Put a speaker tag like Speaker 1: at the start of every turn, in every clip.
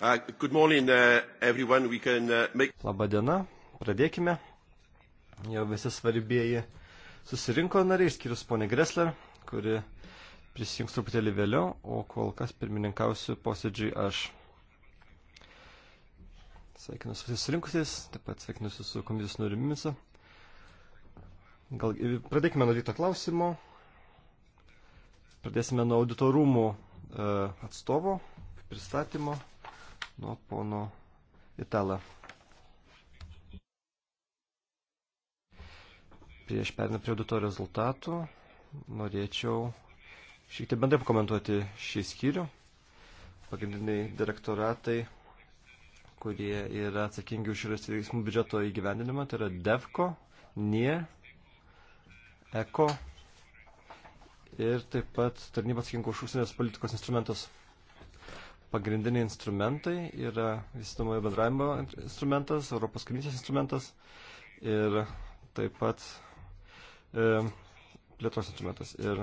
Speaker 1: Uh, good morning, uh, everyone. We can uh, make... Labadiena, pradėkime. Jau visi svarbieji susirinko nariai, išskyrus ponė Gressler, kuri prisijungs truputėlį vėliau, o kol kas pirmininkausiu posėdžiui aš. Sveikinu su susirinkusiais, taip pat sveikinu su komisijos norimimis. Gal pradėkime nuo ryto klausimo. Pradėsime nuo auditorumų e, atstovo pristatymo nuo pono Italą. Prieš perinant prie audito rezultatų, norėčiau šiek tiek bendrai pakomentuoti šį skyrių. Pagrindiniai direktoratai, kurie yra atsakingi už šios veiksmų biudžeto įgyvendinimą, tai yra DEVCO, NIE, ECO ir taip pat tarnybos atsakingų už užsienės politikos instrumentus pagrindiniai instrumentai yra vystamojo bendravimo instrumentas, Europos komisijos instrumentas ir taip pat e, plėtros instrumentas. Ir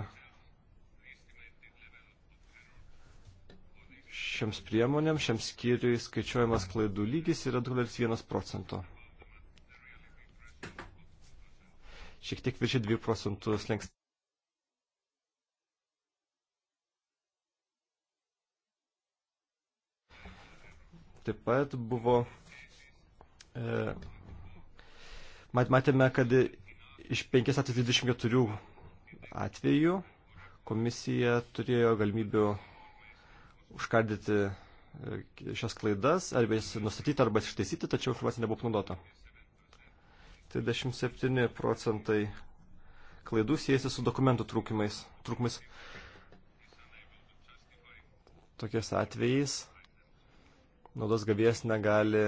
Speaker 1: šiems priemonėms, šiam skyriui skaičiuojamas klaidų lygis yra 2,1 procento. Šiek tiek viršė 2 procentų slengstis. Taip pat buvo, e, matėme, kad iš 5 atvejų 24 atvejų komisija turėjo galimybių užkardyti e, šias klaidas, arba jas nustatyti, arba ištaisyti, tačiau informacija nebuvo panaudota. 37 procentai klaidų siejasi su dokumentų trūkumais. trūkumais. Tokiais atvejais naudos gavėjas negali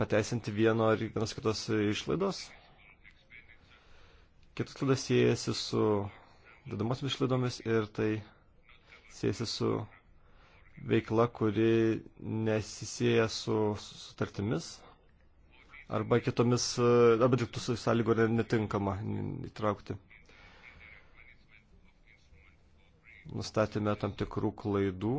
Speaker 1: pateisinti vieno ar vienos kitos išlaidos. Kitas klaidas siejasi su dedamosiomis išlaidomis ir tai siejasi su veikla, kuri nesisėja su sutartimis arba kitomis, arba dirbtų su sąlygo netinkama įtraukti. Nustatėme tam tikrų klaidų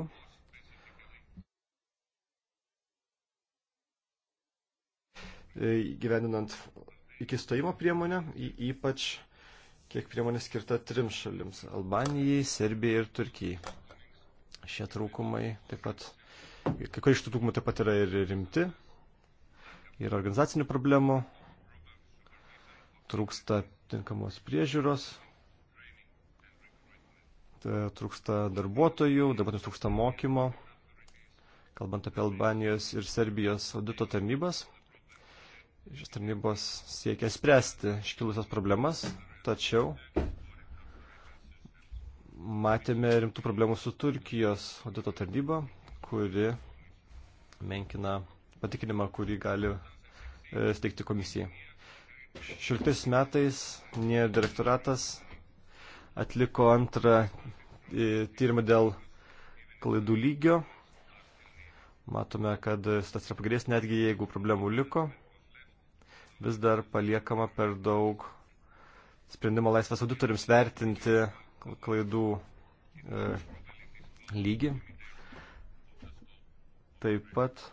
Speaker 1: E, gyveninant iki stojimo priemonę, ypač kiek priemonė skirta trims šalims - Albanijai, Serbijai ir Turkijai. Šie trūkumai taip pat, kai kurie iš tų trūkumų taip pat yra ir rimti, yra organizacinių problemų, trūksta tinkamos priežiūros, trūksta darbuotojų, darbuotojų trūksta mokymo, kalbant apie Albanijos ir Serbijos audito tarnybas. Šios tarnybos siekia spręsti iškilusias problemas, tačiau matėme rimtų problemų su Turkijos audito tarnyba, kuri menkina patikinimą, kurį gali e, steigti komisijai. Šiltais metais NIR direktoratas atliko antrą e, tyrimą dėl klaidų lygio. Matome, kad situacija pagrės netgi, jeigu problemų liko vis dar paliekama per daug sprendimo laisvės auditoriams vertinti klaidų e, lygį. Taip pat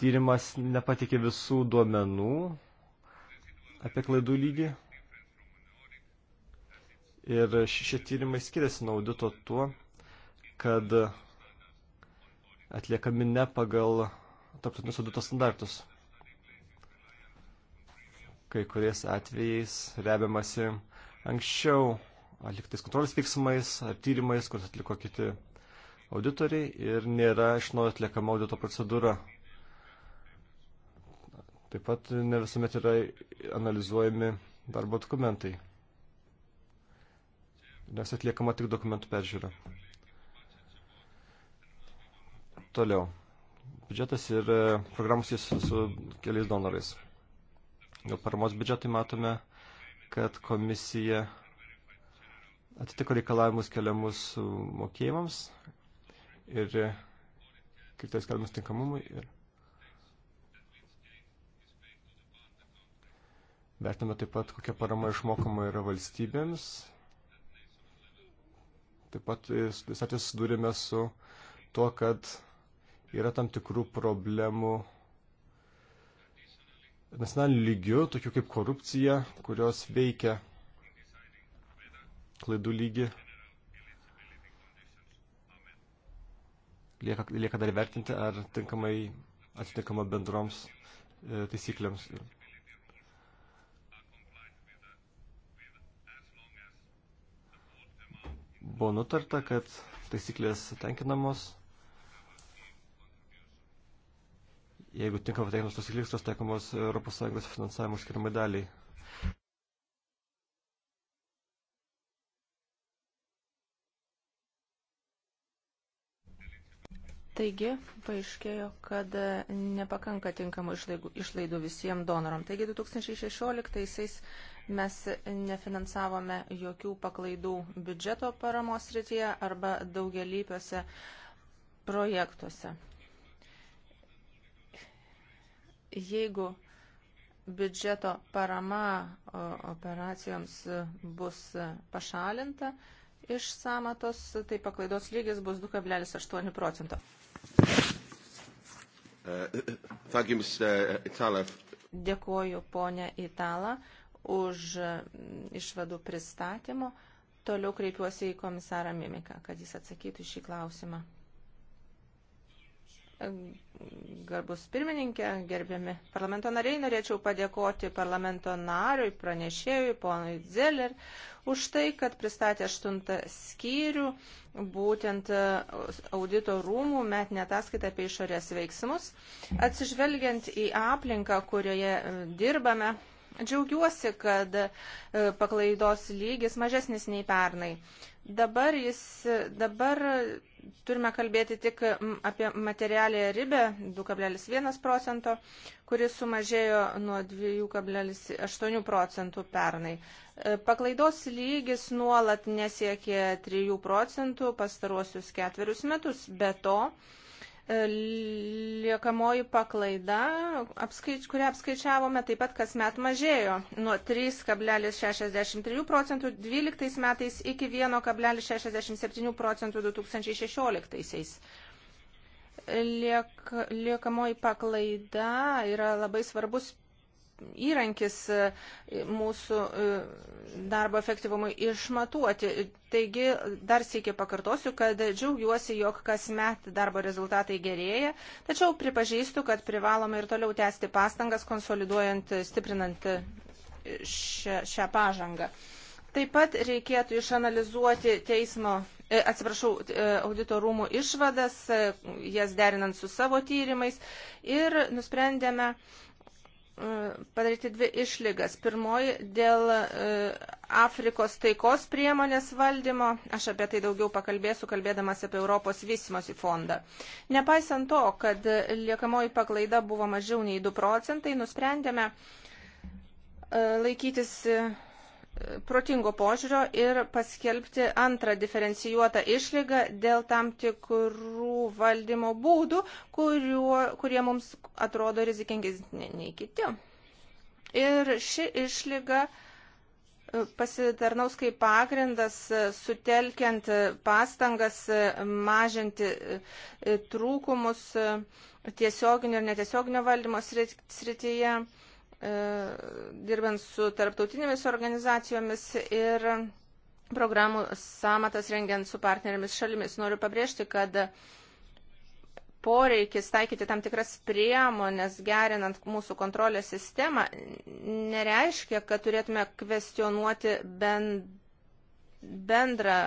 Speaker 1: tyrimas nepatikė visų duomenų apie klaidų lygį. Ir šie tyrimai skiriasi nuo audito tuo, kad atliekami ne pagal tarptautinius audito standartus. Kai kuriais atvejais remiamasi anksčiau atliktais kontrolės veiksmais ar tyrimais, kuris atliko kiti auditoriai ir nėra iš naujo atliekama audito procedūra. Taip pat ne visuomet yra analizuojami darbo dokumentai, nes atliekama tik dokumentų peržiūra. Toliau biudžetas ir e, programos jis su keliais donorais. Dėl paramos biudžetui matome, kad komisija atitiko reikalavimus keliamus mokėjimams ir e, kitais keliamus tinkamumui ir Vertiname taip pat, kokia parama išmokama yra valstybėms. Taip pat e, visatės tai susidūrėme su tuo, kad yra tam tikrų problemų nacionaliniu lygiu, tokių kaip korupcija, kurios veikia klaidų lygį. Lieka, lieka dar vertinti, ar tinkamai atitinkama bendroms e, taisyklėms. Buvo nutarta, kad taisyklės tenkinamos jeigu tinkamai taikomos tos įliktos taikomos ES finansavimo išskirimai daliai.
Speaker 2: Taigi, paaiškėjo, kad nepakanka tinkamų išlaidų, išlaidų visiems donoram. Taigi, 2016-aisiais mes nefinansavome jokių paklaidų biudžeto paramos rytyje arba daugelypiuose projektuose jeigu biudžeto parama operacijoms bus pašalinta iš samatos, tai paklaidos lygis bus 2,8 procento.
Speaker 1: Uh, uh,
Speaker 2: Dėkuoju ponė Italą už mm, išvadų pristatymą. Toliau kreipiuosi į komisarą Mimiką, kad jis atsakytų šį klausimą. Garbus pirmininkė, gerbiami parlamento nariai, norėčiau padėkoti parlamento nariui, pranešėjui, ponui Zeller, už tai, kad pristatė aštuntą skyrių, būtent e, audito rūmų metinę ataskaitą apie išorės veiksmus. Atsižvelgiant į aplinką, kurioje e, dirbame, džiaugiuosi, kad e, paklaidos lygis mažesnis nei pernai. Dabar jis, dabar turime kalbėti tik apie materialę ribę 2,1 procento, kuris sumažėjo nuo 2,8 procentų pernai. E, paklaidos lygis nuolat nesiekė 3 procentų pastaruosius ketverius metus. Be to, liekamoji paklaida, apskaič, kurią apskaičiavome, taip pat kasmet mažėjo nuo 3,63 procentų 12 metais iki 1,67 procentų 2016. Liek, liekamoji paklaida yra labai svarbus įrankis e, mūsų e, darbo efektyvumui išmatuoti. Taigi, dar sėkiai pakartosiu, kad džiaugiuosi, jog kasmet darbo rezultatai gerėja, tačiau pripažįstu, kad privalome ir toliau tęsti pastangas, konsoliduojant, stiprinant e, šią, šią pažangą. Taip pat reikėtų išanalizuoti teismo, atsiprašau, audito rūmų išvadas, jas derinant su savo tyrimais ir nusprendėme padaryti dvi išlygas. Pirmoji dėl e, Afrikos taikos priemonės valdymo. Aš apie tai daugiau pakalbėsiu, kalbėdamas apie Europos vystimosi fondą. Nepaisant to, kad liekamoji paklaida buvo mažiau nei 2 procentai, nusprendėme e, laikytis protingo požiūrio ir paskelbti antrą diferencijuotą išlygą dėl tam tikrų valdymo būdų, kuriuo, kurie mums atrodo rizikingesni nei kiti. Ir ši išlyga e, pasitarnaus kaip pagrindas e, sutelkiant e, pastangas mažinti trūkumus tiesioginio ir netiesioginio valdymo srityje. Srit E, dirbant su tarptautinėmis organizacijomis ir programų samatas rengiant su partnerėmis šalimis. Noriu pabrėžti, kad poreikis taikyti tam tikras priemonės, gerinant mūsų kontrolės sistemą, nereiškia, kad turėtume kvestionuoti bendrą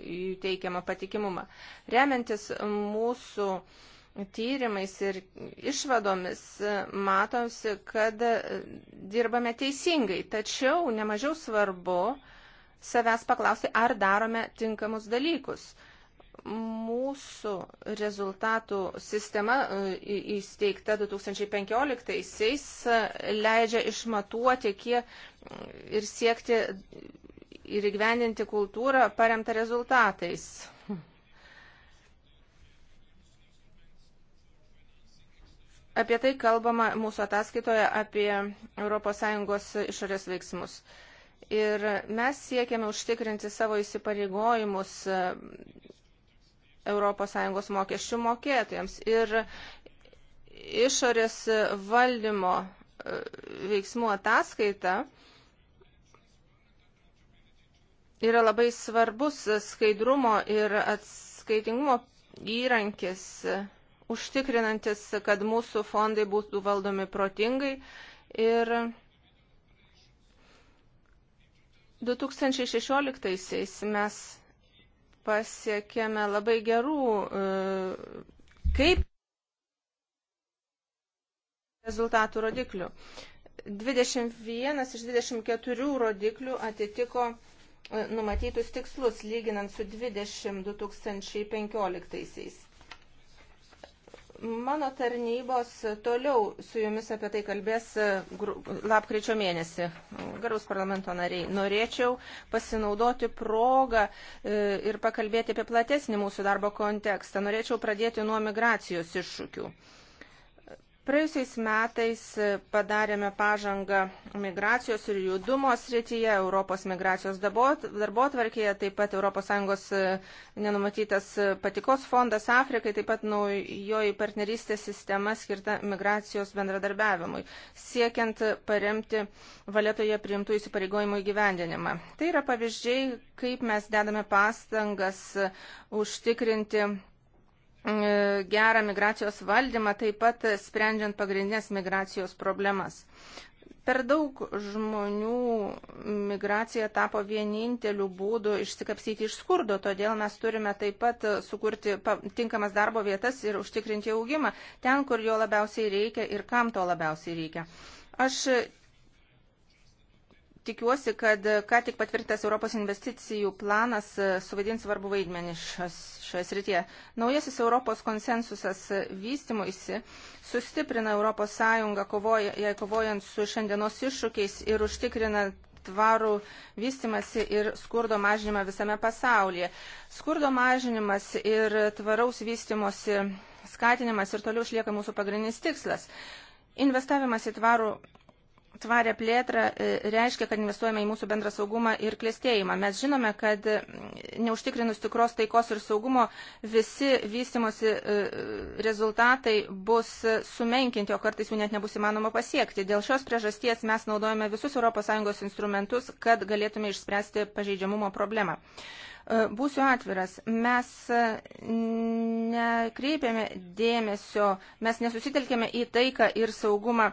Speaker 2: jų teikiamą patikimumą. Remiantis mūsų uh, tyrimais ir išvadomis matosi, kad dirbame teisingai. Tačiau nemažiau svarbu savęs paklausti, ar darome tinkamus dalykus. Mūsų rezultatų sistema e, įsteigta 2015-aisiais leidžia išmatuoti kiek ir siekti ir įgyvendinti kultūrą paremtą rezultatais. Apie tai kalbama mūsų ataskaitoje apie ES išorės veiksmus. Ir mes siekiame užtikrinti savo įsipareigojimus ES mokesčių mokėtojams ir išorės valdymo e, veiksmų ataskaita yra labai svarbus skaidrumo ir atskaitingumo įrankis užtikrinantis, kad mūsų fondai būtų valdomi protingai ir 2016 mes pasiekėme labai gerų e, kaip rezultatų rodiklių. 21 iš 24 rodiklių atitiko e, numatytus tikslus, lyginant su 20 2015. Mano tarnybos toliau su jumis apie tai kalbės e, lapkričio mėnesį. Garus parlamento nariai, norėčiau pasinaudoti progą e, ir pakalbėti apie platesnį mūsų darbo kontekstą. Norėčiau pradėti nuo migracijos iššūkių. Praėjusiais metais padarėme pažangą migracijos ir judumo srityje, Europos migracijos darbo atvarkėje, taip pat ES e, nenumatytas patikos fondas Afrikai, taip pat naujoji partnerystės sistema skirta migracijos bendradarbiavimui, siekiant paremti valetoje priimtų įsipareigojimų įgyvendinimą. Tai yra pavyzdžiai, kaip mes dedame pastangas užtikrinti E, gerą migracijos valdymą, taip pat sprendžiant pagrindinės migracijos problemas. Per daug žmonių migracija tapo vieninteliu būdu išsikapsyti iš skurdo, todėl mes turime taip pat sukurti tinkamas darbo vietas ir užtikrinti augimą ten, kur jo labiausiai reikia ir kam to labiausiai reikia. Aš tikiuosi, kad ką tik patvirtintas Europos investicijų planas e, suvaidins svarbu vaidmenį šios, šioje srityje. Naujasis Europos konsensusas vystimuisi sustiprina Europos Sąjungą, kovoja, jai kovojant su šiandienos iššūkiais ir užtikrina tvarų vystimasi ir skurdo mažinimą visame pasaulyje. Skurdo mažinimas ir tvaraus vystimosi skatinimas ir toliau išlieka mūsų pagrindinis tikslas. Investavimas į tvarų tvarę plėtrą e, reiškia, kad investuojame į mūsų bendrą saugumą ir klėstėjimą. Mes žinome, kad e, neužtikrinus tikros taikos ir saugumo visi vystimosi e, rezultatai bus sumenkinti, o kartais jų net nebus įmanoma pasiekti. Dėl šios priežasties mes naudojame visus ES instrumentus, kad galėtume išspręsti pažeidžiamumo problemą. E, būsiu atviras, mes e, nekreipiame dėmesio, mes nesusitelkėme į taiką ir saugumą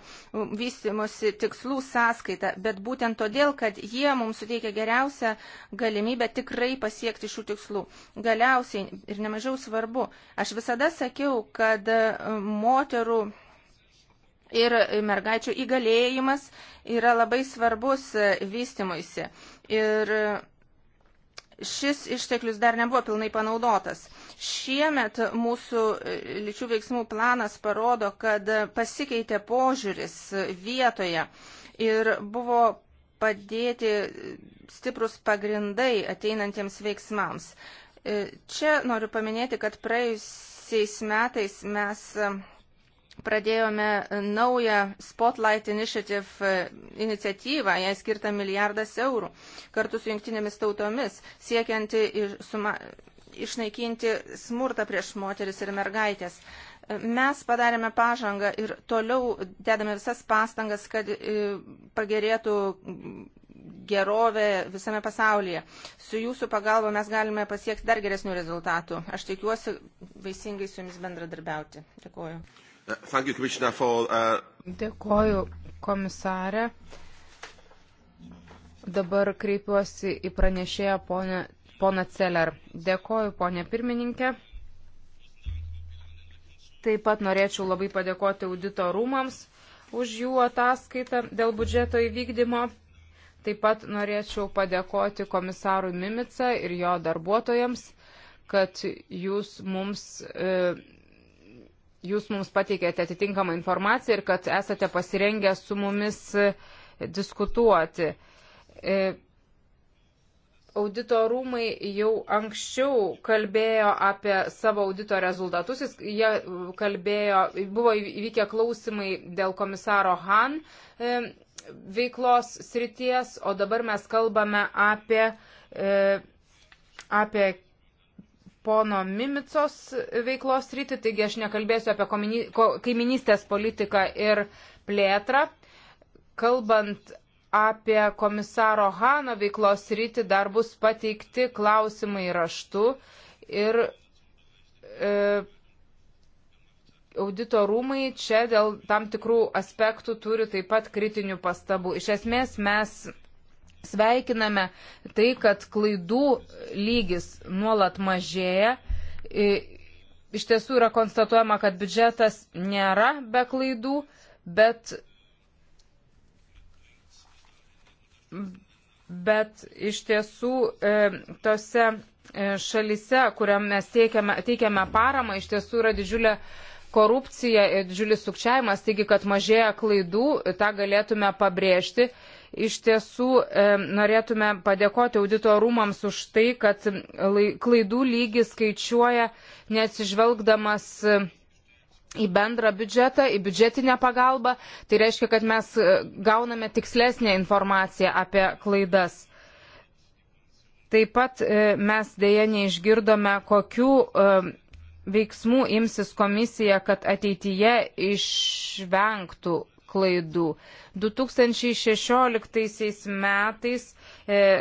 Speaker 2: vystimosi tikslų sąskaitą, bet būtent todėl, kad jie mums suteikia geriausią galimybę tikrai pasiekti šių tikslų. Galiausiai ir nemažiau svarbu, aš visada sakiau, kad e, moterų ir mergaičių įgalėjimas yra labai svarbus vystimuisi. Ir šis išteklius dar nebuvo pilnai panaudotas. Šiemet mūsų e, lyčių veiksmų planas parodo, kad pasikeitė požiūris vietoje ir buvo padėti stiprus pagrindai ateinantiems veiksmams. E, čia noriu paminėti, kad praėjusiais metais mes pradėjome e, naują Spotlight Initiative e, iniciatyvą, jai skirta milijardas eurų, kartu su jungtinėmis tautomis, siekianti ir suma, išnaikinti smurtą prieš moteris ir mergaitės. E, mes padarėme pažangą ir toliau dedame visas pastangas, kad pagerėtų gerovė visame pasaulyje. Su jūsų pagalba mes galime pasiekti dar geresnių rezultatų. Aš tikiuosi vaisingai su jumis bendradarbiauti. Dėkuoju.
Speaker 3: Uh, thank you, Commissioner,
Speaker 1: for... Uh...
Speaker 3: Dėkoju, komisarė. Dabar kreipiuosi į pranešėją ponę, poną Celer. Dėkoju, ponė pirmininkė. Taip pat norėčiau labai padėkoti audito rūmams už jų ataskaitą dėl biudžeto įvykdymo. Taip pat norėčiau padėkoti komisarui Mimica ir jo darbuotojams, kad jūs mums e, jūs mums pateikėte atitinkamą informaciją ir kad esate pasirengę su mumis e, diskutuoti. E, audito rūmai jau anksčiau kalbėjo apie savo audito rezultatus, jie e, kalbėjo, buvo įvykę klausimai dėl komisaro Han veiklos srities, o dabar mes kalbame apie, apie pono Mimicos veiklos rytį, taigi aš nekalbėsiu apie kaiminystės politiką ir plėtrą. Kalbant apie komisaro Hano veiklos rytį, dar bus pateikti klausimai raštu ir e, audito rūmai čia dėl tam tikrų aspektų turi taip pat kritinių pastabų. Iš esmės mes Sveikiname tai, kad klaidų lygis nuolat mažėja. Iš tiesų yra konstatuojama, kad biudžetas nėra be klaidų, bet, bet iš tiesų e, tose e, šalise, kuriam mes teikiame, teikiame paramą, iš tiesų yra didžiulė korupcija ir didžiulis sukčiavimas, taigi, kad mažėja klaidų, tą galėtume pabrėžti. Iš tiesų e, norėtume padėkoti auditorumams už tai, kad e, lai, klaidų lygį skaičiuoja neatsižvelgdamas. E, į bendrą biudžetą, į biudžetinę pagalbą. Tai reiškia, kad mes e, gauname tikslesnę informaciją apie klaidas. Taip pat e, mes dėje neišgirdome, kokių veiksmų imsis komisija, kad ateityje išvengtų klaidų. 2016 metais e,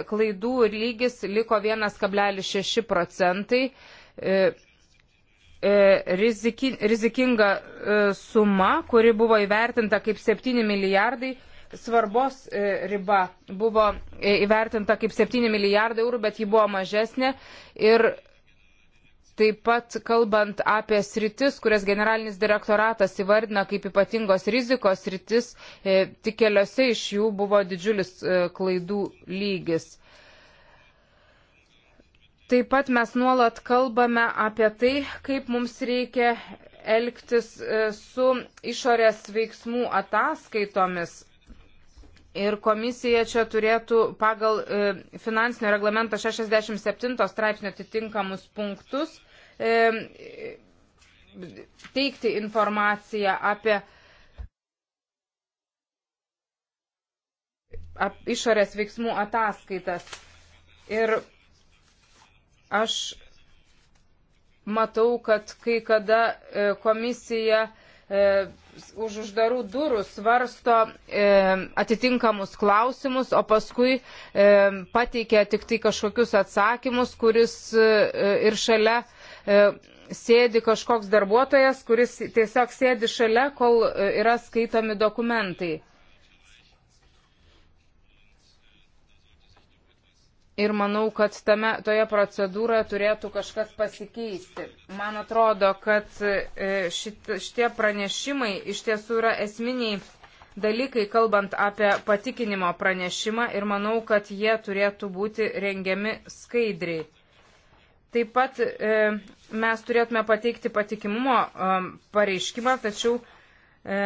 Speaker 3: klaidų lygis liko 1,6 procentai. E, e, Riziki, rizikinga e, suma, kuri buvo įvertinta kaip 7 milijardai, svarbos e, riba buvo įvertinta kaip 7 milijardai eurų, bet ji buvo mažesnė ir Taip pat kalbant apie sritis, kurias generalinis direktoratas įvardina kaip ypatingos rizikos sritis, e, tik keliose iš jų buvo didžiulis e, klaidų lygis. Taip pat mes nuolat kalbame apie tai, kaip mums reikia elgtis e, su išorės veiksmų ataskaitomis. Ir komisija čia turėtų pagal finansinio reglamento 67 straipsnio atitinkamus punktus teikti informaciją apie išorės veiksmų ataskaitas. Ir aš matau, kad kai kada e, komisija e, už uždarų durų svarsto e, atitinkamus klausimus, o paskui pateikia tik tai kažkokius atsakymus, kuris ir šalia E, sėdi kažkoks darbuotojas, kuris tiesiog sėdi šalia, kol e, yra skaitomi dokumentai. Ir manau, kad tame, toje procedūroje turėtų kažkas pasikeisti. Man atrodo, kad e, šit, šitie pranešimai iš tiesų yra esminiai dalykai, kalbant apie patikinimo pranešimą ir manau, kad jie turėtų būti rengiami skaidriai. Taip pat e, mes turėtume pateikti patikimumo e, pareiškimą, tačiau e,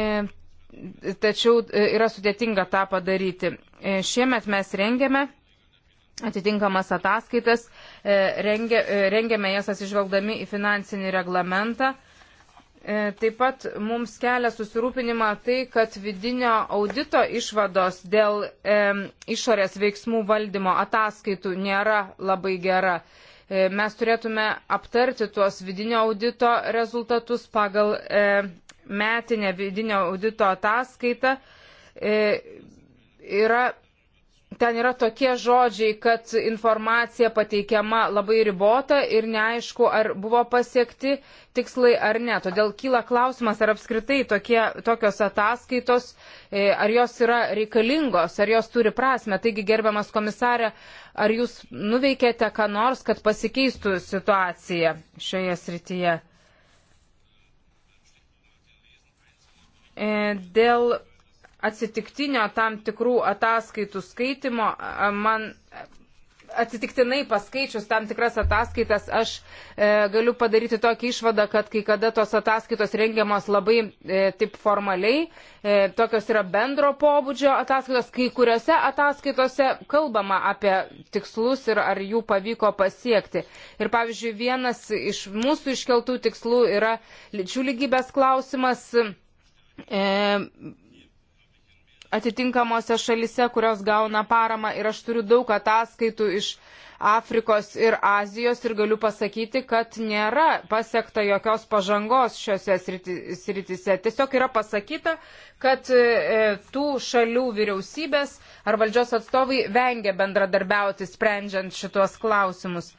Speaker 3: e Tačiau e, yra sudėtinga tą padaryti. E, šiemet mes rengėme atitinkamas ataskaitas, rengė, rengėme jas atsižvelgdami į finansinį reglamentą. E, taip pat mums kelia susirūpinimą tai, kad vidinio audito išvados dėl e, išorės veiksmų valdymo ataskaitų nėra labai gera. E, mes turėtume aptarti tuos vidinio audito rezultatus pagal e, metinę vidinio audito ataskaitą. E, yra ten yra tokie žodžiai, kad informacija pateikiama labai ribota ir neaišku, ar buvo pasiekti tikslai ar ne. Todėl kyla klausimas, ar apskritai tokie, tokios ataskaitos, e, ar jos yra reikalingos, ar jos turi prasme. Taigi, gerbiamas komisarė, ar jūs nuveikėte ką nors, kad pasikeistų situacija šioje srityje? E, dėl atsitiktinio tam tikrų ataskaitų skaitimo, man atsitiktinai paskaičius tam tikras ataskaitas, aš e, galiu padaryti tokį išvadą, kad kai kada tos ataskaitos rengiamos labai e, taip formaliai, e, tokios yra bendro pobūdžio ataskaitos, kai kuriuose ataskaitose kalbama apie tikslus ir ar jų pavyko pasiekti. Ir pavyzdžiui, vienas iš mūsų iškeltų tikslų yra lyčių lygybės klausimas. E, atitinkamose šalise, kurios gauna paramą ir aš turiu daug ataskaitų iš Afrikos ir Azijos ir galiu pasakyti, kad nėra pasiekta jokios pažangos šiuose sritise. Tiesiog yra pasakyta, kad e, tų šalių vyriausybės ar valdžios atstovai vengia bendradarbiauti sprendžiant šitos klausimus.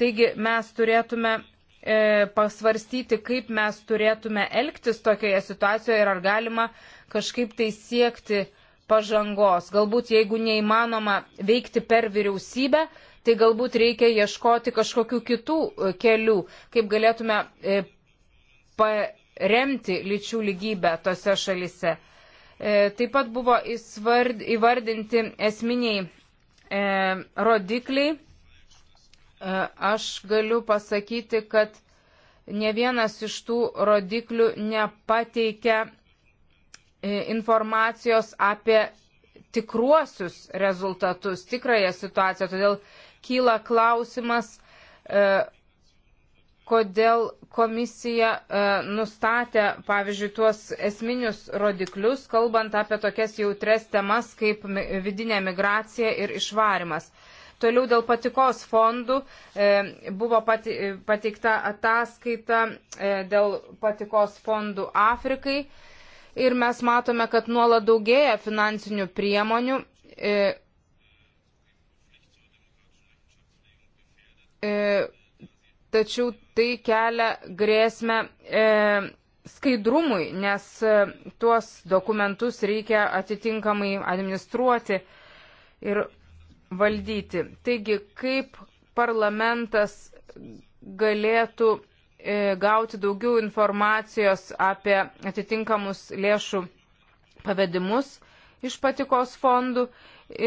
Speaker 3: Taigi mes turėtume e, pasvarstyti, kaip mes turėtume elgtis tokioje situacijoje ir ar galima kažkaip tai siekti pažangos. Galbūt jeigu neįmanoma veikti per vyriausybę, tai galbūt reikia ieškoti kažkokių kitų e, kelių, kaip galėtume e, paremti lyčių lygybę tose šalise. E, taip pat buvo įvardinti esminiai rodikliai. Aš galiu pasakyti, kad ne vienas iš tų rodiklių nepateikia E, informacijos apie tikruosius rezultatus, tikrąją situaciją. Todėl kyla klausimas, e, kodėl komisija e, nustatė, pavyzdžiui, tuos esminius rodiklius, kalbant apie tokias jautres temas kaip vidinė migracija ir išvarimas. Toliau dėl patikos fondų e, buvo pati, pateikta ataskaita e, dėl patikos fondų Afrikai. E, ir mes matome, kad nuolat daugėja finansinių priemonių. E, e, tačiau tai kelia grėsmę e, skaidrumui, nes e, tuos dokumentus reikia atitinkamai administruoti ir valdyti. Taigi, kaip parlamentas galėtų E, gauti daugiau informacijos apie atitinkamus lėšų pavedimus iš patikos fondų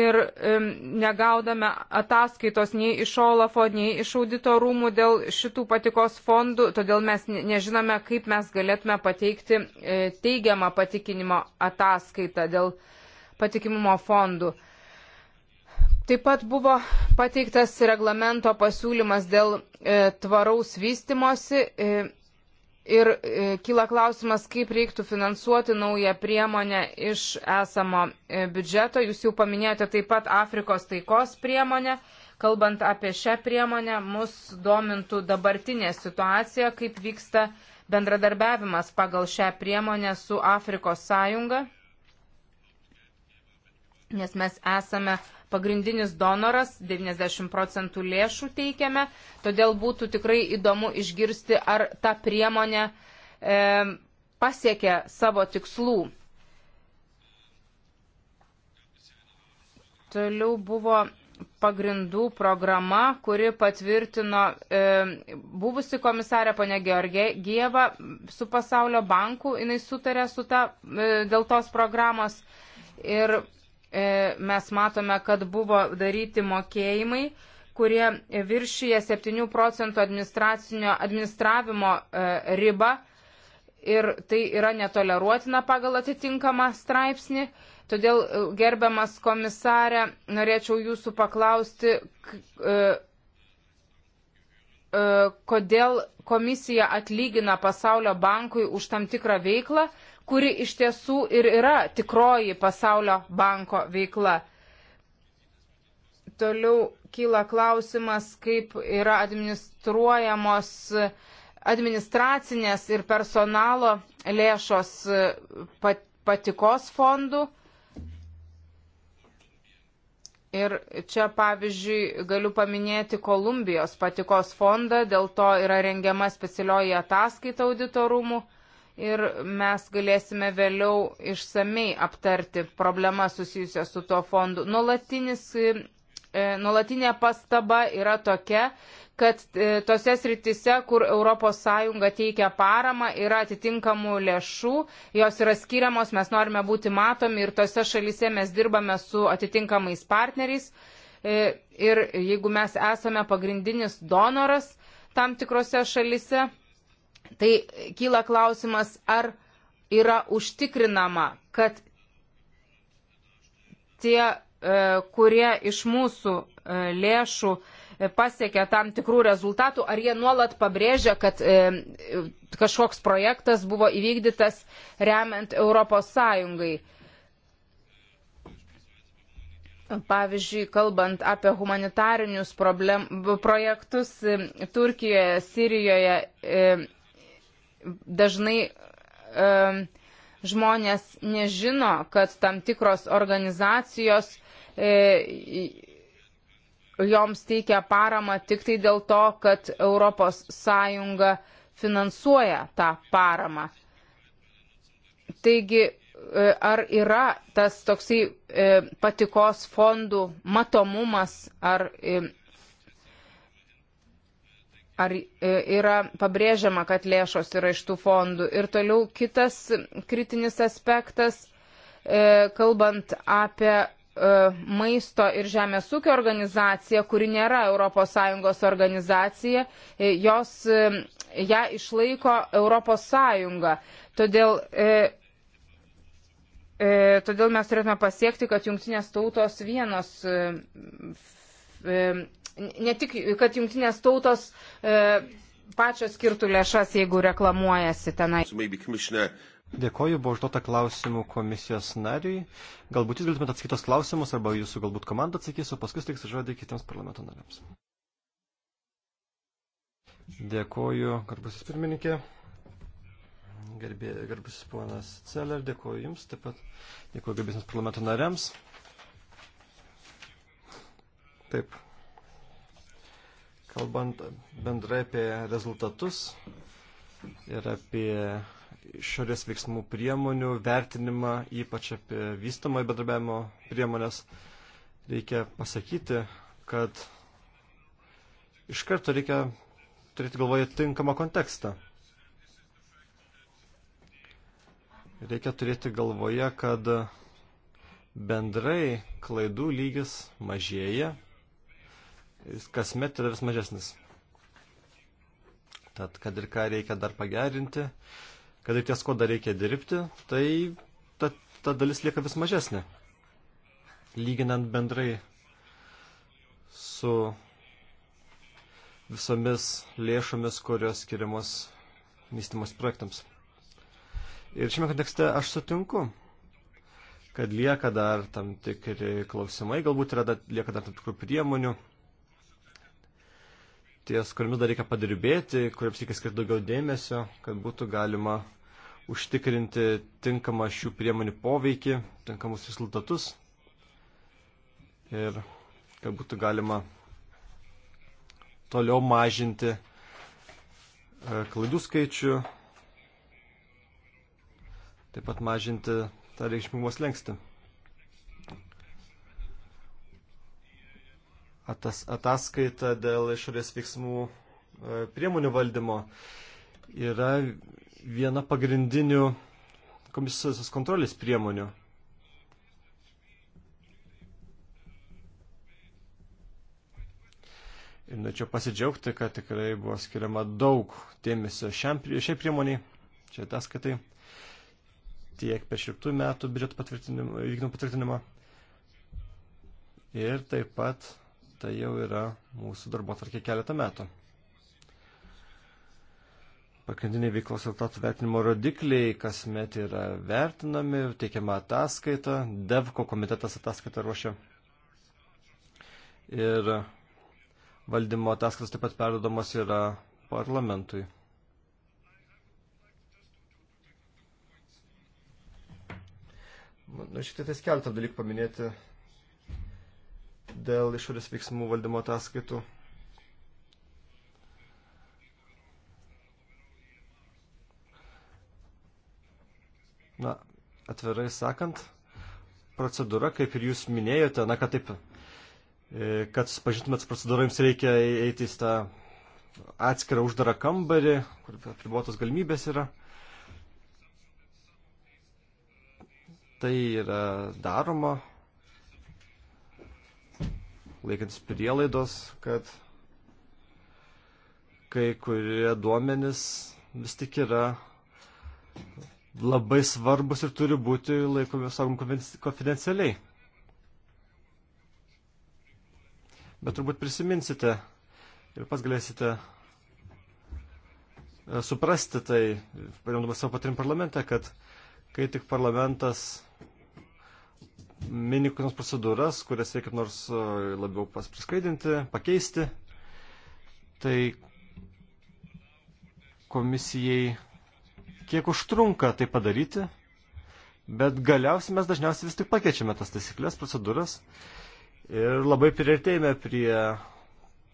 Speaker 3: ir e, negaudame ataskaitos nei iš Olafo, nei iš audito rūmų dėl šitų patikos fondų, todėl mes nežinome, kaip mes galėtume pateikti e, teigiamą patikinimo ataskaitą dėl patikimumo fondų. Taip pat buvo pateiktas reglamento pasiūlymas dėl e, tvaraus vystimosi e, ir e, kyla klausimas, kaip reiktų finansuoti naują priemonę iš esamo e, biudžeto. Jūs jau paminėjote taip pat Afrikos taikos priemonę. Kalbant apie šią priemonę, mus domintų dabartinė situacija, kaip vyksta bendradarbiavimas pagal šią priemonę su Afrikos sąjunga, nes mes esame pagrindinis donoras, 90 procentų lėšų teikiame, todėl būtų tikrai įdomu išgirsti, ar ta priemonė e, pasiekė savo tikslų. Toliau buvo pagrindų programa, kuri patvirtino e, buvusi komisarė ponė Georgieva su pasaulio banku, jinai sutarė su ta, e, dėl tos programos. Ir E, mes matome, kad buvo daryti mokėjimai, kurie viršyje 7 procentų administravimo e, ribą ir tai yra netoleruotina pagal atitinkamą straipsnį. Todėl, e, gerbiamas komisarė, norėčiau jūsų paklausti, kodėl komisija atlygina pasaulio bankui už tam tikrą veiklą kuri iš tiesų ir yra tikroji pasaulio banko veikla. Toliau kyla klausimas, kaip yra administruojamos administracinės ir personalo lėšos e, patikos fondų. Ir čia, pavyzdžiui, galiu paminėti Kolumbijos patikos fondą, dėl to yra rengiama specialioji ataskaita auditorumų ir mes galėsime vėliau išsamei aptarti problemą susijusią su tuo fondu. Nolatinis, e, nolatinė pastaba yra tokia, kad e, tose sritise, kur ES teikia paramą, yra atitinkamų lėšų, jos yra skiriamos, mes norime būti matomi ir tose šalise mes dirbame su atitinkamais partneriais. E, ir jeigu mes esame pagrindinis donoras tam tikrose šalise, tai kyla klausimas, ar yra užtikrinama, kad tie, e, kurie iš mūsų e, lėšų e, pasiekia tam tikrų rezultatų, ar jie nuolat pabrėžia, kad e, kažkoks projektas buvo įvykdytas remiant Europos Sąjungai. Pavyzdžiui, kalbant apie humanitarinius problem, projektus Turkijoje, Sirijoje, e, dažnai e, žmonės nežino, kad tam tikros organizacijos e, joms teikia paramą tik tai dėl to, kad ES finansuoja tą paramą. Taigi, e, ar yra tas toksai e, patikos fondų matomumas, ar e, ar e, yra pabrėžiama, kad lėšos yra iš tų fondų. Ir toliau kitas kritinis aspektas, e, kalbant apie e, maisto ir žemės ūkio organizacija, kuri nėra ES organizacija, jos ją išlaiko ES. Todėl, todėl mes turėtume pasiekti, kad jungtinės tautos vienos ne tik, kad jungtinės tautos e, pačios skirtų lėšas, jeigu reklamuojasi tenai. Dėkoju, buvo
Speaker 1: užduota klausimų komisijos nariui. Galbūt jūs galėtumėte atsakytos klausimus, arba jūsų galbūt komanda atsakys, o paskui tiks žodį kitiems parlamento nariams. Dėkoju, garbusis pirmininkė. Garbė, garbusis ponas Celer, dėkoju jums, taip pat dėkoju garbėsiams parlamento nariams. Taip, Kalbant bendrai apie rezultatus ir apie išorės veiksmų priemonių vertinimą, ypač apie vystamą bendrabiavimo priemonės, reikia pasakyti, kad iš karto reikia turėti galvoje tinkamą kontekstą. Reikia turėti galvoje, kad bendrai klaidų lygis mažėja jis kasmet yra vis mažesnis. Tad, kad ir ką reikia dar pagerinti, kad ir ties ko dar reikia dirbti, tai ta, ta dalis lieka vis mažesnė. Lyginant bendrai su visomis lėšomis, kurios skiriamos vystimos projektams. Ir šiame kontekste aš sutinku, kad lieka dar tam tikri klausimai, galbūt yra dar, lieka dar tam tikrų priemonių, ties kuriomis dar reikia padirbėti, kuriems reikia skirti daugiau dėmesio, kad būtų galima užtikrinti tinkamą šių priemonių poveikį, tinkamus rezultatus ir kad būtų galima toliau mažinti e, klaidų skaičių, taip pat mažinti tą reikšmingos lengstį. atas, ataskaita dėl išorės veiksmų e, priemonių valdymo yra viena pagrindinių komisijos kontrolės priemonių. Ir norėčiau pasidžiaugti, kad tikrai buvo skiriama daug dėmesio šiam, šiai priemoniai, čia ataskaitai, tiek per šimtų metų biudžeto patvirtinimą, vykdymo patvirtinimą. Ir taip pat tai jau yra mūsų darbo tarkė keletą metų. Pagrindiniai veiklos rezultatų vertinimo rodikliai kasmet yra vertinami, teikiama ataskaita, DEVKO komitetas ataskaitą ruošia. Ir valdymo ataskaitos taip pat perdodamas yra parlamentui. Nu, šiek tiek keletą dalykų paminėti dėl išorės veiksmų valdymo ataskaitų. Na, atvirai sakant, procedūra, kaip ir jūs minėjote, na, kad taip, e, kad susipažintumėt su procedūra, jums reikia eiti į tą atskirą uždarą kambarį, kur apribotos galimybės yra. Tai yra daroma, laikantis prielaidos, kad kai kurie duomenys vis tik yra labai svarbus ir turi būti laikomi saugomi konfidencialiai. Bet turbūt prisiminsite ir pas galėsite e, suprasti tai, remdamas savo patrim parlamente, kad kai tik parlamentas mini kokias procedūras, kurias reikia nors e, labiau paspraskaidinti, pakeisti, tai komisijai kiek užtrunka tai padaryti, bet galiausiai mes dažniausiai vis tik pakeičiame tas taisyklės, procedūras ir labai priartėjame prie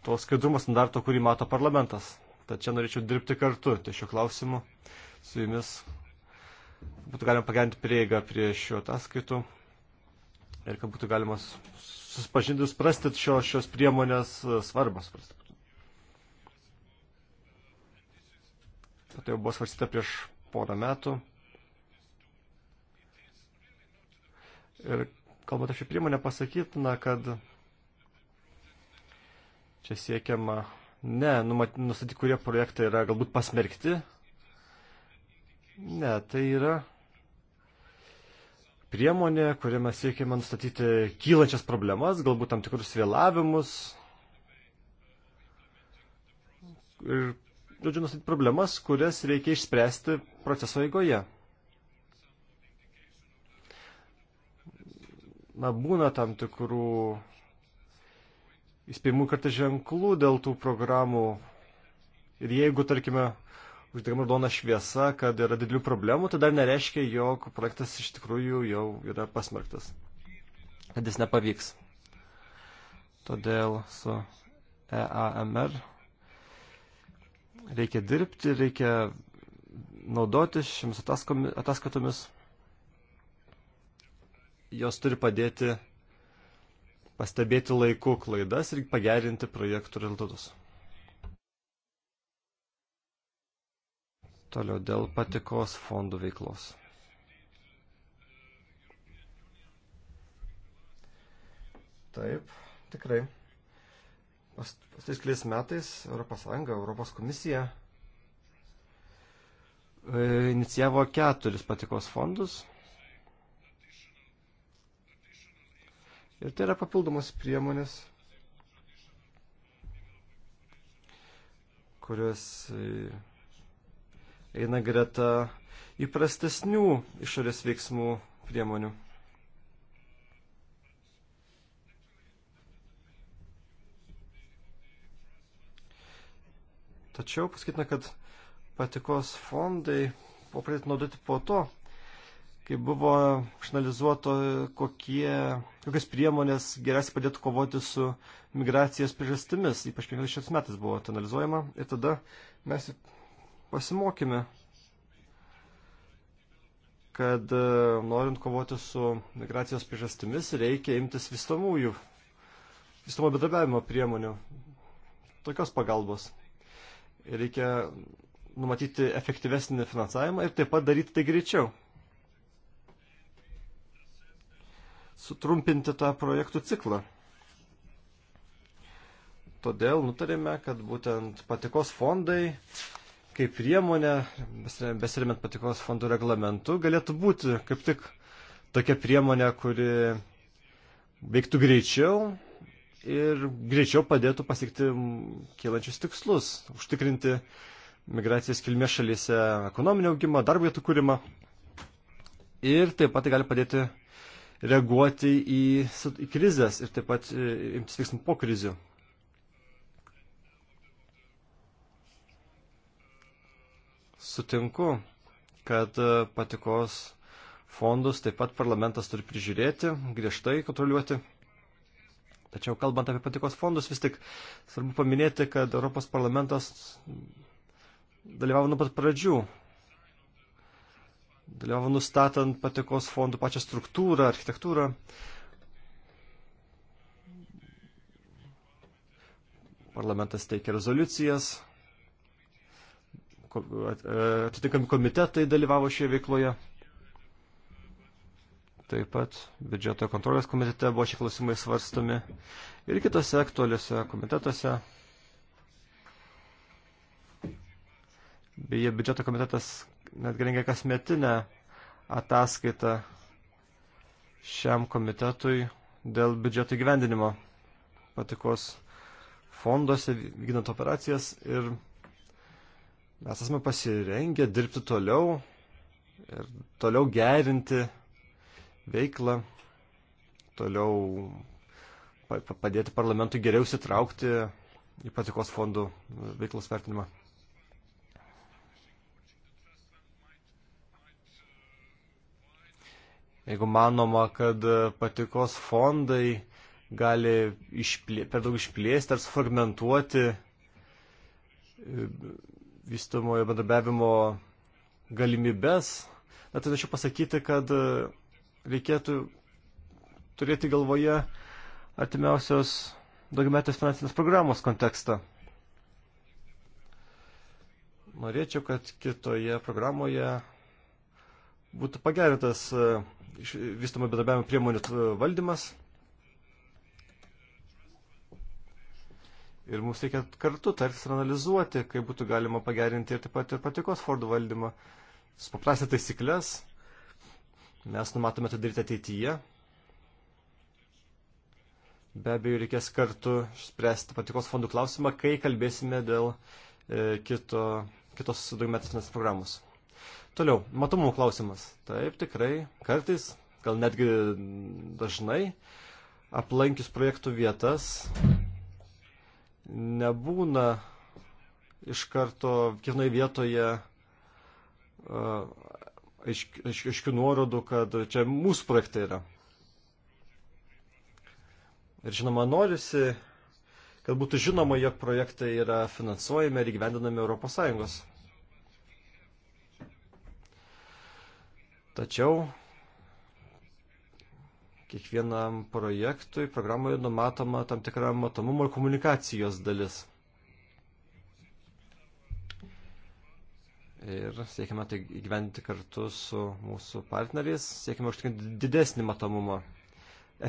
Speaker 1: to skaidrumo standarto, kurį mato parlamentas. Tad čia norėčiau dirbti kartu ties šiuo klausimu su jumis. Būtų galima pagerinti prieigą prie šių ataskaitų ir kad būtų galima susipažinti, suprasti šio, šios priemonės e, svarbą. Tai jau buvo svarstyta prieš porą metų. Ir kalbant apie priemonę pasakytina, kad čia siekiama ne numatyti, nustatyti, kurie projektai yra galbūt pasmerkti. Ne, tai yra priemonė, kurią mes siekime nustatyti kylančias problemas, galbūt tam tikrus vėlavimus. Ir, žodžiu, nustatyti problemas, kurias reikia išspręsti proceso eigoje. Na, būna tam tikrų įspėjimų kartais ženklų dėl tų programų. Ir jeigu, tarkime, uždegama raudona šviesa, kad yra didelių problemų, tai dar nereiškia, jog projektas iš tikrųjų jau yra pasmerktas, kad jis nepavyks. Todėl su EAMR reikia dirbti, reikia naudotis šiomis ataskatomis. Jos turi padėti pastebėti laiku klaidas ir pagerinti projektų rezultatus. Toliau dėl patikos fondų veiklos. Taip, tikrai. Pastais keliais metais ES, Europos komisija e, inicijavo keturis patikos fondus. Ir tai yra papildomas priemonės, kurios e, eina greta įprastesnių išorės veiksmų priemonių. Tačiau pasakytina, kad patikos fondai buvo pradėti naudoti po to, kai buvo išanalizuoto, kokie, kokias priemonės geriausiai padėtų kovoti su migracijos priežastimis. Ypač 50 metais buvo tai analizuojama ir tada mes Pasimokime, kad e, norint kovoti su migracijos priežastimis, reikia imtis vystamųjų, vystamo bedarbiavimo priemonių, tokios pagalbos. Reikia numatyti efektyvesnį finansavimą ir taip pat daryti tai greičiau. Sutrumpinti tą projektų ciklą. Todėl nutarėme, kad būtent patikos fondai kaip priemonė, besiremint patikros fondų reglamentu, galėtų būti kaip tik tokia priemonė, kuri veiktų greičiau ir greičiau padėtų pasiekti kylančius tikslus, užtikrinti migracijos kilmės šalyse ekonominį augimą, darbo vietų kūrimą. Ir taip pat tai gali padėti reaguoti į, į krizės ir taip pat e, imtis veiksmų po krizių. sutinku, kad e, patikos fondus taip pat parlamentas turi prižiūrėti, griežtai kontroliuoti. Tačiau kalbant apie patikos fondus, vis tik svarbu paminėti, kad Europos parlamentas dalyvavo nuo pat pradžių. Dalyvavo nustatant patikos fondų pačią struktūrą, architektūrą. Parlamentas teikia rezoliucijas, E, atitinkami komitetai dalyvavo šioje veikloje. Taip pat biudžeto kontrolės komitete buvo šie klausimai svarstomi ir kitose aktualiuose komitetuose. Beje, biudžeto komitetas net rengia kasmetinę ataskaitą šiam komitetui dėl biudžeto gyvendinimo patikos fonduose, vykdant operacijas ir Mes esame pasirengę dirbti toliau ir toliau gerinti veiklą, toliau padėti parlamentui geriau sitraukti į patikos fondų veiklos vertinimą. Jeigu manoma, kad patikos fondai gali išplė, per daug išplėsti ar sufragmentuoti vystomojo bendrabiavimo galimybės, na, tai norėčiau pasakyti, kad e, reikėtų turėti galvoje artimiausios daugiametės finansinės programos kontekstą. Norėčiau, kad kitoje programoje būtų pagerintas e, vystomo bendrabiavimo priemonių valdymas Ir mums reikia kartu tartis ir analizuoti, kaip būtų galima pagerinti ir taip pat ir patikos Fordų valdymą. Supaprastę taisyklės mes numatome tai daryti ateityje. Be abejo, reikės kartu spręsti patikos fondų klausimą, kai kalbėsime dėl e, kito, kitos daugiametės finansinės programos. Toliau, matomumo klausimas. Taip, tikrai, kartais, gal netgi dažnai, aplankius projektų vietas, nebūna iš karto kiekvienoje vietoje aiškių aišk, aišk, nuorodų, kad čia mūsų projektai yra. Ir žinoma, norisi, kad būtų žinoma, jog projektai yra finansuojami ir įgyvendinami ES. Tačiau kiekvienam projektui programoje numatoma tam tikra matomumo ir komunikacijos dalis. Ir siekime tai gyventi kartu su mūsų partneriais, siekime užtikrinti didesnį matomumą,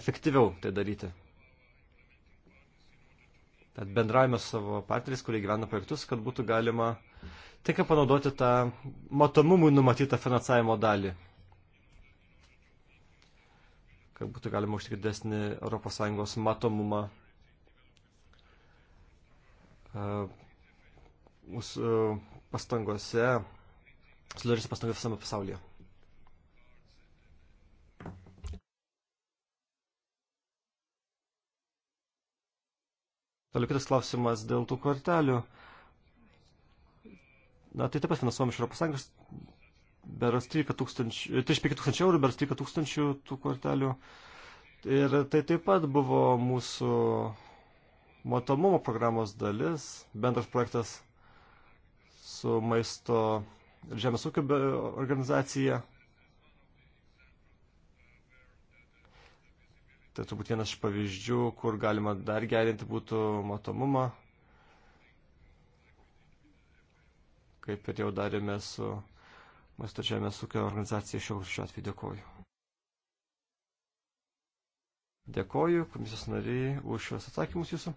Speaker 1: efektyviau tai daryti. Tad bendravime su savo partneriais, kurie gyvena projektus, kad būtų galima tik panaudoti tą matomumui numatytą finansavimo dalį kad būtų galima užtikrinti desnį ES matomumą mūsų e, e, pastangose, sudarys pastangą visame pasaulyje. Toliau kitas klausimas dėl tų kortelių. Na, tai taip pat finansuojam iš ES beras 13 tūkstančių, 35 e, tūkstančių eurų, beras 13 tūkstančių tų kortelių. Ir tai taip pat buvo mūsų matomumo programos dalis, bendras projektas su maisto ir žemės ūkio organizacija. Tai turbūt vienas iš pavyzdžių, kur galima dar gerinti būtų matomumą, kaip ir jau darėme su Maisto žemės ūkio organizacija šiuo, šiuo atveju dėkoju. Dėkoju komisijos nariai už šios atsakymus jūsų.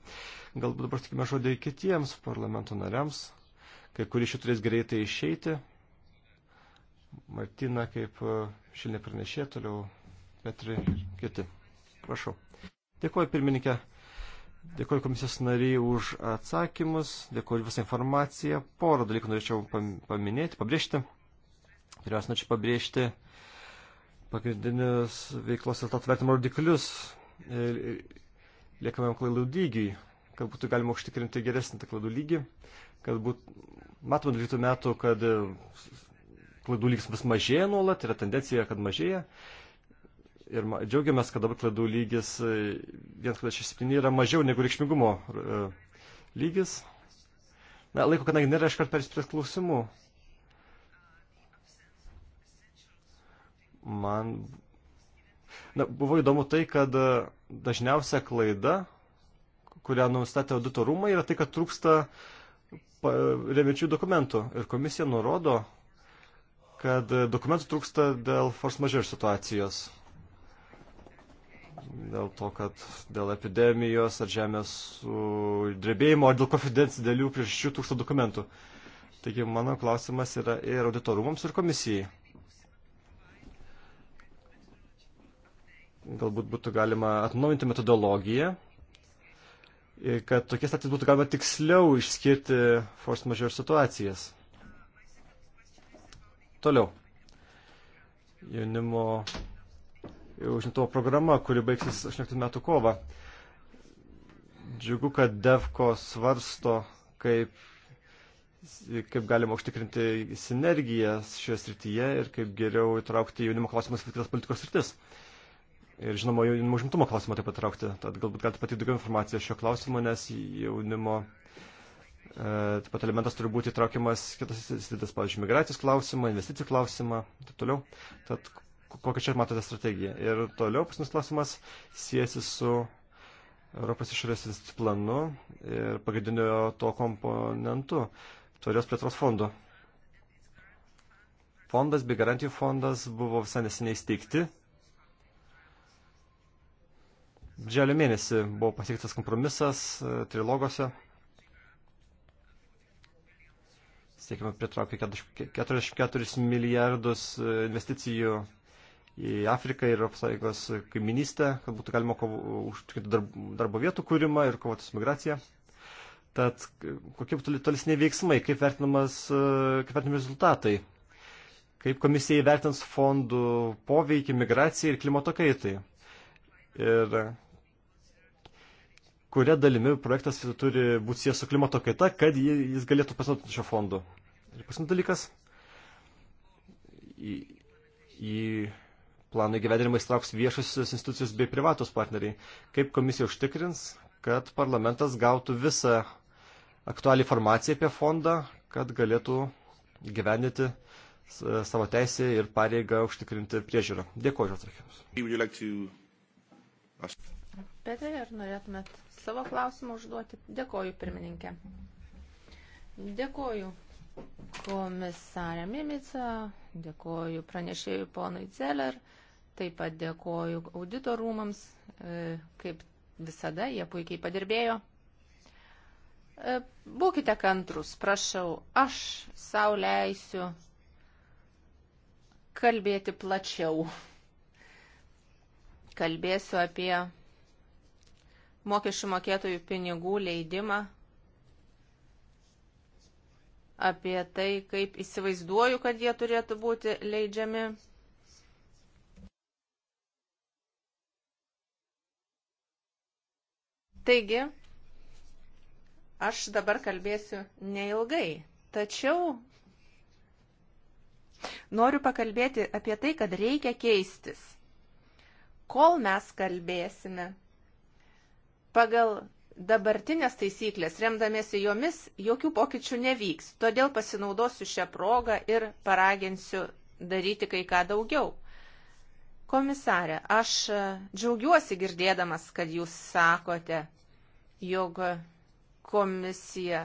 Speaker 1: Galbūt dabar tikime žodį kitiems parlamento nariams, kai kurie šių turės greitai išeiti. Martina kaip e, šiandien pranešė, toliau Petri ir kiti. Prašau. Dėkoju pirmininkė. Dėkoju komisijos nariai už atsakymus, dėkoju visą informaciją. Porą dalykų norėčiau paminėti, pabrėžti. Ir jos norėčiau pabrėžti pagrindinius veiklos rezultatų vertimo rodiklius liekamam klaidų lygiui, kad būtų galima užtikrinti geresnį tą klaidų lygį, kad būtų, matom 12 metų, kad klaidų lygis vis mažėja nuolat, yra tendencija, kad mažėja. Ir ma, džiaugiamės, kad dabar klaidų lygis 1,67 e, yra mažiau negu reikšmingumo e, lygis. Na, laiko, kadangi nėra, iškart perės prie klausimų. man Na, buvo įdomu tai, kad e, dažniausia klaida, kurią nustatė audito rūmai, yra tai, kad trūksta remiančių dokumentų. Ir komisija nurodo, kad e, dokumentų trūksta dėl force majeure situacijos. Dėl to, kad dėl epidemijos ar žemės drebėjimo ar dėl konfidencialių priežasčių trūksta dokumentų. Taigi mano klausimas yra ir auditorumams, ir komisijai galbūt būtų galima atnaujinti metodologiją, kad tokiais atvejais būtų galima tiksliau išskirti force majeure situacijas. Toliau. Jaunimo užimtumo programa, kuri baigsis 18 metų kovą. Džiugu, kad DEVKO svarsto, kaip, kaip galima užtikrinti sinergijas šioje srityje ir kaip geriau įtraukti jaunimo klausimus į kitas politikos sritis. Uh, ir žinoma jaunimo užimtumo klausimą taip pat traukti. Tad galbūt galite pateikti daugiau informacijos šio klausimo, nes jaunimo e, taip pat elementas turi būti įtraukiamas kitas įsidas, pavyzdžiui, migracijos klausimą, investicijų klausimą ir taip toliau. Tad kokią čia matote strategiją? Ir toliau paskutinis klausimas siejasi su Europos išorės planu ir pagrindinio to komponentu tvarios plėtros fondo. Fondas bei garantijų fondas buvo visai neseniai steigti Birželio mėnesį buvo pasiektas kompromisas e, trilogose. Siekime pritraukti 44 milijardus e, investicijų į Afriką ir apsaigos kaiminystę, kad būtų galima užtikrinti darbo vietų kūrimą ir kovoti su migracija. Tad kokie būtų tolesniai veiksmai, kaip, vertinamas, e, kaip vertinami rezultatai, kaip komisija įvertins fondų poveikį migracijai ir klimato kaitai. Ir kuria dalimi projektas turi būti sies su klimato kaita, kad jis galėtų pasinaudoti šio fondu. Ir paskutinis dalykas, į, į planą įgyvedinimą įstrauks viešosios institucijos bei privatos partneriai. Kaip komisija užtikrins, kad parlamentas gautų visą aktualią informaciją apie fondą, kad galėtų gyvendyti savo teisę ir pareigą užtikrinti priežiūrą. Dėkuoju už atsakymus.
Speaker 2: Petrai, ar norėtumėt savo klausimą užduoti. Dėkoju, pirmininkė. Dėkoju komisarė Mimica, dėkoju pranešėjui ponui Celer, taip pat dėkoju auditorumams, e, kaip visada, jie puikiai padirbėjo. E, būkite kantrus, prašau, aš savo leisiu kalbėti plačiau. Kalbėsiu apie mokesčių mokėtojų pinigų leidimą, apie tai, kaip įsivaizduoju, kad jie turėtų būti leidžiami. Taigi, aš dabar kalbėsiu neilgai, tačiau noriu pakalbėti apie tai, kad reikia keistis. Kol mes kalbėsime Pagal dabartinės taisyklės, remdamėsi jomis, jokių pokyčių nevyks. Todėl pasinaudosiu šią progą ir paraginsiu daryti kai ką daugiau. Komisarė, aš džiaugiuosi girdėdamas, kad jūs sakote, jog komisija,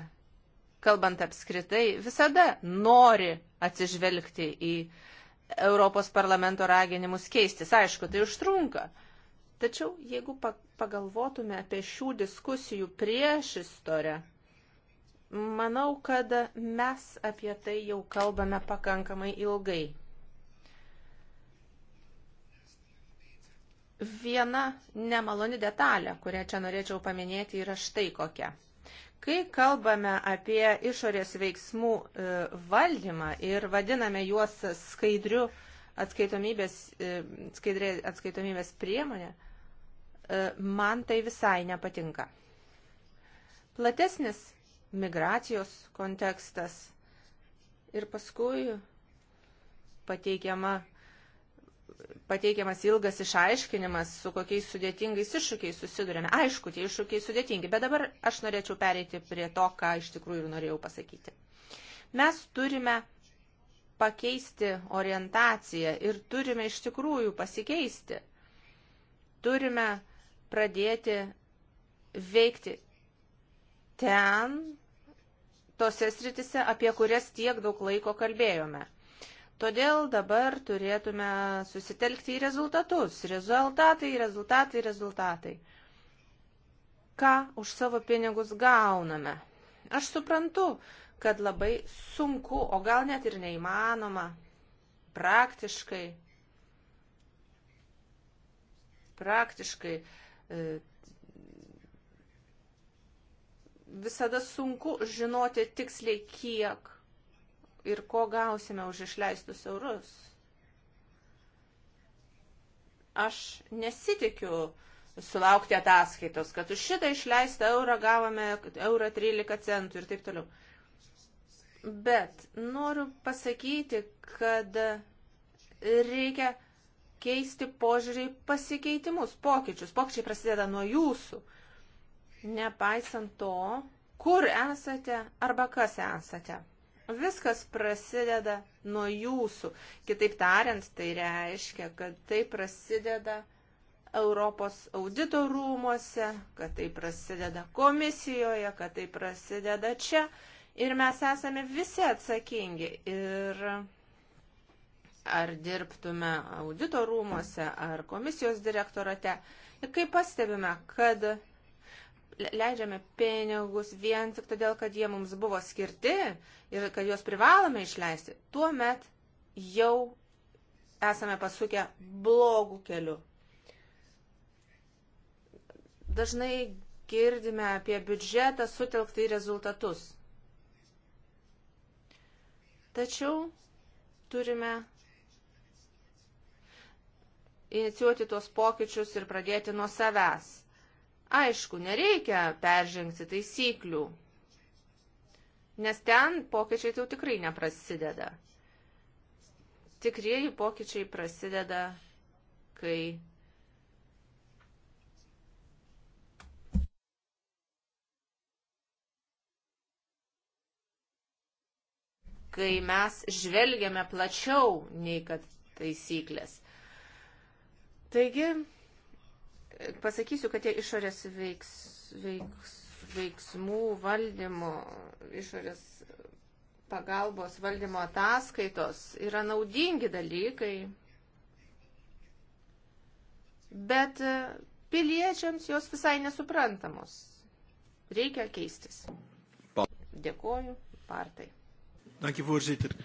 Speaker 2: kalbant apskritai, visada nori atsižvelgti į Europos parlamento raginimus keistis. Aišku, tai užtrunka. Tačiau jeigu pagalvotume apie šių diskusijų prieš istorę, manau, kad mes apie tai jau kalbame pakankamai ilgai. Viena nemaloni detalė, kurią čia norėčiau paminėti, yra štai kokia. Kai kalbame apie išorės veiksmų e, valdymą ir vadiname juos skaidriu atskaitomybės, e, skaidrė atskaitomybės priemonė, E, man tai visai nepatinka. Platesnis migracijos kontekstas ir paskui pateikiama, pateikiamas ilgas išaiškinimas, su kokiais sudėtingais iššūkiais susidurėme. Aišku, tie iššūkiai sudėtingi, bet dabar aš norėčiau pereiti prie to, ką iš tikrųjų ir norėjau pasakyti. Mes turime pakeisti orientaciją ir turime iš tikrųjų pasikeisti. Turime uh, pradėti veikti ten, tose sritise, apie kurias tiek daug laiko kalbėjome. Todėl dabar turėtume susitelkti į rezultatus. Rezultatai, rezultatai, rezultatai. Ką už savo pinigus gauname? Aš suprantu, kad labai sunku, o gal net ir neįmanoma, praktiškai, praktiškai E, visada sunku žinoti tiksliai, kiek ir ko gausime už išleistus eurus. Aš nesitikiu sulaukti ataskaitos, kad už šitą išleistą eurą gavome eurą 13 centų ir taip toliau. Bet noriu pasakyti, kad reikia keisti požiūrį pasikeitimus, pokyčius. Pokyčiai prasideda nuo jūsų. Nepaisant to, kur esate arba kas esate. Viskas prasideda nuo jūsų. Kitaip tariant, tai reiškia, kad tai prasideda Europos audito rūmose, kad tai prasideda komisijoje, kad tai prasideda čia. Ir mes esame visi atsakingi. Ir ar dirbtume audito rūmose, ar komisijos direktorate. Ir kai pastebime, kad leidžiame pinigus vien tik todėl, kad jie mums buvo skirti ir kad juos privalome išleisti, tuomet jau esame pasukę blogų kelių. Dažnai girdime apie biudžetą sutelktą į rezultatus. Tačiau turime inicijuoti tuos pokyčius ir pradėti nuo savęs. Aišku, nereikia peržengti taisyklių, nes ten pokyčiai jau tikrai neprasideda. Tikrieji pokyčiai prasideda, kai kai mes žvelgiame plačiau nei kad taisyklės. Taigi, pasakysiu, kad tie išorės veiks, veiks, veiksmų valdymo, išorės pagalbos valdymo ataskaitos yra naudingi dalykai, bet e, piliečiams jos visai nesuprantamos. Reikia keistis. Dėkoju, partai.
Speaker 1: Dankie, voorzitter.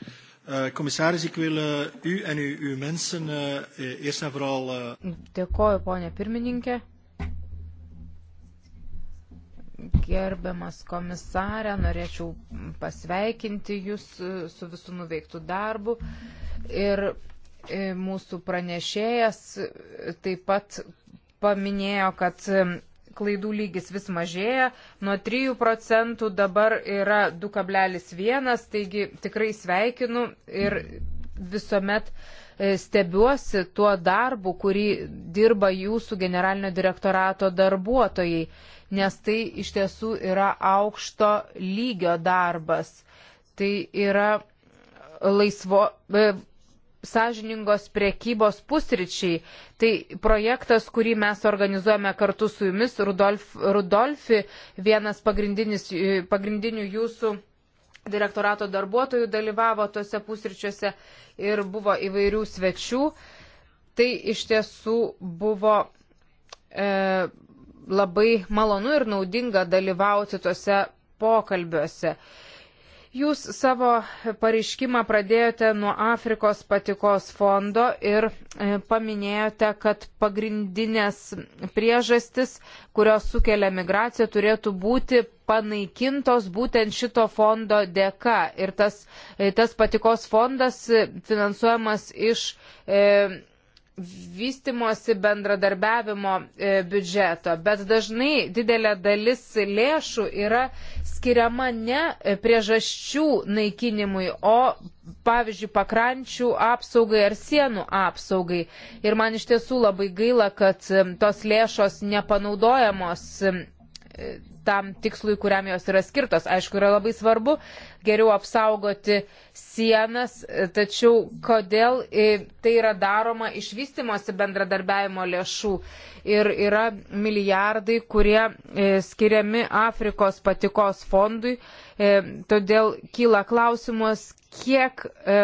Speaker 1: Uh, eh, Komisaris, ik wil uh, u en uw, uw mensen uh, eerst en vooral. Uh...
Speaker 3: Dėkoju, ponė pirmininkė. Gerbiamas komisarė, norėčiau pasveikinti jūs su visų nuveiktų darbų. Ir e, mūsų pranešėjas taip pat paminėjo, kad klaidų lygis vis mažėja, nuo 3 procentų dabar yra 2,1, taigi tikrai sveikinu ir visuomet e, stebiuosi tuo darbu, kurį dirba jūsų generalinio direktorato darbuotojai, nes tai iš tiesų yra aukšto lygio darbas. Tai yra laisvo, e, sąžiningos priekybos pusryčiai. Tai projektas, kurį mes organizuojame kartu su jumis, Rudolf, Rudolfi, vienas e, pagrindinių jūsų direktorato darbuotojų dalyvavo tose pusryčiuose ir buvo įvairių svečių. Tai iš tiesų buvo e, labai malonu ir naudinga dalyvauti tose pokalbiuose. E, Jūs savo pareiškimą pradėjote nuo Afrikos patikos fondo ir e, paminėjote, kad pagrindinės priežastis, kurios sukelia migraciją, turėtų būti panaikintos būtent šito fondo dėka. Ir tas, e, tas patikos fondas finansuojamas iš. E, vystimosi bendradarbiavimo e, biudžeto, bet dažnai didelė dalis lėšų yra skiriama ne e, priežasčių naikinimui, o pavyzdžiui pakrančių apsaugai ar sienų apsaugai. Ir man iš tiesų labai gaila, kad e, tos lėšos nepanaudojamos tam tikslui, kuriam jos yra skirtos. Aišku, yra labai svarbu geriau apsaugoti sienas, tačiau kodėl e, tai yra daroma išvystimosi bendradarbiajimo lėšų. Ir yra milijardai, kurie e, skiriami Afrikos patikos fondui. E, todėl kyla klausimas, kiek. E,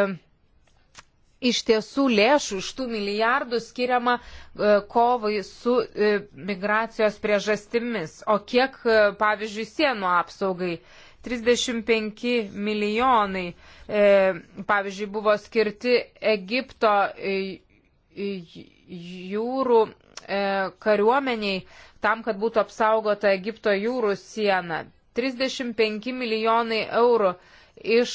Speaker 3: iš tiesų lėšų iš tų milijardų skiriama e, kovai su e, migracijos priežastimis, o kiek, e, pavyzdžiui, sienų apsaugai. 35 milijonai, pavyzdžiui, buvo skirti Egipto jūrų kariuomeniai tam, kad būtų apsaugota Egipto jūrų siena. 35 milijonai eurų iš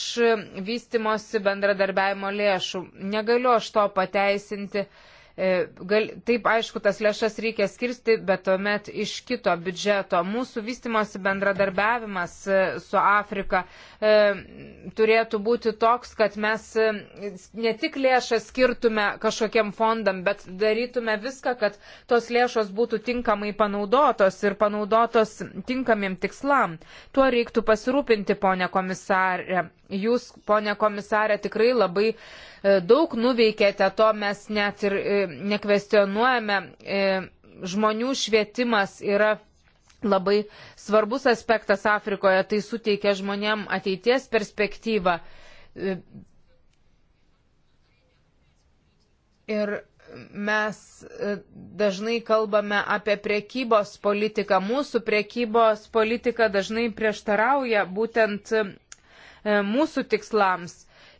Speaker 3: vystimosi bendradarbiavimo lėšų. Negaliu aš to pateisinti, E, gal, taip, aišku, tas lėšas reikia skirsti, bet tuomet iš kito biudžeto. Mūsų vystimosi bendradarbiavimas e, su Afrika e, turėtų būti toks, kad mes e, ne tik lėšas skirtume kažkokiem fondam, bet darytume viską, kad tos lėšos būtų tinkamai panaudotos ir panaudotos tinkamiem tikslam. Tuo reiktų pasirūpinti, ponė komisarė. Jūs, ponė komisarė, tikrai labai uh, E, daug nuveikėte, to mes net ir e, nekvestionuojame. E, žmonių švietimas yra labai svarbus aspektas Afrikoje, tai suteikia žmonėm ateities perspektyvą. Ir mes dažnai kalbame apie priekybos politiką. Mūsų priekybos politika dažnai prieštarauja būtent mūsų tikslams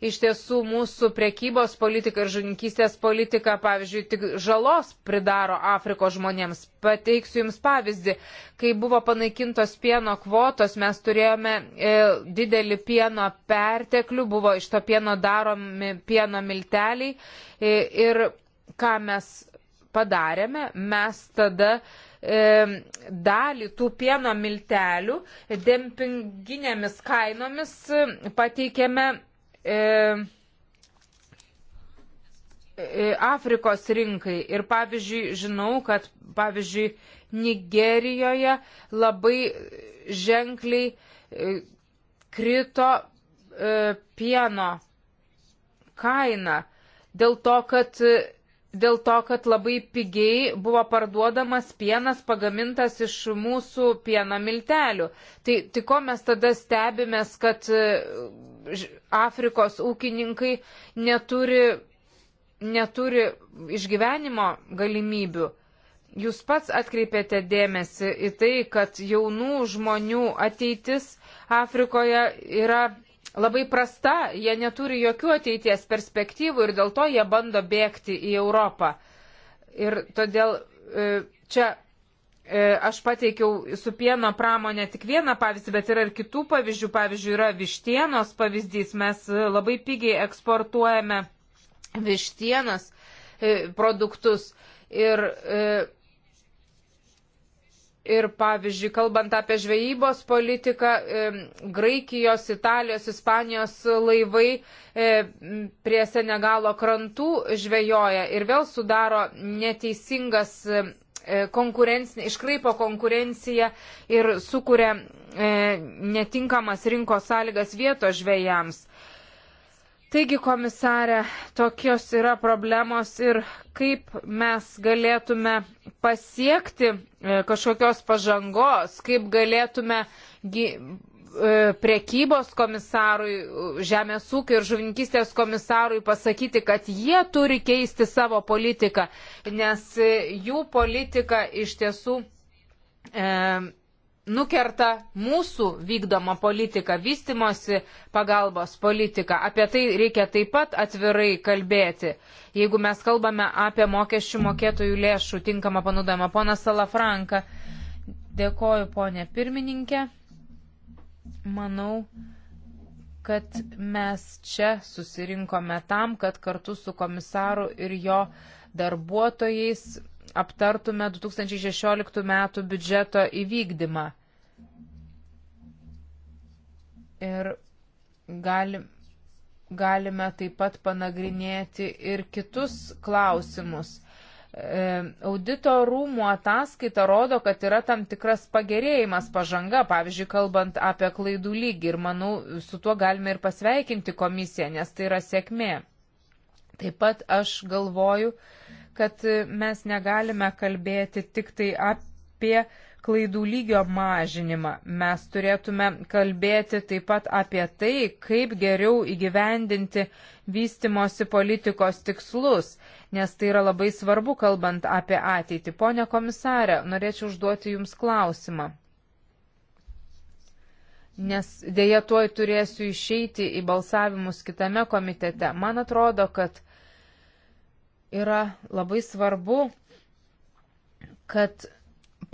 Speaker 3: iš tiesų mūsų prekybos politika ir žuvininkystės politika, pavyzdžiui, tik žalos pridaro Afrikos žmonėms. Pateiksiu Jums pavyzdį. Kai buvo panaikintos pieno kvotos, mes turėjome e, didelį pieno perteklių, buvo iš to pieno daromi pieno milteliai. E, ir ką mes padarėme, mes tada e, dalį tų pieno miltelių dempinginėmis kainomis e, pateikėme E, e, Afrikos rinkai. Ir pavyzdžiui, žinau, kad pavyzdžiui, Nigerijoje labai ženkliai e, krito pieno kaina dėl to, kad dėl to, kad labai pigiai buvo parduodamas pienas pagamintas iš mūsų pieno miltelių. Tai, tai ko mes tada stebimės, kad e, Afrikos ūkininkai neturi, neturi išgyvenimo galimybių? Jūs pats atkreipėte dėmesį į tai, kad jaunų žmonių ateitis Afrikoje yra labai prasta, jie neturi jokių ateities perspektyvų ir dėl to jie bando bėgti į Europą. Ir todėl e, čia e, aš pateikiau su pieno pramonė tik vieną pavyzdį, bet yra ir kitų pavyzdžių. Pavyzdžiui, yra vištienos pavyzdys. Mes e, labai pigiai eksportuojame vištienos produktus. Ir Ir pavyzdžiui, kalbant apie žvejybos politiką, e, Graikijos, Italijos, Ispanijos laivai e, prie Senegalo krantų žvejoja ir vėl sudaro neteisingas e, konkurencinė, iškraipo konkurenciją ir sukuria netinkamas rinkos sąlygas vietos žvejams. Taigi, komisarė, tokios yra problemos ir kaip mes galėtume pasiekti e, kažkokios pažangos, kaip galėtume e, priekybos komisarui, žemės ūkio ir žuvininkystės komisarui pasakyti, kad jie turi keisti savo politiką, nes e, jų politika iš tiesų e, nukerta mūsų vykdoma politika, vystimosi pagalbos politika. Apie tai reikia taip pat atvirai kalbėti. Jeigu mes kalbame apie mokesčių mokėtojų lėšų tinkamą panaudojimą. Pona Salafranka, dėkoju ponė pirmininkė. Manau, kad mes čia susirinkome tam, kad kartu su komisaru ir jo darbuotojais aptartume 2016 metų biudžeto įvykdymą. Ir galim, galime taip pat panagrinėti ir kitus klausimus. E, audito rūmų ataskaita rodo, kad yra tam tikras pagerėjimas pažanga, pavyzdžiui, kalbant apie klaidų lygį ir manau, su tuo galime ir pasveikinti komisiją, nes tai yra sėkmė. Taip pat aš galvoju, kad mes negalime kalbėti tik tai apie klaidų lygio mažinimą. Mes turėtume kalbėti taip pat apie tai, kaip geriau įgyvendinti vystimosi politikos tikslus, nes tai yra labai svarbu, kalbant apie ateitį. Pone komisarė, norėčiau užduoti Jums klausimą. Nes dėja tuoj turėsiu išeiti į balsavimus kitame komitete. Man atrodo, kad yra labai svarbu, kad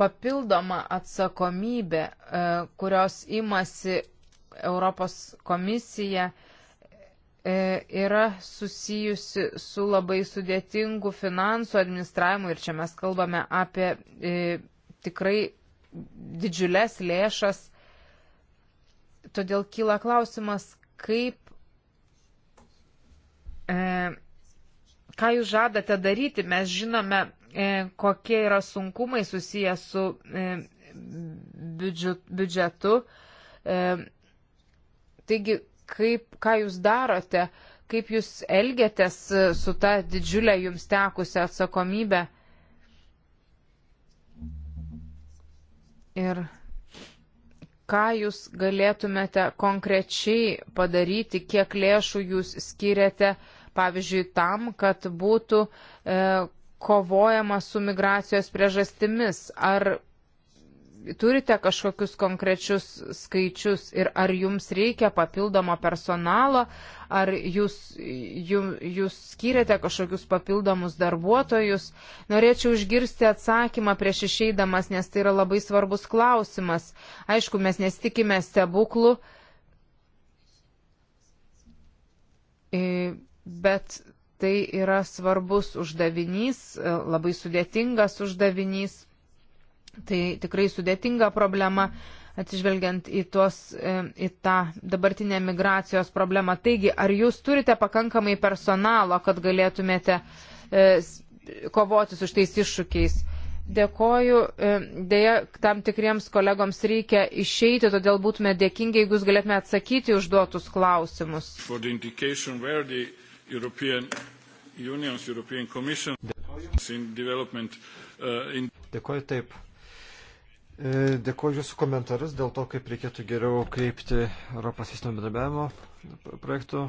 Speaker 3: papildoma atsakomybė, e, kurios imasi Europos komisija, e, yra susijusi su labai sudėtingu finansų administravimu ir čia mes kalbame apie e, tikrai didžiulės lėšas. Todėl kyla klausimas, kaip ką jūs žadate daryti? Mes žinome, e, kokie yra sunkumai susiję su e, biudžetu. E, taigi, kaip, ką jūs darote, kaip jūs elgiatės su ta didžiulė jums tekusią atsakomybę? Ir ką jūs galėtumėte konkrečiai padaryti, kiek lėšų jūs skiriate uh, pavyzdžiui, tam, kad būtų e, kovojama su migracijos priežastimis. Ar turite kažkokius konkrečius skaičius ir ar jums reikia papildomo personalo, ar jūs, jum, jūs skiriate kažkokius papildomus darbuotojus. Norėčiau išgirsti atsakymą prieš išeidamas, nes tai yra labai svarbus klausimas. Aišku, mes nesitikime stebuklų. E bet tai yra svarbus uždavinys, e, labai sudėtingas uždavinys, tai tikrai sudėtinga problema atsižvelgiant į, tuos, e, į tą dabartinę migracijos problemą. Taigi, ar jūs turite pakankamai personalo, kad galėtumėte e, kovoti su šitais iššūkiais? Dėkoju, dėja, tam tikriems kolegoms reikia išeiti, todėl būtume dėkingi, jeigu jūs galėtume atsakyti užduotus klausimus.
Speaker 2: The... European Unions, European Commission in
Speaker 3: development uh, in.
Speaker 1: Dėkoju taip. E, dėkoju Jūsų komentarus dėl to, kaip reikėtų geriau kreipti Europos įstinio bendrabiavimo projektų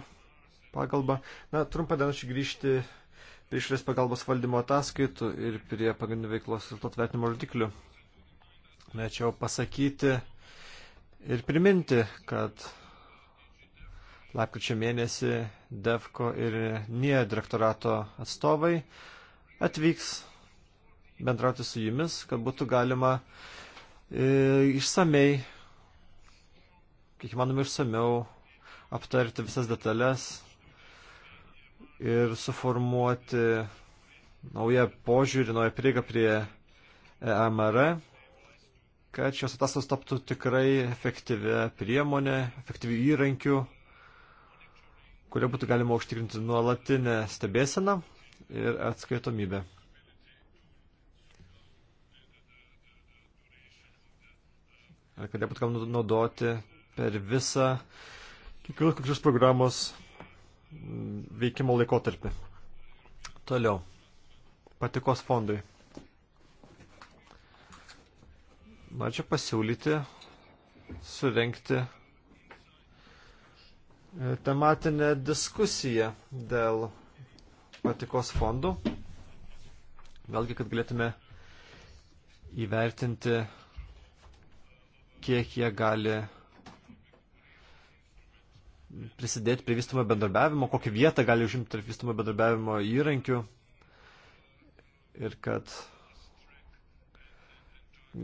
Speaker 1: pagalbą. Na, trumpą dieną aš grįžti prie išorės pagalbos valdymo ataskaitų ir prie pagrindinių veiklos ir to atvertinimo rodiklių. Norėčiau pasakyti ir priminti, kad lapkričio mėnesį DEFCO ir NIE direktorato atstovai atvyks bendrauti su jumis, kad būtų galima e, išsamei, kiek įmanoma išsameu, aptarti visas detalės ir suformuoti naują požiūrį, naują prieigą prie EMR, kad šios ataskaitos taptų tikrai efektyvę priemonę, efektyvių įrankių kuria būtų galima užtikrinti nuolatinę stebėseną ir atskaitomybę. Ar kad ją būtų galima naudoti per visą kiekvienos konkrečios programos veikimo laikotarpį. Toliau. Patikos fondui. Norėčiau pasiūlyti surenkti E, tematinę diskusiją dėl patikos fondų. Vėlgi, kad galėtume įvertinti, kiek jie gali prisidėti prie vystumo bendarbiavimo, kokią vietą gali užimti tarp vystumo bendarbiavimo įrankių ir kad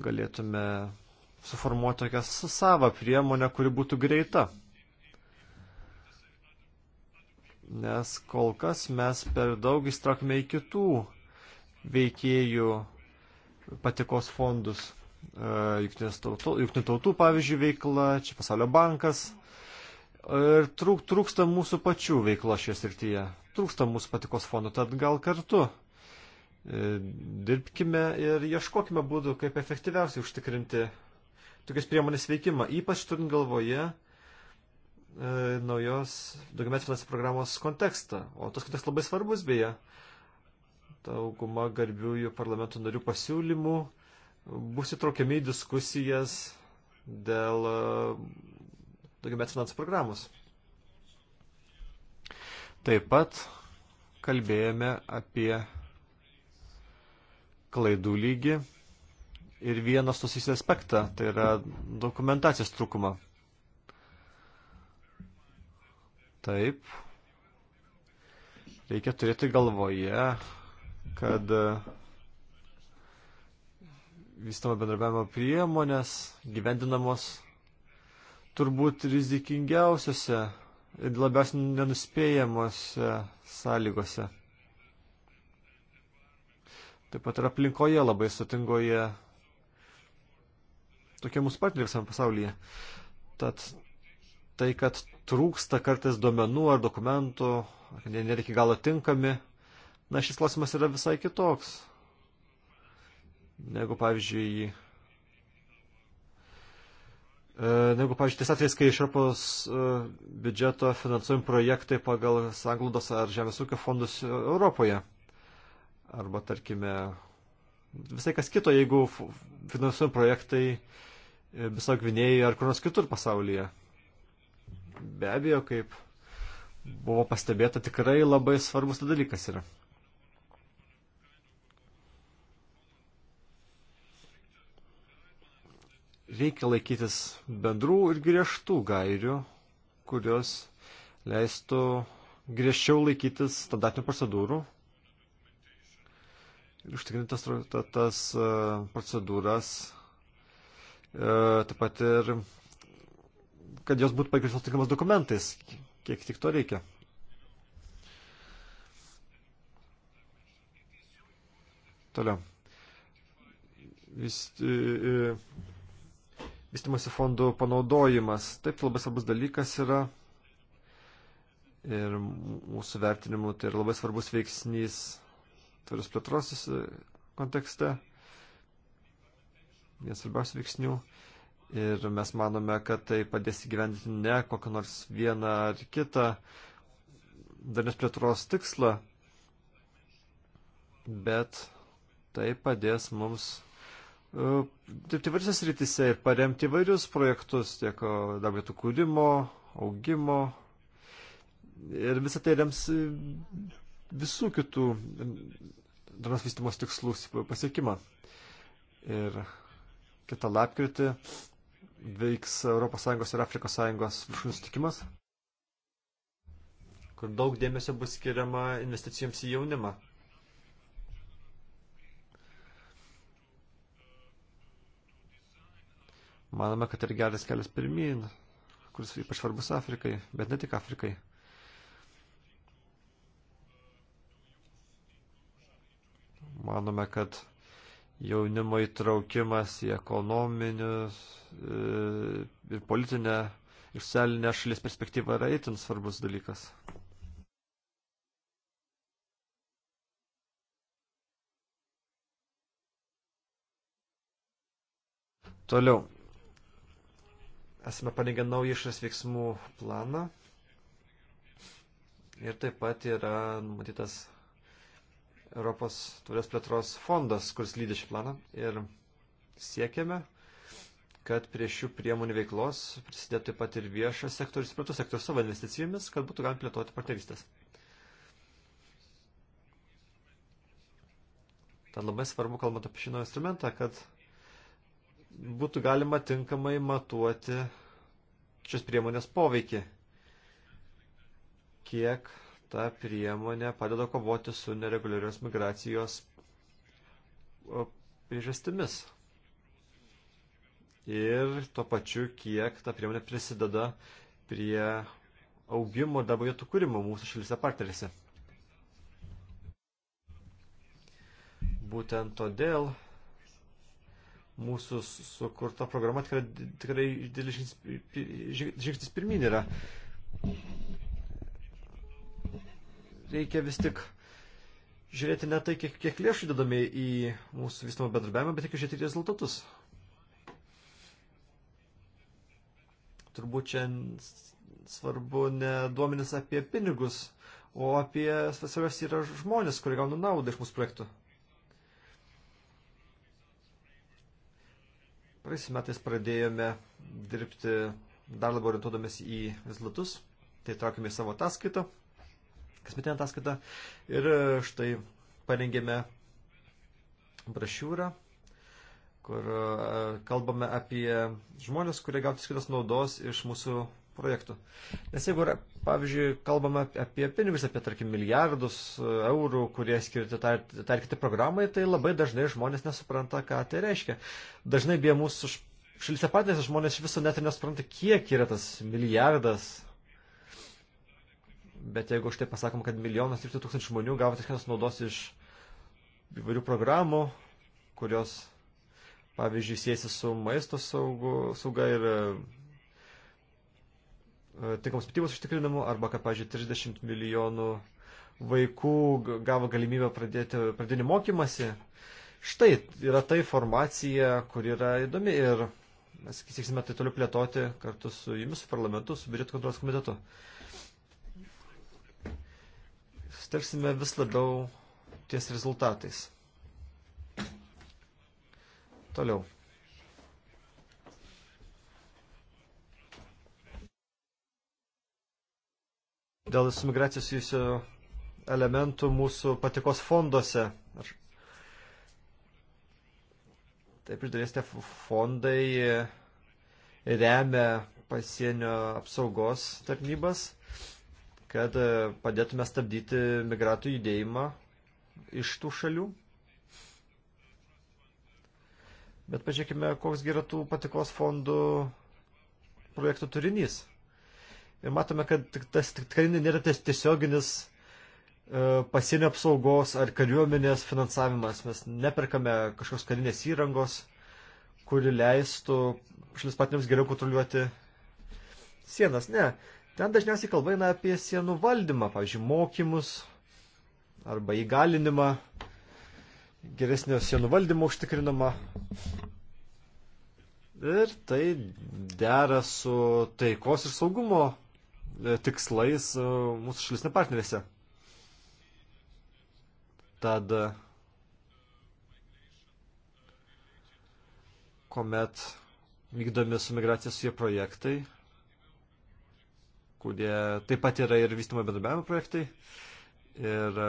Speaker 1: galėtume suformuoti tokią savą priemonę, kuri būtų greita nes kol kas mes per daug įstrakme į kitų veikėjų patikos fondus. E, jungtinių tautų, tautų, pavyzdžiui, veikla, čia pasaulio bankas. Ir trūk, trūksta mūsų pačių veikla šioje srityje. Trūksta mūsų patikos fondų, tad gal kartu e, dirbkime ir ieškokime būdų, kaip efektyviausiai užtikrinti tokias priemonės veikimą, ypač turint galvoje, E, naujos daugiametės programos kontekstą. O tas kontekstas labai svarbus beje. Dauguma garbiųjų parlamento narių pasiūlymų bus įtraukiami į diskusijas dėl e, daugiametės finansų programos. Taip pat kalbėjome apie klaidų lygį ir vieną susisį aspektą, tai yra dokumentacijos trūkumą. Taip, reikia turėti galvoje, kad e, vystamo bendrabiavimo priemonės gyvendinamos turbūt rizikingiausiose ir labiausiai nenuspėjamose sąlygose. Taip pat ir aplinkoje labai sutingoje tokie mūsų partneriai visam pasaulyje. Tad tai, kad trūksta kartais duomenų ar dokumentų, kad jie nėra iki galo tinkami. Na, šis klausimas yra visai kitoks. Negu, pavyzdžiui, e, negu, pavyzdžiui, ties atvejais, kai iš Europos e, biudžeto finansuojami projektai pagal sanglaudos ar žemės ūkio fondus Europoje. Arba, tarkime, visai kas kito, jeigu finansuojami projektai viso e, Gvinėjai ar kur nors kitur pasaulyje be abejo, kaip buvo pastebėta, tikrai labai svarbus dalykas yra. Reikia laikytis bendrų ir griežtų gairių, kurios leistų griežčiau laikytis standartinių procedūrų ir užtikrinti tas, tas e, procedūras, e, taip pat ir kad jos būtų pagrįstos tinkamas dokumentais, kiek tik to reikia. Toliau. E, e, vystimosi fondų panaudojimas. Taip, labai svarbus dalykas yra. Ir mūsų vertinimu tai yra labai svarbus veiksnys tvarios plėtros kontekste. Vienas svarbiausių veiksnių. Ir mes manome, kad tai padės įgyvendinti ne kokią nors vieną ar kitą darnės plėtros tikslą, bet tai padės mums e, dirbti įvairiose srityse ir paremti įvairius projektus, tiek e, darbėtų kūrimo, augimo. Ir visą tai rems e, visų kitų darnos vystimos tikslus pasiekimą. Ir kitą lapkritį veiks ES ir Afrikos Sąjungos viršūnų sutikimas, kur daug dėmesio bus skiriama investicijoms į jaunimą. Manome, kad ir geras kelias pirmyn, kuris ypač svarbus Afrikai, bet ne tik Afrikai. Manome, kad jaunimo įtraukimas į ekonominius e, ir politinę ir socialinę šalies perspektyvą yra itin svarbus dalykas. Toliau. Esame parengę naują išras veiksmų planą. Ir taip pat yra numatytas Europos turės plėtros fondas, kuris lydi šį planą ir siekiame, kad prie šių priemonių veiklos prisidėtų taip pat ir viešas sektorius, privatus sektorius savo investicijomis, kad būtų galima plėtoti partnerystės. Tad labai svarbu, kalbant apie šį naują instrumentą, kad būtų galima tinkamai matuoti šios priemonės poveikį, kiek ta priemonė padeda kovoti su nereguliarios migracijos priežastimis. Ir tuo pačiu, kiek ta priemonė prisideda prie augimo ir darbo vietų kūrimo mūsų šalyse partnerėse. Būtent todėl mūsų sukurta programa tikrai, tikrai didelis žingsnis pirmin yra reikia vis tik žiūrėti ne tai, kiek, kiek lėšų įdedame į mūsų vystamo bendradarbiavimą, bet tik žiūrėti rezultatus. Turbūt čia svarbu ne duomenis apie pinigus, o apie svarbiausia yra žmonės, kurie gauna naudą iš mūsų projektų. Praeisiais metais pradėjome dirbti dar labiau orientuodamės į rezultatus, tai traukime į savo ataskaitą kasmetinę ataskaitą. Ir e, štai parengėme brošiūrą, kur e, kalbame apie žmonės, kurie gautų skirtos naudos iš mūsų projektų. Nes jeigu, pavyzdžiui, kalbame apie pinigus, apie, tarkim, milijardus e, eurų, kurie skirti tai ar kitai programai, tai labai dažnai žmonės nesupranta, ką tai reiškia. Dažnai bie mūsų šalyse patys žmonės iš viso net ir nesupranta, kiek yra tas milijardas bet jeigu štai pasakom, kad milijonas 300 tūkstančių žmonių gavo kažkokios naudos iš įvairių programų, kurios, pavyzdžiui, siejasi su maisto saugu, sauga ir e, tinkamos pitybos užtikrinimu, arba kad, pavyzdžiui, 30 milijonų vaikų gavo galimybę pradėti pradinį mokymasi. Štai yra ta informacija, kur yra įdomi ir mes sieksime tai toliau plėtoti kartu su jumis, su parlamentu, su biudžeto kontrolės komitetu. Sutarsime vis labiau ties rezultatais. Toliau. Dėl su migracijos jūsų elementų mūsų patikos fonduose. Aš... Taip, iš dalies tie fondai remia pasienio apsaugos tarnybas kad e, padėtume stabdyti migratų judėjimą iš tų šalių. Bet pažiūrėkime, koks yra tų patikos fondų projektų turinys. Ir matome, kad tas tikrai nėra tas tiesioginis e, pasienio apsaugos ar kariuomenės finansavimas. Mes neperkame kažkokios karinės įrangos, kuri leistų šalis patiniams geriau kontroliuoti sienas. Ne, Ten dažniausiai kalba eina apie sienų valdymą, pavyzdžiui, mokymus arba įgalinimą, geresnio sienų valdymo užtikrinimą. Ir tai dera su taikos ir saugumo e, tikslais e, mūsų šalisne partnerėse. Tad, kuomet vykdomi su migracija su jie projektai, kurie taip pat yra ir vystymo bendradarbiavimo projektai, ir e,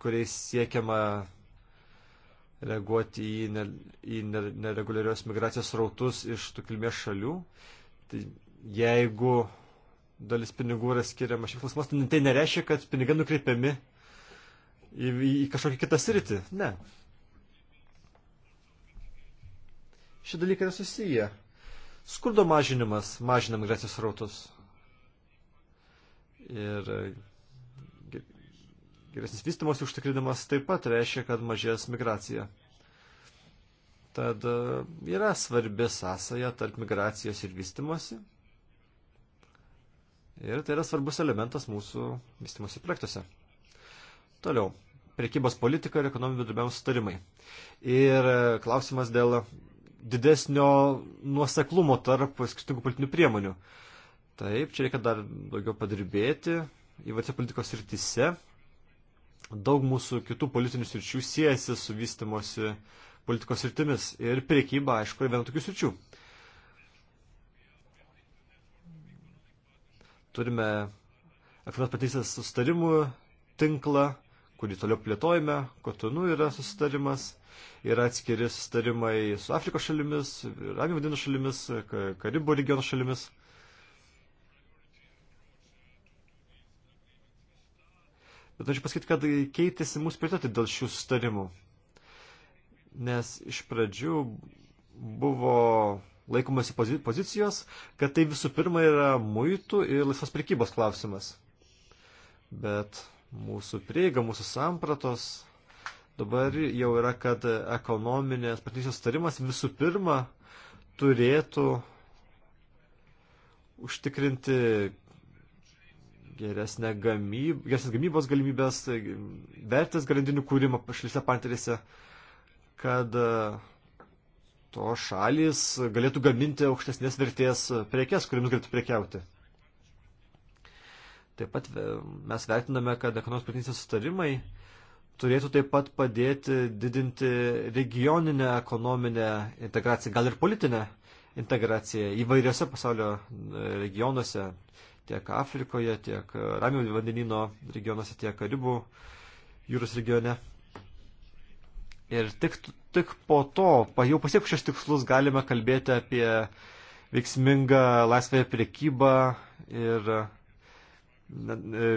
Speaker 1: kuriais siekiama reaguoti į, ne, į nereguliarios migracijos rautus iš tų kilmės šalių. Tai jeigu dalis pinigų yra skiriama šiems klausimams, tai, tai nereiškia, kad pinigai nukreipiami į, į, į kažkokią kitą sritį. Ne. Šie dalykai yra susiję. Skurdo mažinimas mažina migracijos rautus. Ir e, geresnis vystimas užtikrinimas taip pat reiškia, kad mažės migracija. Tad e, yra svarbi sąsaja tarp migracijos ir vystimosi. Ir tai yra svarbus elementas mūsų vystimosi projektuose. Toliau. Prekybos politika ir ekonominio bendradarbiavimo sutarimai. Ir e, klausimas dėl didesnio nuoseklumo tarp skirtingų politinių priemonių. Uh, Taip, čia reikia dar daugiau padirbėti įvairiose politikos rytise. Daug mūsų kitų politinių sričių siejasi su vystimosi politikos rytimis ir priekyba, aišku, yra viena tokių sričių. Turime Afrikos patysės sustarimų tinklą, kurį toliau plėtojame, kotonų yra sustarimas, yra atskiri sustarimai su Afrikos šalimis, Ramio vandenų šalimis, Karibų regiono šalimis. Bet aš pasakyti, kad keitėsi mūsų prioritetai dėl šių sustarimų. Nes iš pradžių buvo laikomasi pozicijos, kad tai visų pirma yra muitų ir laisvos prekybos klausimas. Bet mūsų prieiga, mūsų sampratos dabar jau yra, kad ekonominės partnerystės sutarimas visų pirma turėtų užtikrinti geresnę gamybą, geresnės gamybos galimybės, vertės grandinių kūrimą šalyse partnerėse, kad e, to šalis galėtų gaminti aukštesnės vertės prekes, kuriamis galėtų prekiauti. Taip pat e, mes vertiname, kad ekonomikos partnerystės sustarimai turėtų taip pat padėti didinti regioninę ekonominę integraciją, gal ir politinę integraciją įvairiose pasaulio e, regionuose, tiek Afrikoje, tiek Ramio vandenino regionuose, tiek Karibų jūros regione. Ir tik, tik po to, pa, jau pasiekus šios tikslus, galime kalbėti apie veiksmingą laisvąją priekybą ir e,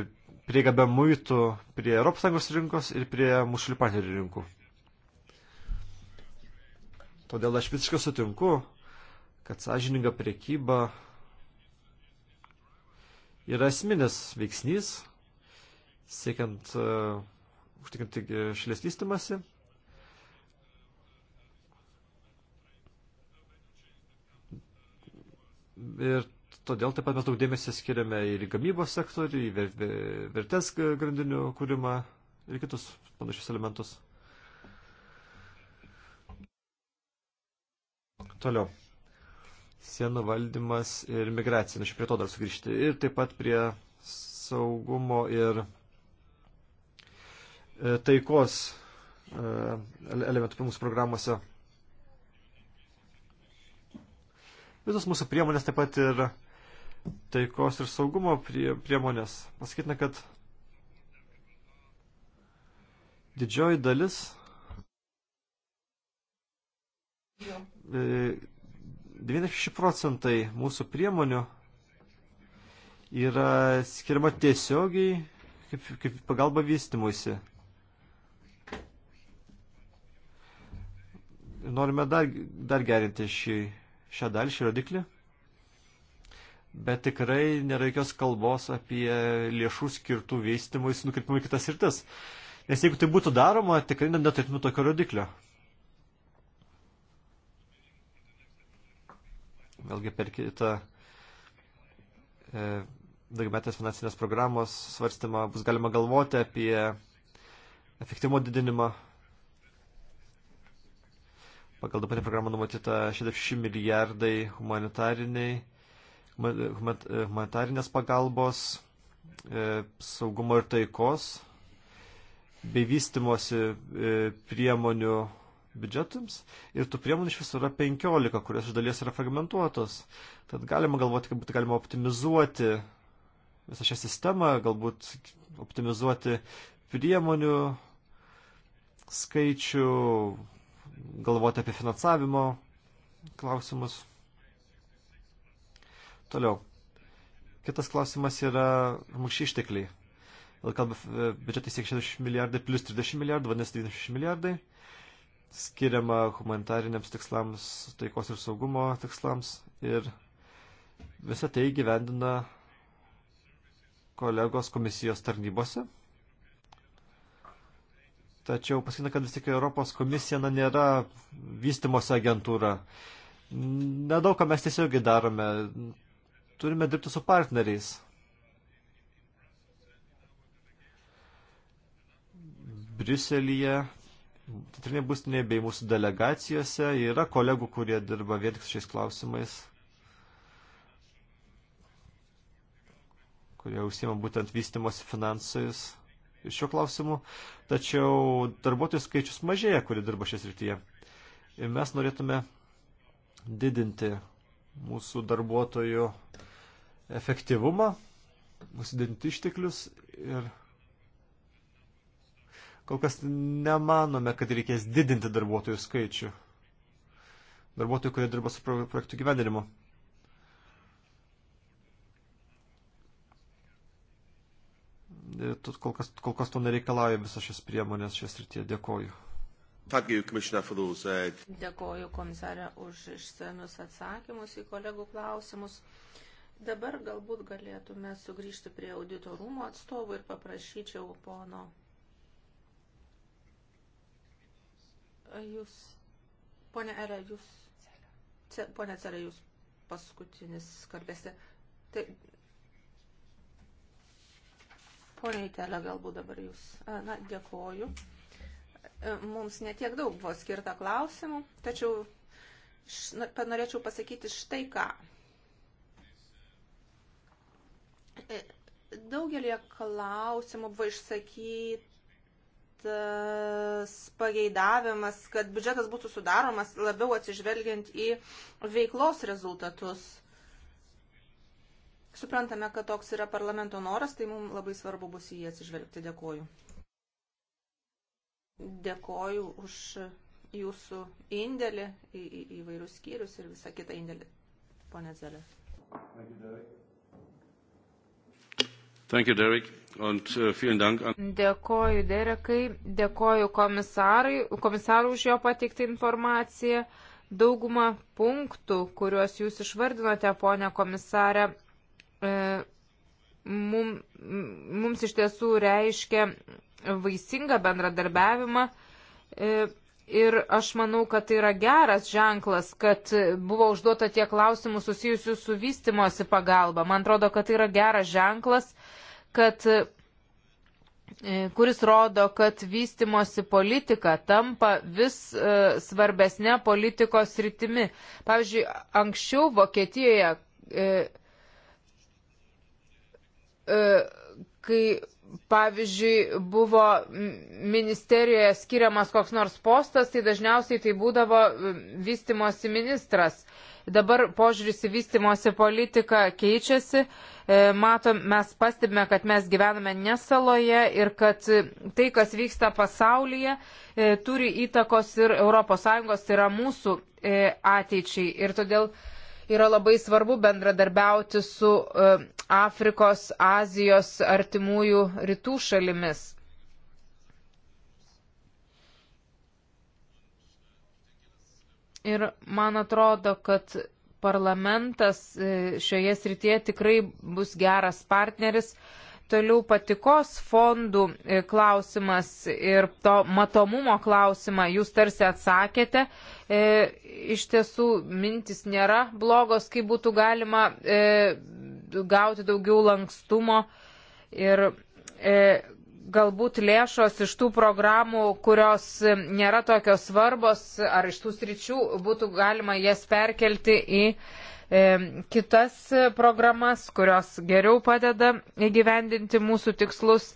Speaker 1: prieigą be muitų prie ES rinkos ir prie mūsų partnerių rinkų. Todėl aš visiškai sutinku, kad sąžininga priekyba yra esminis veiksnys, siekiant uh, užtikrinti šalies vystimasi. Ir todėl taip pat mes daug dėmesio skiriame ir į gamybos sektorių, į ver vertės grandinių kūrimą ir kitus panašius elementus. Toliau sienų valdymas ir migracija. Na, šiaip prie to dar sugrįžti. Ir taip pat prie saugumo ir e, taikos e, elementų mūsų programuose. Visos mūsų priemonės taip pat ir taikos ir saugumo prie, priemonės. Pasakytina, kad didžioji dalis e, 96 procentai mūsų priemonių yra skiriama tiesiogiai kaip, kaip pagalba vystimuisi. Norime dar, dar gerinti šį, šią dalį, šį rodiklį, bet tikrai nėra jokios kalbos apie lėšų skirtų vystimuisi nukreipimui kitas ir tas. Nes jeigu tai būtų daroma, tikrai neturėtume tokio rodiklio. vėlgi per kitą e, daugiametės finansinės programos svarstymą bus galima galvoti apie efektyvumo didinimą. Pagal dabartinę programą numatyta 60 milijardai humanitariniai, e, humanitarinės pagalbos, e, saugumo ir taikos bei vystimosi e, priemonių biudžetams ir tų priemonių iš viso yra 15, kurios iš dalies yra fragmentuotos. Tad galima galvoti, kad būtų galima optimizuoti visą šią sistemą, galbūt optimizuoti priemonių skaičių, galvoti apie finansavimo klausimus. Toliau. Kitas klausimas yra mūšiai ištekliai. Kalba e, biudžetai siekia 60 milijardai plus 30 milijardų, vadinasi 90 milijardai skiriama humanitariniams tikslams, taikos ir saugumo tikslams ir visą tai gyvendina kolegos komisijos tarnybose. Tačiau pasakina, kad vis tik Europos komisija na, nėra vystimosi agentūra. Nedaug ką mes tiesiogiai darome. Turime dirbti su partneriais. Briuselyje centrinėje būstinėje bei mūsų delegacijose. Yra kolegų, kurie dirba vien tik šiais klausimais, kurie užsima būtent vystimosi finansais ir šiuo klausimu. Tačiau darbuotojų skaičius mažėja, kurie dirba šią srityje. Ir mes norėtume didinti mūsų darbuotojų efektyvumą, mūsų didinti išteklius ir Kol kas nemanome, kad reikės didinti darbuotojų skaičių. Darbuotojų, kurie dirba su projektų gyvendinimu. Kol kas, kol kas to nereikalauja visas šias priemonės šias rytyje. Dėkoju.
Speaker 2: Dėkoju komisarė už išsamius atsakymus į kolegų klausimus. Dabar galbūt galėtume sugrįžti prie auditorumo atstovų ir paprašyčiau pono Jūs, ponė Era, jūs, ce, ponė Cera, jūs paskutinis kalbėsite. Tai, ponė Itelė, galbūt dabar jūs. Na, dėkoju. E, mums netiek daug buvo skirta klausimų, tačiau š, norėčiau pasakyti štai ką. E, daugelį klausimų buvo išsakyti tas e, pageidavimas, kad biudžetas būtų sudaromas labiau atsižvelgiant į veiklos rezultatus. Suprantame, kad toks yra parlamento noras, tai mums labai svarbu bus į jį atsižvelgti. Dėkoju. Dėkoju už jūsų indėlį į, į, į vairius skyrius ir visą kitą indėlį,
Speaker 3: ponė Zelė. Thank you, Derek. You, Derek, and, uh, dėkoju Derekai, dėkoju komisarui už jo pateiktą informaciją. Dauguma punktų, kuriuos jūs išvardinote, ponė komisarė, e, mum, mums iš tiesų reiškia vaisingą bendradarbiavimą. E, ir aš manau, kad tai yra geras ženklas, kad buvo užduota tie klausimų susijusių su vystimosi pagalba. Man atrodo, kad tai yra geras ženklas kad e, kuris rodo, kad vystimosi politika tampa vis e, svarbesnė politikos rytimi. Pavyzdžiui, anksčiau Vokietijoje, e, e, kai pavyzdžiui, buvo ministerijoje skiriamas koks nors postas, tai dažniausiai tai būdavo vystimosi ministras. Dabar požiūris į vystimosi politiką keičiasi. E, matom, mes pastebime, kad mes gyvename ne saloje ir kad e, tai, kas vyksta pasaulyje, e, turi įtakos ir ES, tai yra mūsų ateičiai. Ir todėl yra labai svarbu bendradarbiauti su e, Afrikos, Azijos, artimųjų rytų šalimis. Ir man atrodo, kad parlamentas e, šioje srityje tikrai bus geras partneris. Uh, Toliau patikos fondų e, klausimas ir to matomumo klausimą jūs tarsi atsakėte. E, iš tiesų mintis nėra blogos, kaip būtų galima e, gauti daugiau lankstumo ir e, galbūt lėšos iš tų programų, kurios nėra tokios svarbos ar iš tų sričių būtų galima jas perkelti į E, kitas programas, kurios geriau padeda įgyvendinti mūsų tikslus.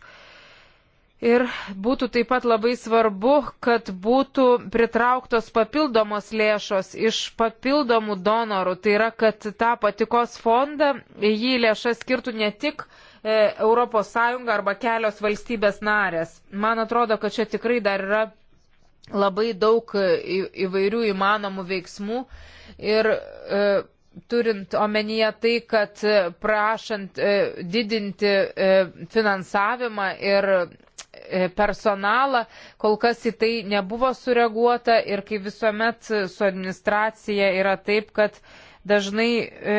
Speaker 3: Ir būtų taip pat labai svarbu, kad būtų pritrauktos papildomos lėšos iš papildomų donorų. Tai yra, kad tą patikos fondą jį lėšą skirtų ne tik e, ES arba kelios valstybės narės. Man atrodo, kad čia tikrai dar yra labai daug e, į, įvairių įmanomų veiksmų. Ir, e, turint omenyje tai, kad e, prašant e, didinti e, finansavimą ir personalą, kol kas į tai nebuvo sureaguota ir kaip visuomet su administracija yra taip, kad dažnai e,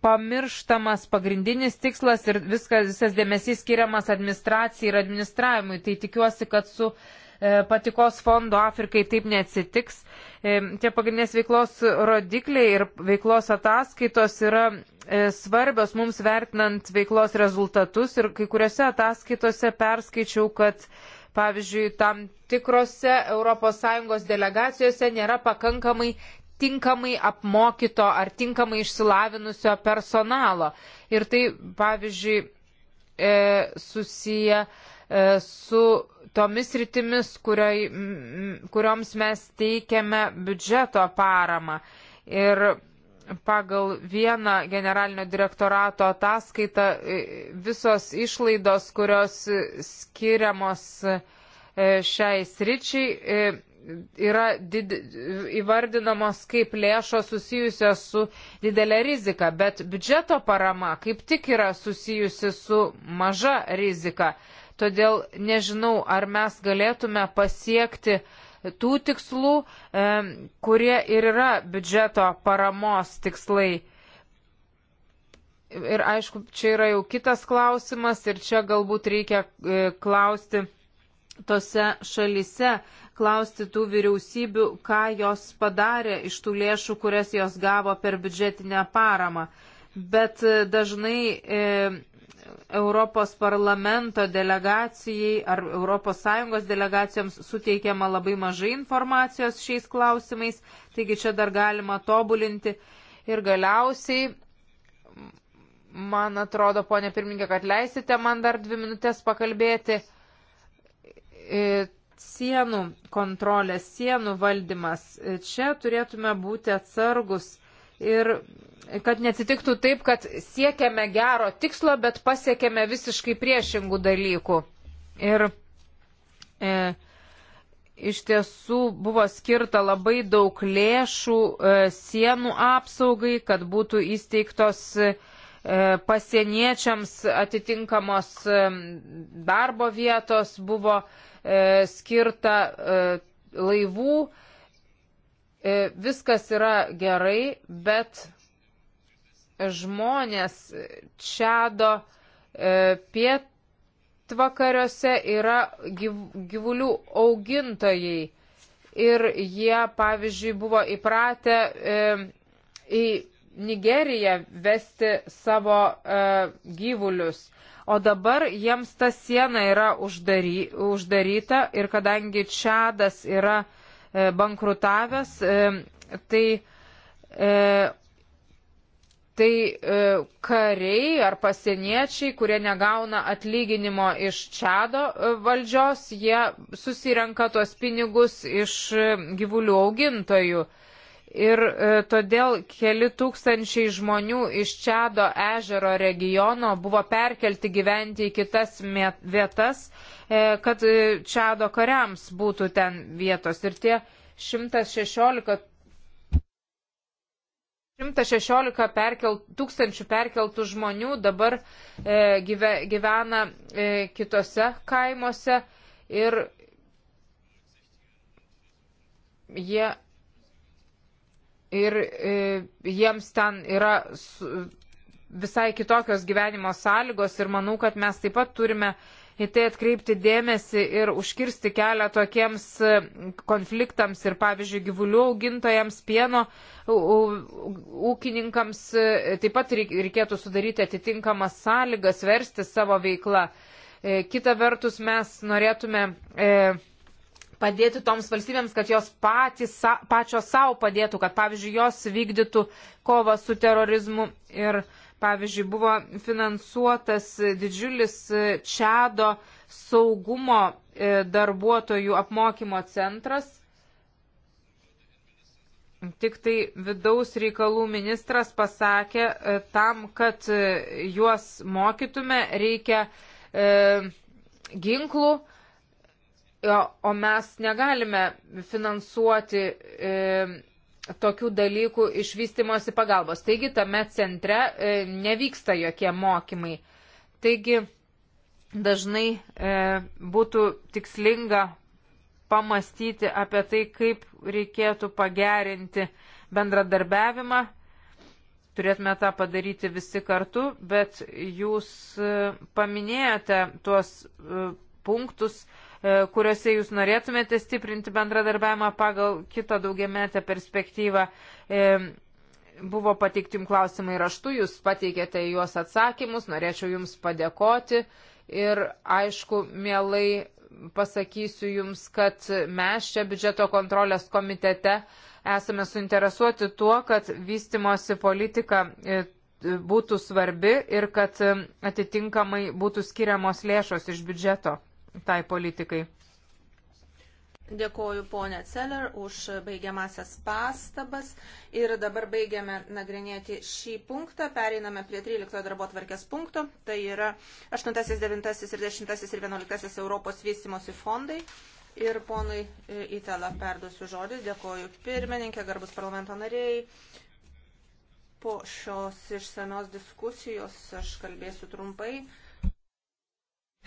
Speaker 3: pamirštamas pagrindinis tikslas ir viskas, visas dėmesys skiriamas administracijai ir administravimui. Tai tikiuosi, kad su e, E, patikos fondo Afrikai taip neatsitiks. E, tie pagrindinės veiklos rodikliai ir veiklos ataskaitos yra e, svarbios mums vertinant veiklos rezultatus ir kai kuriuose ataskaitose perskaičiau, kad pavyzdžiui, tam tikrose ES delegacijose nėra pakankamai tinkamai apmokyto ar tinkamai išsilavinusio personalo. Ir tai, pavyzdžiui, e, susiję E, su tomis rytimis, kurioj, kurioms mes teikiame biudžeto paramą. Ir pagal vieną generalinio direktorato ataskaitą e, visos išlaidos, kurios skiriamos e, šiai sričiai, yra did, įvardinamos kaip lėšos susijusios su didelė rizika, bet biudžeto parama kaip tik yra susijusi su maža rizika. Todėl nežinau, ar mes galėtume pasiekti tų tikslų, e, kurie ir yra biudžeto paramos tikslai. Ir aišku, čia yra jau kitas klausimas ir čia galbūt reikia e, klausti tose šalise, klausti tų vyriausybių, ką jos padarė iš tų lėšų, kurias jos gavo per biudžetinę paramą. Bet e, dažnai e, Europos parlamento delegacijai ar ES delegacijoms suteikiama labai mažai informacijos šiais klausimais, taigi čia dar galima tobulinti. Ir galiausiai, man atrodo, ponė pirmininkė, kad leisite man dar dvi minutės pakalbėti. E, sienų kontrolės, sienų valdymas. E, čia turėtume būti atsargus ir kad netitiktų taip, kad siekiame gero tikslo, bet pasiekėme visiškai priešingų dalykų. Ir e, iš tiesų buvo skirta labai daug lėšų e, sienų apsaugai, kad būtų įsteigtos e, pasieniečiams atitinkamos e, darbo vietos, buvo e, skirta e, laivų. E, viskas yra gerai, bet žmonės Čado e, pietvakariuose yra gyvulių augintojai ir jie, pavyzdžiui, buvo įpratę e, į Nigeriją vesti savo e, gyvulius. O dabar jiems ta siena yra uždary, uždaryta ir kadangi Čadas yra bankrutavęs, tai tai e, kariai ar pasieniečiai, kurie negauna atlyginimo iš Čado e, valdžios, jie susirenka tuos pinigus iš e, gyvulių augintojų. Ir e, todėl keli tūkstančiai žmonių iš Čado ežero regiono buvo perkelti gyventi į kitas vietas, e, kad e, Čado kariams būtų ten vietos. Ir tie 116 116 perkelt, tūkstančių perkeltų žmonių dabar e, gyve, gyvena e, kitose kaimuose ir jie. Ir e, jiems ten yra su, visai kitokios gyvenimo sąlygos ir manau, kad mes taip pat turime e, į tai atkreipti dėmesį ir užkirsti kelią tokiems e, konfliktams ir, pavyzdžiui, gyvulių augintojams, pieno ūkininkams e, taip pat reikėtų sudaryti atitinkamas sąlygas, versti savo veiklą. E, kita vertus, mes norėtume padėti toms valstybėms, kad jos patys, pačios savo padėtų, kad, pavyzdžiui, jos vykdytų kovą su terorizmu ir Pavyzdžiui, buvo finansuotas didžiulis e, Čado saugumo e, darbuotojų apmokymo centras. Tik tai vidaus reikalų ministras pasakė, e, tam, kad juos mokytume, reikia e, ginklų, o mes negalime finansuoti e, tokių dalykų išvystimosi pagalbos. Taigi tame centre e, nevyksta jokie mokymai. Taigi dažnai e, būtų tikslinga pamastyti apie tai, kaip reikėtų pagerinti bendradarbiavimą. Turėtume tą padaryti visi kartu, bet jūs e, paminėjote tuos e, punktus, e, E, kuriuose jūs norėtumėte stiprinti bendradarbiavimą pagal kitą daugiametę perspektyvą. E, buvo pateikti jums klausimai raštu, jūs pateikėte juos atsakymus, norėčiau jums padėkoti ir aišku, mielai pasakysiu jums, kad mes čia biudžeto kontrolės komitete esame suinteresuoti tuo, kad vystimosi politika e, būtų svarbi ir kad atitinkamai būtų skiriamos lėšos iš biudžeto tai politikai.
Speaker 2: Dėkoju ponė Celler už baigiamasias pastabas. Ir dabar baigiame nagrinėti šį punktą. Pereiname prie 13 darbo tvarkės punkto. Tai yra 8, 9 ir 10 ir 11 Europos vystimosi fondai. Ir ponui Itala perduosiu žodį. Dėkoju pirmininkė, garbus parlamento nariai. Po šios išsamios diskusijos aš kalbėsiu trumpai.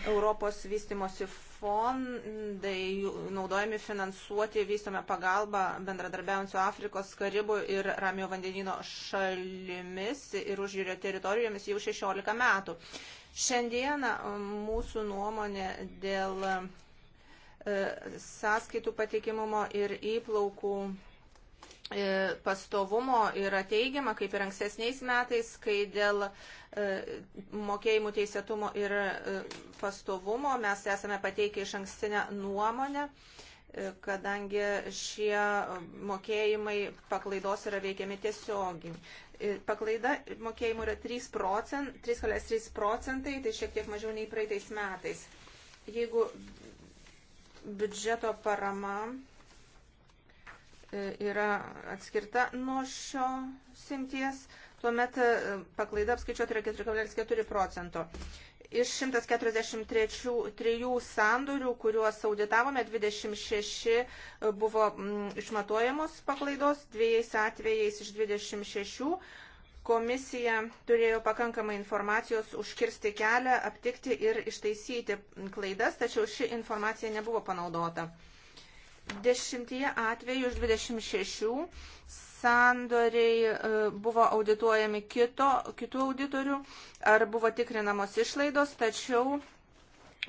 Speaker 2: Europos vystimosi fondai naudojami finansuoti vystomę pagalbą bendradarbiaujant su Afrikos, Karibų ir Ramio vandenino šalimis ir užjūrio teritorijomis jau 16 metų. Šiandieną e, mūsų nuomonė dėl e, sąskaitų patikimumo ir įplaukų E, pastovumo yra teigiama, kaip ir ankstesniais metais, kai dėl e, mokėjimų teisėtumo ir e, pastovumo mes esame pateikę iš ankstinę nuomonę, kadangi šie mokėjimai paklaidos yra veikiami tiesiogiai. Paklaida mokėjimų yra 3,3 procent, procentai, tai šiek tiek mažiau nei praeitais metais. Jeigu biudžeto parama E, yra atskirta nuo šio simties, tuomet e, paklaida apskaičiuoti yra 4,4 procento. Iš 143 sandorių, kuriuos auditavome, 26 e, buvo išmatuojamos paklaidos, dviejais atvejais iš 26 komisija turėjo pakankamai informacijos užkirsti kelią, aptikti ir ištaisyti klaidas, tačiau ši informacija nebuvo panaudota. 10 atvejų iš 26 sandoriai e, buvo audituojami kito, kitų auditorių ar buvo tikrinamos išlaidos, tačiau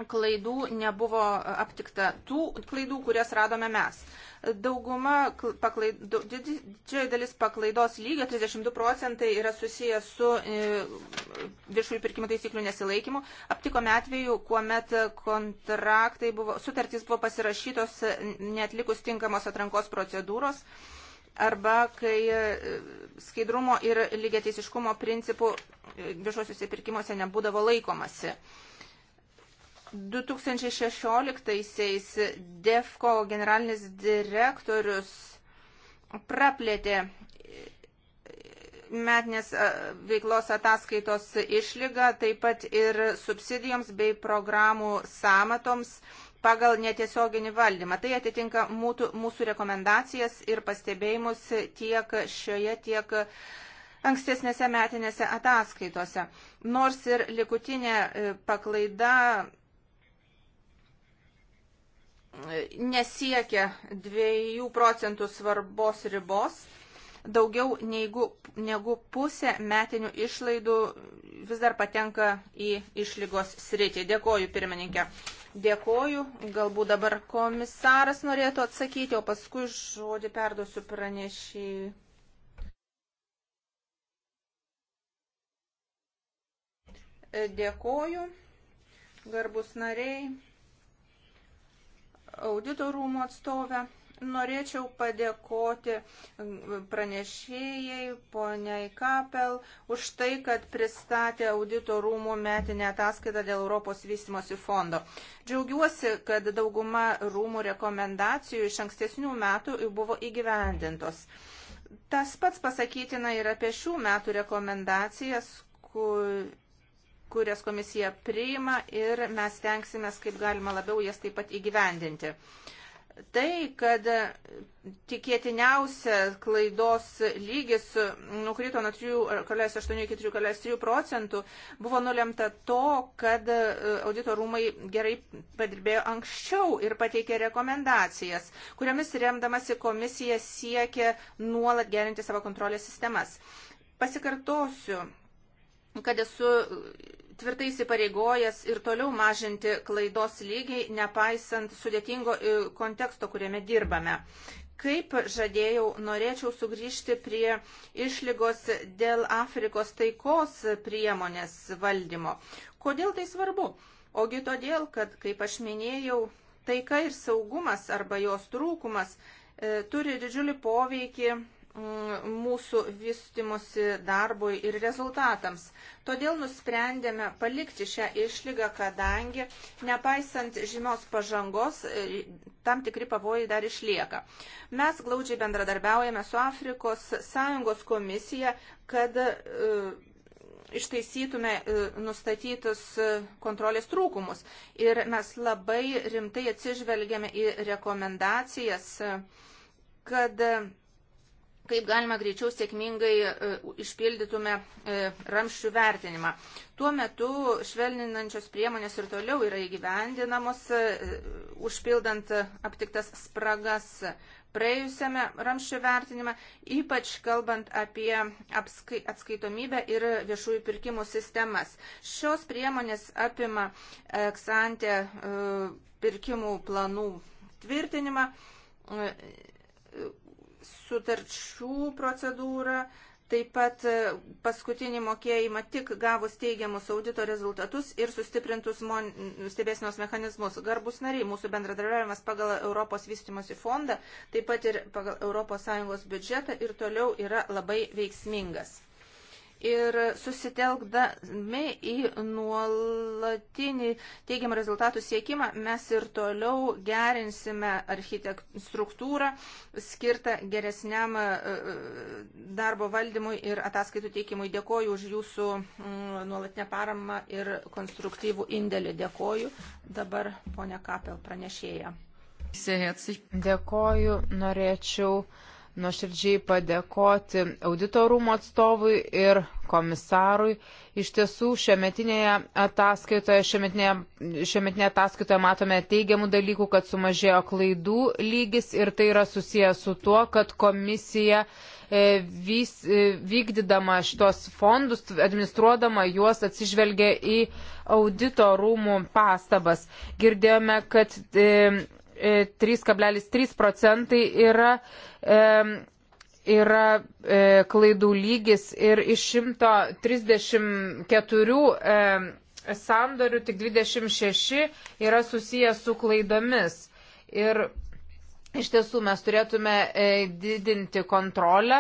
Speaker 2: klaidų nebuvo aptikta tų klaidų, kurias radome mes. Dauguma paklaidų, didžioji dalis paklaidos lygio, 32 procentai, yra susijęs su e, viršųjų pirkimų taisyklių nesilaikymu. Aptikome atveju, kuomet kontraktai buvo, sutartys buvo pasirašytos netlikus tinkamos atrankos procedūros arba kai e, skaidrumo ir lygiateisiškumo principų e, viešuosiuose pirkimuose nebūdavo laikomasi. 2016-aisiais DEFCO generalinis direktorius praplėtė metinės veiklos ataskaitos išlygą, taip pat ir subsidijoms bei programų samatoms pagal netiesioginį valdymą. Tai atitinka mūtų, mūsų rekomendacijas ir pastebėjimus tiek šioje, tiek ankstesnėse metinėse ataskaitose. Nors ir likutinė e, paklaida nesiekia 2 procentų svarbos ribos, daugiau neigu, negu pusė metinių išlaidų vis dar patenka į išlygos sritį. Dėkoju, pirmininkė. Dėkoju. Galbūt dabar komisaras norėtų atsakyti, o paskui žodį perduosiu pranešėjai. Dėkoju, garbus nariai audito rūmų atstovę. Norėčiau padėkoti pranešėjai, poniai Kapel, už tai, kad pristatė audito rūmų metinę ataskaitą dėl Europos vystimosi fondo. Džiaugiuosi, kad dauguma rūmų rekomendacijų iš ankstesnių metų buvo įgyvendintos. Tas pats pasakytina ir apie šių metų rekomendacijas, kur kurias komisija priima ir mes tenksime, kaip galima labiau jas taip pat įgyvendinti. Tai, kad tikėtiniausia klaidos lygis nukrito nuo 3,8 iki 3,3 procentų, buvo nulemta to, kad audito rūmai gerai padirbėjo anksčiau ir pateikė rekomendacijas, kuriamis remdamasi komisija siekia nuolat gerinti savo kontrolės sistemas. Pasikartosiu, kad esu tvirtai įsipareigojęs ir toliau mažinti klaidos lygiai, nepaisant sudėtingo e, konteksto, kuriame dirbame. Kaip žadėjau, norėčiau sugrįžti prie išlygos dėl Afrikos taikos priemonės valdymo. Kodėl tai svarbu? Ogi todėl, kad, kaip aš minėjau, taika ir saugumas arba jos trūkumas e, turi didžiulį poveikį Mm, mūsų vystimosi darbui ir rezultatams. Todėl nusprendėme palikti šią išlygą, kadangi, nepaisant žymios pažangos, e, tam tikri pavojai dar išlieka. Mes glaudžiai bendradarbiaujame su Afrikos Sąjungos komisija, kad e, ištaisytume e, nustatytus e, kontrolės trūkumus. Ir mes labai rimtai atsižvelgiame į rekomendacijas, e, kad e, kaip galima greičiau sėkmingai e, išpildytume e, ramščių vertinimą. Tuo metu švelninančios priemonės ir toliau yra įgyvendinamos, e, užpildant aptiktas spragas praėjusiame ramščių vertinime, ypač kalbant apie apskai, atskaitomybę ir viešųjų pirkimų sistemas. Šios priemonės apima eksantę pirkimų planų tvirtinimą sutarčių procedūrą, taip pat e, paskutinį mokėjimą tik gavus teigiamus audito rezultatus ir sustiprintus mon... stebėsinos mechanizmus. Garbus nariai, mūsų bendradarbiavimas pagal Europos vystimosi fondą, taip pat ir pagal ES biudžetą ir toliau yra labai veiksmingas ir susitelkdami į nuolatinį teigiamą rezultatų siekimą mes ir toliau gerinsime architektūrą skirtą geresniam e, e, darbo valdymui ir ataskaitų teikimui. Dėkoju už jūsų mm, nuolatinę paramą ir konstruktyvų indėlį. Dėkoju. Dabar ponia Kapel pranešėja.
Speaker 3: Dėkoju. Norėčiau nuoširdžiai padėkoti auditorumo atstovui ir komisarui. Iš tiesų, šiametinėje ataskaitoje, šiametinėje, šiametinėje ataskaitoje matome teigiamų dalykų, kad sumažėjo klaidų lygis ir tai yra susijęs su tuo, kad komisija e, vys, e, vykdydama šitos fondus, administruodama juos atsižvelgia į auditorumų pastabas. Girdėjome, kad e, 3,3 e, procentai yra, e, yra e, klaidų lygis ir iš 134 sandorių tik 26 yra susijęs su klaidomis. Ir iš tiesų mes turėtume didinti kontrolę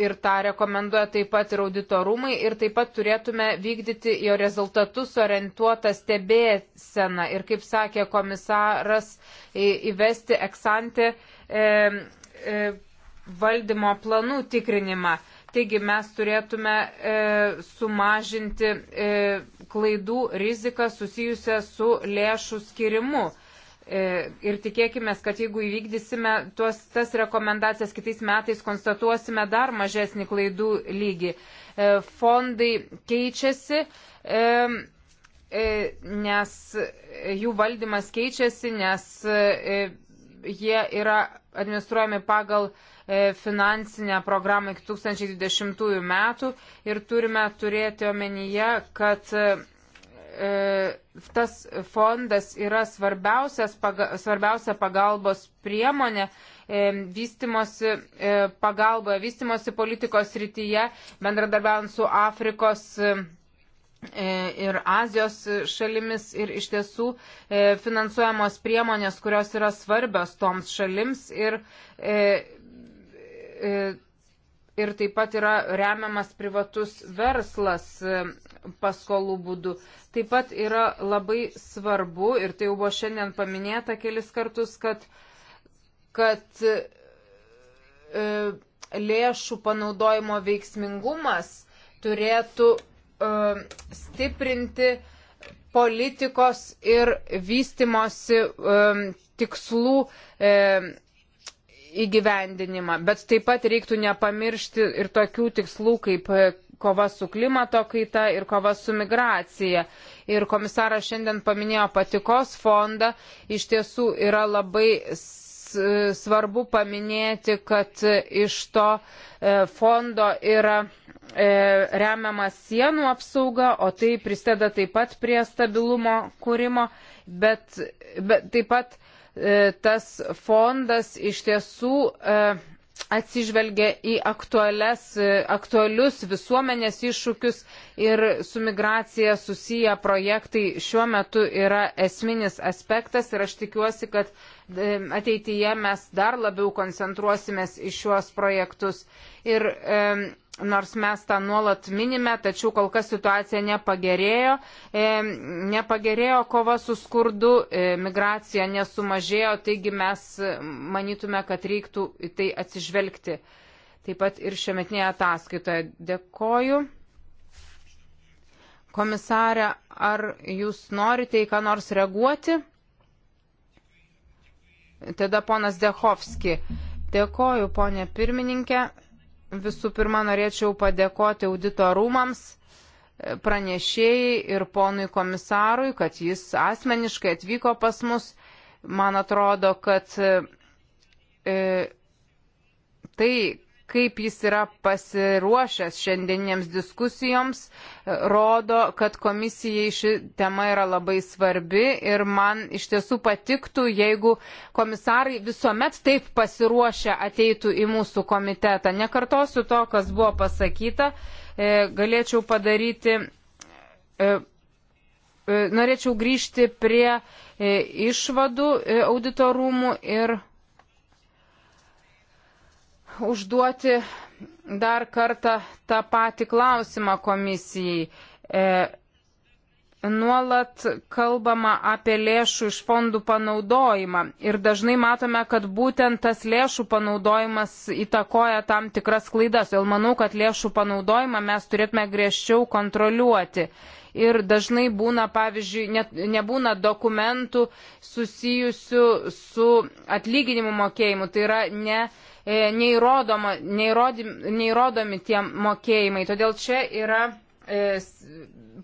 Speaker 3: ir tą rekomenduoja taip pat ir auditorumai, ir taip pat turėtume vykdyti jo rezultatus orientuotą stebėseną. Ir kaip sakė komisaras, įvesti eksantį e, e, valdymo planų tikrinimą. Taigi mes turėtume e, sumažinti e, klaidų riziką susijusią su lėšų skirimu. E, ir tikėkime, kad jeigu įvykdysime tuos, tas rekomendacijas kitais metais, konstatuosime dar mažesnį klaidų lygį. E, fondai keičiasi e, nes jų valdymas keičiasi, nes jie yra administruojami pagal finansinę programą iki 2020 metų ir turime turėti omenyje, kad E, tas fondas yra paga, svarbiausia pagalbos priemonė e, vystimosi e, pagalboje, vystimosi politikos rytyje, bendradarbiaujant su Afrikos ir Azijos šalimis ir iš tiesų finansuojamos priemonės, kurios yra svarbios toms šalims ir, ir taip pat yra remiamas privatus verslas paskolų būdu. Taip pat yra labai svarbu, ir tai jau buvo šiandien paminėta kelis kartus, kad, kad e, lėšų panaudojimo veiksmingumas turėtų e, stiprinti politikos ir vystimosi e, tikslų e, įgyvendinimą. Bet taip pat reiktų nepamiršti ir tokių tikslų kaip e, kova su klimato kaita ir kova su migracija. Ir komisaras šiandien paminėjo patikos fondą. Iš tiesų yra labai svarbu paminėti, kad iš to e, fondo yra e, remiama sienų apsauga, o tai prisideda taip pat prie stabilumo kūrimo, bet, bet taip pat e, tas fondas iš tiesų atsižvelgia į aktualias, aktualius visuomenės iššūkius ir su migracija susiję projektai šiuo metu yra esminis aspektas ir aš tikiuosi, kad e, ateityje mes dar labiau koncentruosimės į šiuos projektus. Ir e, nors mes tą nuolat minime, tačiau kol kas situacija nepagerėjo. E, nepagerėjo kova su skurdu, e, migracija nesumažėjo, taigi mes manytume, kad reiktų į tai atsižvelgti. Taip pat ir šiemetinėje ataskaitoje dėkoju. Komisarė, ar jūs norite į ką nors reaguoti? Tada ponas Dehovski. Dėkoju, ponė pirmininkė. Visų pirma, norėčiau padėkoti auditorumams, e, pranešėjai ir ponui komisarui, kad jis asmeniškai atvyko pas mus. Man atrodo, kad e, e tai, kaip jis yra pasiruošęs šiandieniems diskusijoms, e, rodo, kad komisijai ši tema yra labai svarbi ir man iš tiesų patiktų, jeigu komisarai visuomet taip pasiruošę ateitų į mūsų komitetą. Nekartosiu to, kas buvo pasakyta, e, galėčiau padaryti. E, norėčiau grįžti prie išvadų auditorumų ir užduoti dar kartą tą patį klausimą komisijai. E, nuolat kalbama apie lėšų iš fondų panaudojimą ir dažnai matome, kad būtent tas lėšų panaudojimas įtakoja tam tikras klaidas. Ir manau, kad lėšų panaudojimą mes turėtume griežčiau kontroliuoti. Ir dažnai būna, pavyzdžiui, net, nebūna dokumentų susijusių su atlyginimu mokėjimu. Tai yra ne, e, neįrodoma, neįrodim, neįrodomi tie mokėjimai. Todėl čia yra E,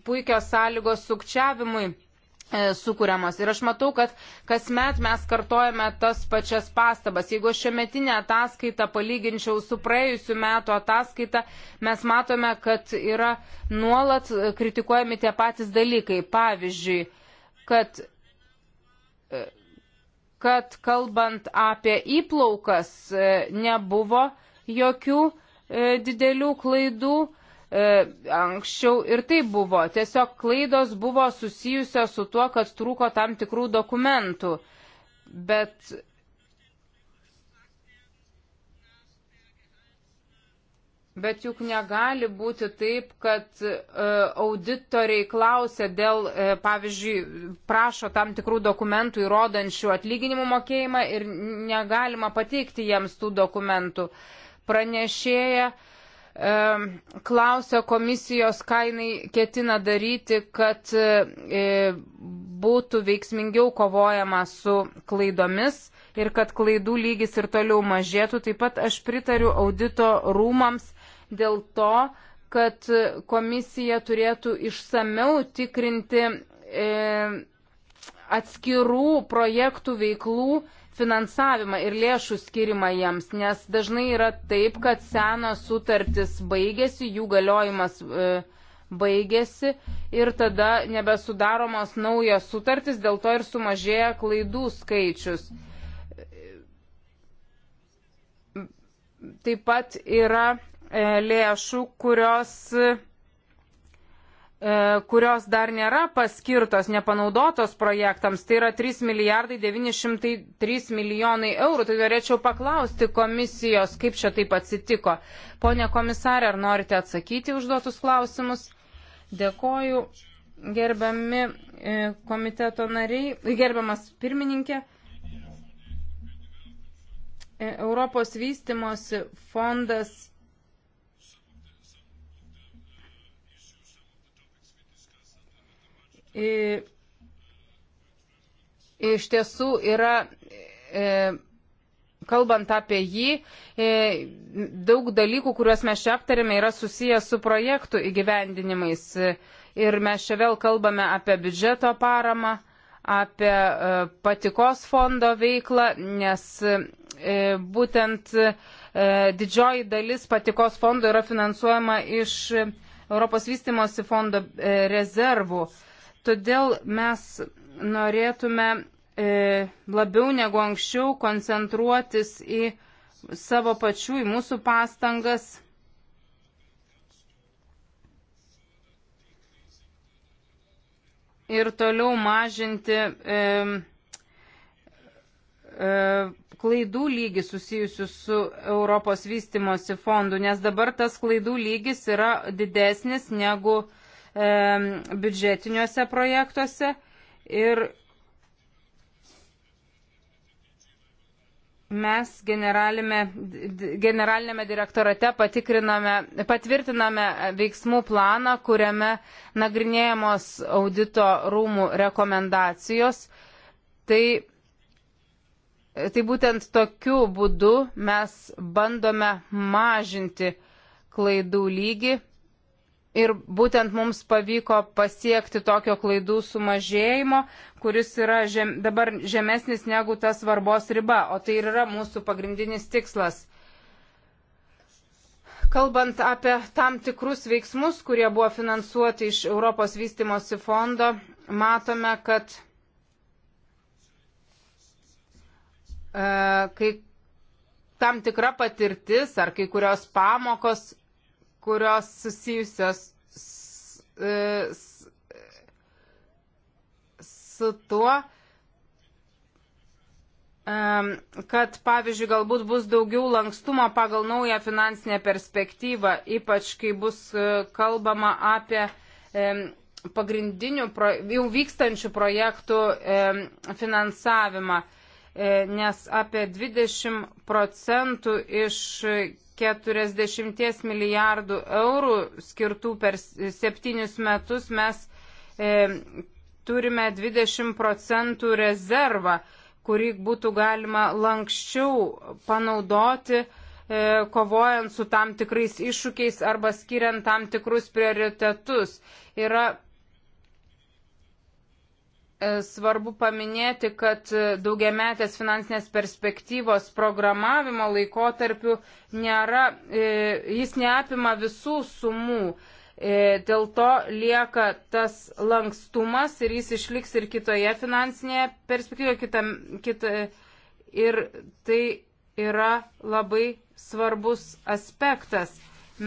Speaker 3: puikios sąlygos sukčiavimui e, sukūriamos. Ir aš matau, kad kasmet mes kartojame tas pačias pastabas. Jeigu šiometinę ataskaitą palyginčiau su praėjusiu metu ataskaita, mes matome, kad yra nuolat kritikuojami tie patys dalykai. Pavyzdžiui, kad, e, kad kalbant apie įplaukas nebuvo jokių didelių klaidų E, anksčiau ir tai buvo. Tiesiog klaidos buvo susijusios su tuo, kad trūko tam tikrų dokumentų. Bet Bet juk negali būti taip, kad e, auditoriai klausia dėl, e, pavyzdžiui, prašo tam tikrų dokumentų įrodančių atlyginimų mokėjimą ir negalima pateikti jiems tų dokumentų. Pranešėja uh, klausia komisijos, ką jinai ketina daryti, kad e, būtų veiksmingiau kovojama su klaidomis ir kad klaidų lygis ir toliau mažėtų. Taip pat aš pritariu audito rūmams dėl to, kad komisija turėtų išsameu tikrinti e, atskirų projektų veiklų finansavimą ir lėšų skirimą jiems, nes dažnai yra taip, kad senos sutartis baigėsi, jų galiojimas e, baigėsi ir tada nebesudaromos naujos sutartis, dėl to ir sumažėja klaidų skaičius. Taip pat yra e, lėšų, kurios E, kurios dar nėra paskirtos, nepanaudotos projektams, tai yra 3 milijardai 903 milijonai eurų. Tai norėčiau paklausti komisijos, kaip čia taip atsitiko. Pone komisarė, ar norite atsakyti užduotus klausimus? Dėkoju, gerbiami e, komiteto nariai, e, gerbiamas pirmininkė. Europos vystimosi fondas iš tiesų yra, e, kalbant apie jį, e, daug dalykų, kuriuos mes čia aptarėme, yra susijęs su projektų įgyvendinimais. Ir mes čia vėl kalbame apie biudžeto paramą, apie e, patikos fondo veiklą, nes būtent didžioji dalis patikos fondo yra finansuojama iš Europos vystimosi fondo rezervų. E, Todėl mes norėtume e, labiau negu anksčiau koncentruotis į savo pačių, į mūsų pastangas. Ir toliau mažinti e, e, klaidų lygį susijusių su Europos vystimosi fondu, nes dabar tas klaidų lygis yra didesnis negu e, biudžetiniuose projektuose. Ir mes generalinėme direktorate patvirtiname veiksmų planą, kuriame nagrinėjamos audito rūmų rekomendacijos. Tai, tai būtent tokiu būdu mes bandome mažinti klaidų lygį Ir būtent mums pavyko pasiekti tokio klaidų sumažėjimo, kuris yra žem, dabar žemesnis negu ta svarbos riba, o tai ir yra mūsų pagrindinis tikslas. Kalbant apie tam tikrus veiksmus, kurie buvo finansuoti iš Europos vystimosi fondo, matome, kad e, kai tam tikra patirtis ar kai kurios pamokos kurios susijusios s, e, s, e, su tuo, kad, pavyzdžiui, galbūt bus daugiau lankstumo pagal naują finansinę perspektyvą, ypač kai bus e, kalbama apie pagrindinių, jau vykstančių projektų finansavimą, nes apie 20 procentų iš 40 milijardų eurų skirtų per septynius metus mes e, turime 20 procentų rezervą, kurį būtų galima lankščiau panaudoti, e, kovojant su tam tikrais iššūkiais arba skiriant tam tikrus prioritetus. Yra E, svarbu paminėti, kad e, daugiametės finansinės perspektyvos programavimo laikotarpiu nėra, e, jis neapima visų sumų. Dėl to lieka tas lankstumas ir jis išliks ir kitoje finansinėje perspektyvoje. Kita, kita, ir tai yra labai svarbus aspektas.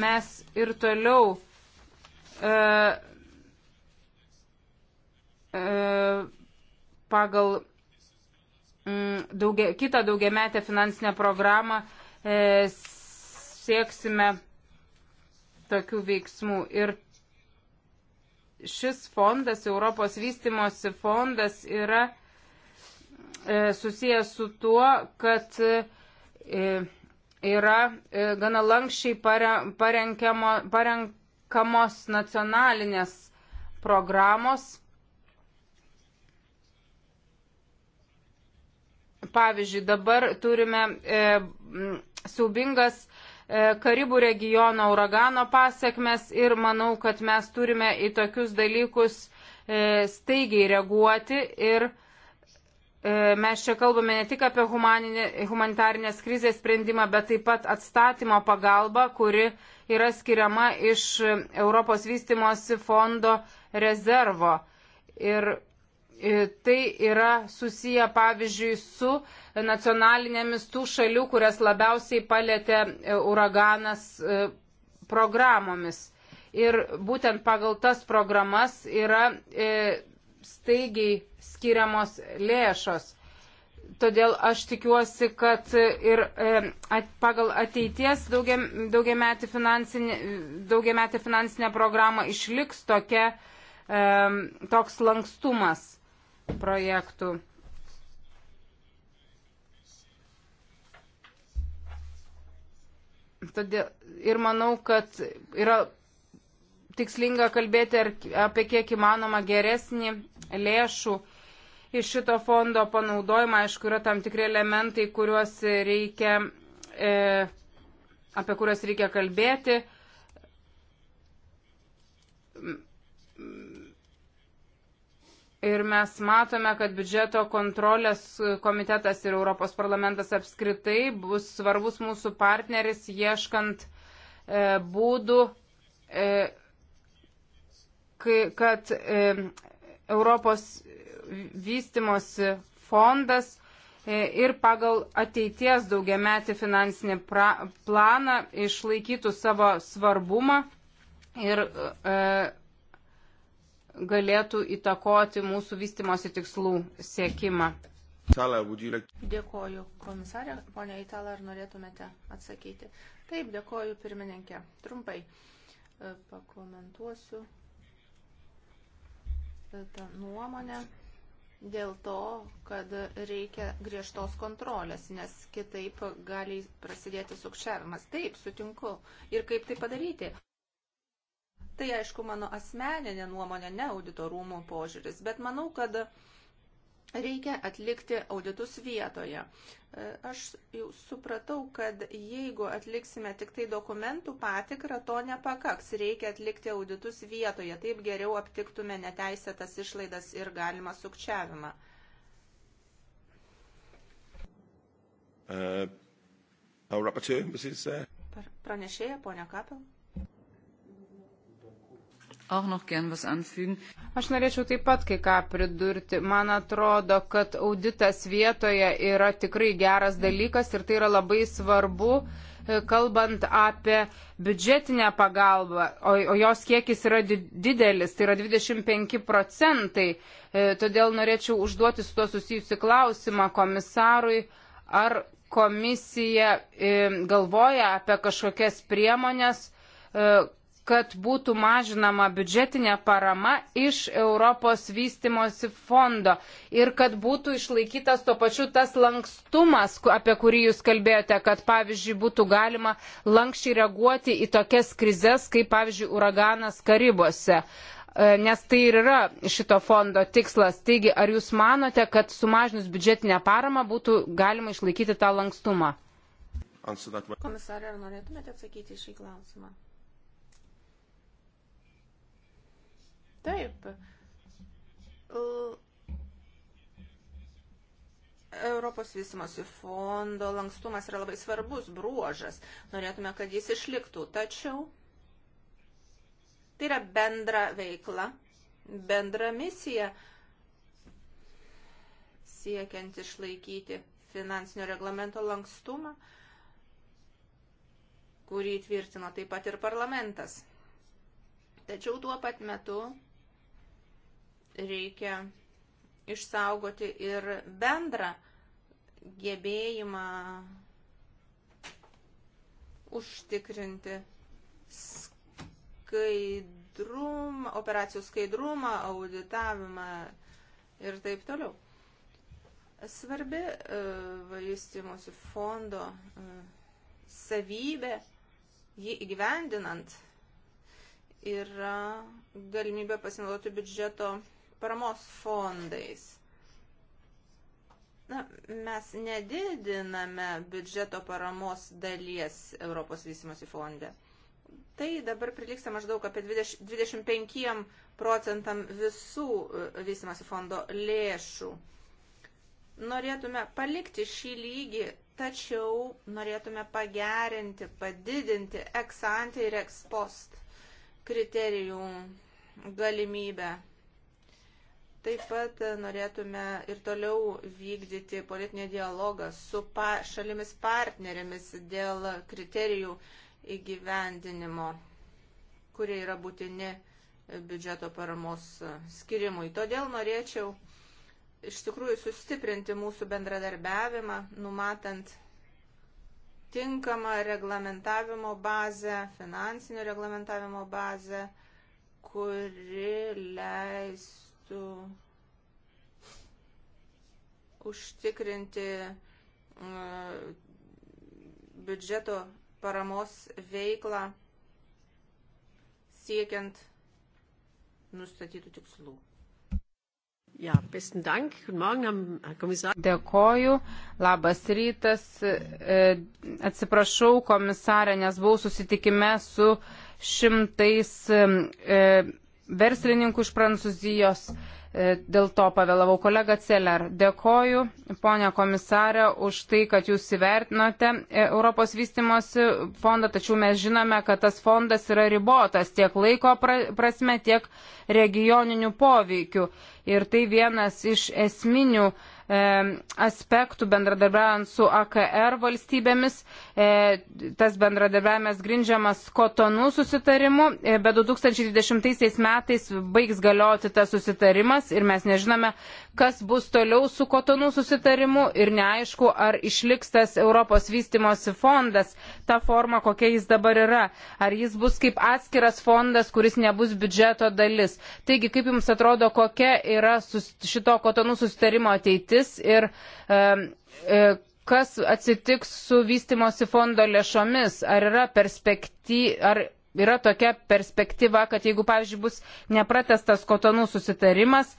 Speaker 3: Mes ir toliau uh, E, pagal mm, daugia, kitą daugiametę finansinę programą e, sieksime tokių veiksmų. Ir šis fondas, Europos vystimosi fondas, yra e, susijęs su tuo, kad yra gana lankščiai parenkamos nacionalinės programos Pavyzdžiui, dabar turime e, siaubingas e, Karibų regiono uragano pasiekmes ir manau, kad mes turime į tokius dalykus e, staigiai reaguoti ir e, mes čia kalbame ne tik apie humanitarinės krizės sprendimą, bet taip pat atstatymo pagalbą, kuri yra skiriama iš Europos vystimosi fondo rezervo. Ir E, tai yra susiję, pavyzdžiui, su nacionalinėmis tų šalių, kurias labiausiai palėtė e, uraganas e, programomis. Ir būtent pagal tas programas yra staigiai skiriamos lėšos. Todėl aš tikiuosi, kad ir at, pagal ateities daugiametį finansinį, daugiametį finansinę programą išliks tokia, toks lankstumas projektų. Todėl ir manau, kad yra tikslinga kalbėti apie kiek įmanoma geresnį lėšų iš šito fondo panaudojimą. Aišku, yra tam tikri elementai, kuriuos reikia, e, apie kuriuos reikia kalbėti Ir mes matome, kad biudžeto kontrolės komitetas ir Europos parlamentas apskritai bus svarbus mūsų partneris ieškant e, būdų, e, kad e, Europos vystimosi fondas e, ir pagal ateities daugiametį finansinį pra, planą išlaikytų savo svarbumą ir e, galėtų įtakoti mūsų vystimosi tikslų siekimą.
Speaker 1: Dėkoju,
Speaker 3: komisarė.
Speaker 2: Pone Italą, ar norėtumėte atsakyti? Taip, dėkoju, pirmininkė. Trumpai e, pakomentuosiu e, tą nuomonę dėl to, kad reikia griežtos kontrolės, nes kitaip gali prasidėti sukčiavimas. Taip, sutinku. Ir kaip tai padaryti? Tai aišku, mano asmeninė nuomonė, ne auditorumų požiūris, bet manau, kad reikia atlikti auditus vietoje. E, aš jau supratau, kad jeigu atliksime tik tai dokumentų patikrą, to nepakaks. Reikia atlikti auditus vietoje. Taip geriau aptiktume neteisėtas išlaidas ir galimą sukčiavimą.
Speaker 3: Uh, our rapporteur, Mrs. Uh...
Speaker 2: Pranešėja, ponia Kapel.
Speaker 3: Aš norėčiau taip pat kai ką pridurti. Man atrodo, kad auditas vietoje yra tikrai geras dalykas ir tai yra labai svarbu, e, kalbant apie biudžetinę pagalbą, o, o jos kiekis yra didelis, tai yra 25 procentai. E, todėl norėčiau užduoti su to susijusi klausimą komisarui, ar komisija e, galvoja apie kažkokias priemonės, kad būtų mažinama biudžetinė parama iš Europos vystimosi fondo ir kad būtų išlaikytas tuo pačiu tas lankstumas, apie kurį jūs kalbėjote, kad pavyzdžiui būtų galima lankščiai reaguoti į tokias krizes, kaip pavyzdžiui uraganas Karibose e, nes tai ir yra šito fondo tikslas. Taigi, ar jūs manote, kad sumažinus biudžetinę paramą būtų galima išlaikyti tą lankstumą? Komisarė,
Speaker 2: ar norėtumėte atsakyti šį klausimą? Taip. Europos vystimosi fondo lankstumas yra labai svarbus bruožas. Norėtume, kad jis išliktų. Tačiau tai yra bendra veikla, bendra misija siekiant išlaikyti finansinio reglamento lankstumą, kurį tvirtino taip pat ir parlamentas. Tačiau tuo pat metu reikia išsaugoti ir bendrą gebėjimą užtikrinti skaidrumą, operacijų skaidrumą, auditavimą ir taip toliau. Svarbi e, vaistymosi fondo e, savybė, jį įgyvendinant, yra galimybė pasinaudoti biudžeto paramos fondais. Na, mes nedidiname biudžeto paramos dalies Europos vystimosi fonde. Tai dabar priliksta maždaug apie 20, 25 procentam visų e, vystimosi fondo lėšų. Norėtume palikti šį lygį, tačiau norėtume pagerinti, padidinti ex ante ir ex post kriterijų galimybę Taip pat e, norėtume ir toliau vykdyti politinį dialogą su pa, šalimis partnerėmis dėl kriterijų įgyvendinimo, kurie yra būtini e, biudžeto paramos e, skirimui. Todėl norėčiau iš tikrųjų sustiprinti mūsų bendradarbiavimą, numatant tinkamą reglamentavimo bazę, finansinio reglamentavimo bazę, kuri leis reiktų užtikrinti e, biudžeto paramos veiklą siekiant nustatytų tikslų.
Speaker 3: Ja, besten Dank. Guten Morgen, Herr Kommissar. Dėkoju. Labas rytas. E, atsiprašau, komisarė, nes buvau susitikime su šimtais e, verslininkų iš Prancūzijos. E, dėl to pavėlavau kolega Celer. Dėkoju, ponia komisarė, už tai, kad jūs įvertinote e, Europos vystimosi fondą, tačiau mes žinome, kad tas fondas yra ribotas tiek laiko prasme, tiek regioninių poveikių. Ir tai vienas iš esminių uh, E, aspektų bendradarbiaujant su AKR valstybėmis. E, tas bendradarbiavimas grindžiamas kotonų susitarimu, e, bet 2020 metais baigs galioti tas susitarimas ir mes nežinome, kas bus toliau su kotonų susitarimu ir neaišku, ar išliks tas Europos vystimosi fondas, ta forma, kokia jis dabar yra, ar jis bus kaip atskiras fondas, kuris nebus biudžeto dalis. Taigi, kaip Jums atrodo, kokia yra šito kotonų susitarimo ateitis? šalis ir e, kas atsitiks su vystimosi fondo lėšomis. Ar yra, ar yra tokia perspektyva, kad jeigu, pavyzdžiui, bus nepratestas kotonų susitarimas,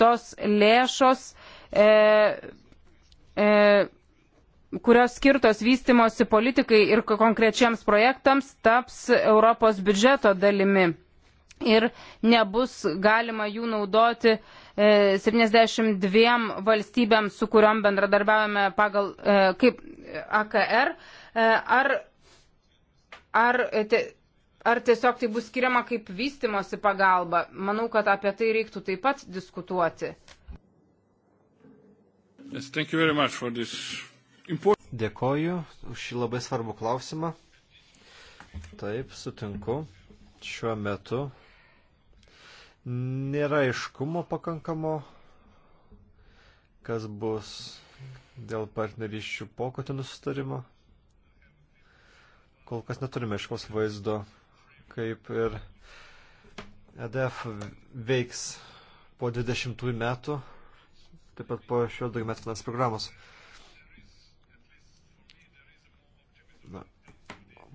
Speaker 3: tos lėšos, e, e, kurios skirtos vystimosi politikai ir konkrečiams projektams, taps Europos biudžeto dalimi ir nebus galima jų naudoti e, 72 e, valstybėms, su kuriuom bendradarbiavame pagal e, kaip AKR, e, ar, ar, ar tiesiog tai bus skiriama kaip vystimosi pagalba. Manau, kad apie tai reiktų taip pat diskutuoti. Yes,
Speaker 1: important... Dėkoju už šį labai svarbų klausimą. Taip, sutinku. Šiuo metu Nėra iškumo pakankamo, kas bus dėl partnerysčių pokotinų sustarimo. Kol kas neturime iškos vaizdo, kaip ir EDF veiks po 20 metų, taip pat po šio daugiametės finansų programos. Na,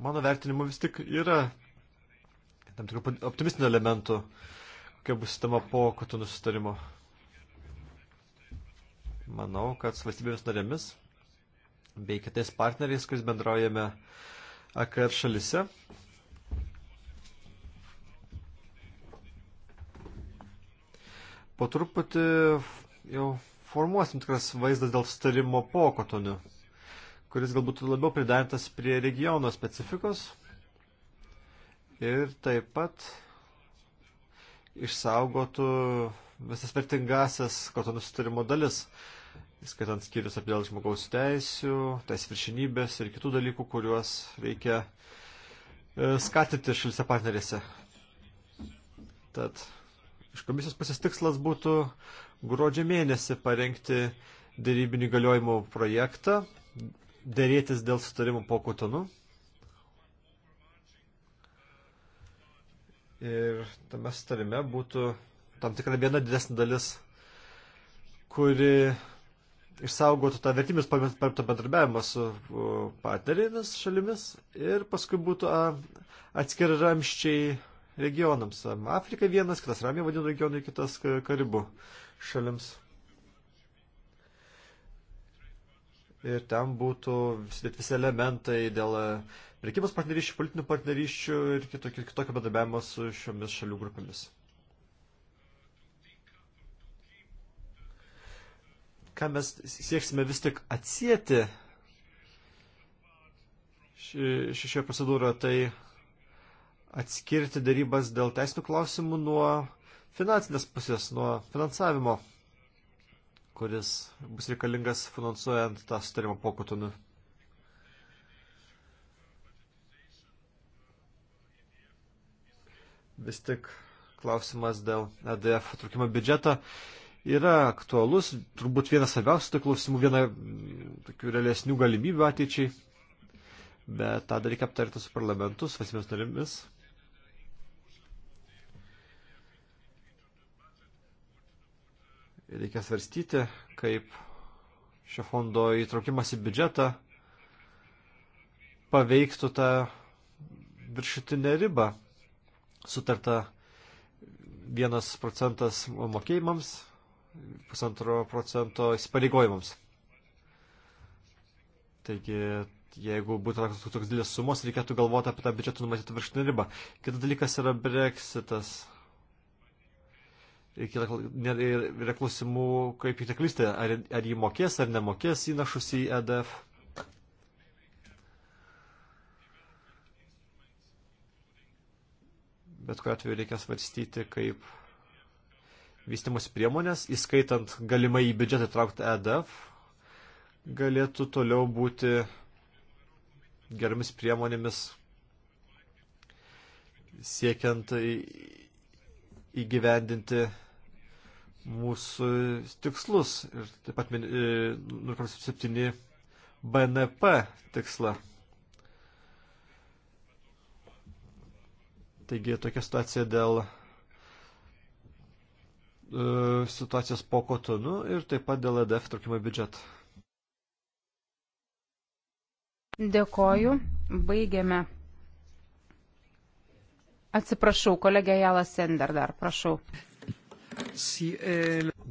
Speaker 1: mano vertinimu vis tik yra tam tikrų optimistinių elementų. Uh, kokia bus sistema po kotonų sustarimo. Manau, kad su valstybėmis narėmis bei kitais partneriais, kuris bendraujame AKR šalise, po truputį jau formuosim tikras vaizdas dėl sustarimo po kotonių, kuris galbūt labiau pridarintas prie regiono specifikos ir taip pat išsaugotų visas vertingasias kotonų sutarimo dalis, įskaitant skyrius apie dėl žmogaus teisių, teisų viršinybės ir kitų dalykų, kuriuos reikia e, skatinti šalise partnerėse. Tad iš komisijos pusės tikslas būtų gruodžio mėnesį parengti dėrybinį galiojimo projektą, dėrėtis dėl sutarimų po kotonų ir tame sutarime būtų tam tikra viena didesnė dalis, kuri išsaugotų tą vertimis paremtą bendradarbiavimą su partnerėmis šalimis ir paskui būtų atskiri ramščiai regionams. Afrika vienas, kitas Ramė vadinų regionai, kitas Karibų šalims. ir ten būtų visi, visi elementai dėl e, prekybos partnerysčių, politinių partnerysčių ir kitokio, kitokio bendradarbiavimo su šiomis šalių grupėmis. Ką mes sieksime vis tik atsijėti šioje ši, procedūroje, tai atskirti darybas dėl teisinių klausimų nuo finansinės pusės, nuo finansavimo kuris bus reikalingas finansuojant tą sutarimą po kotonų. Vis tik klausimas dėl EDF atrukimo biudžeto yra aktualus, turbūt vienas svarbiausių tų klausimų, viena tokių realesnių galimybių ateičiai, bet tą dar reikia aptarti su parlamentus, valstybės narimis. Reikia svarstyti, kaip šio fondo įtraukimas į biudžetą paveiktų tą viršutinę ribą. Sutarta vienas procentas mokėjimams, pusantro procento įsipareigojimams. Taigi, jeigu būtų toks didelis sumos, reikėtų galvoti apie tą biudžetų numatytą viršutinę ribą. Kitas dalykas yra breksitas ir, ir yra klausimų, kaip įteklistė, ar, ar jį mokės ar nemokės įnašus į EDF. Bet kuriuo atveju reikia svarstyti, kaip vystimus priemonės, įskaitant galimai į biudžetą traukti EDF, galėtų toliau būti geromis priemonėmis siekiant įgyvendinti mūsų tikslus ir taip pat 0,7 e, BNP tikslą. Taigi tokia situacija dėl e, situacijos po kotonų ir taip pat dėl EDF trukimo biudžetą.
Speaker 3: Dėkoju. Baigiame. Atsiprašau, kolegė Jala Sender dar, prašau.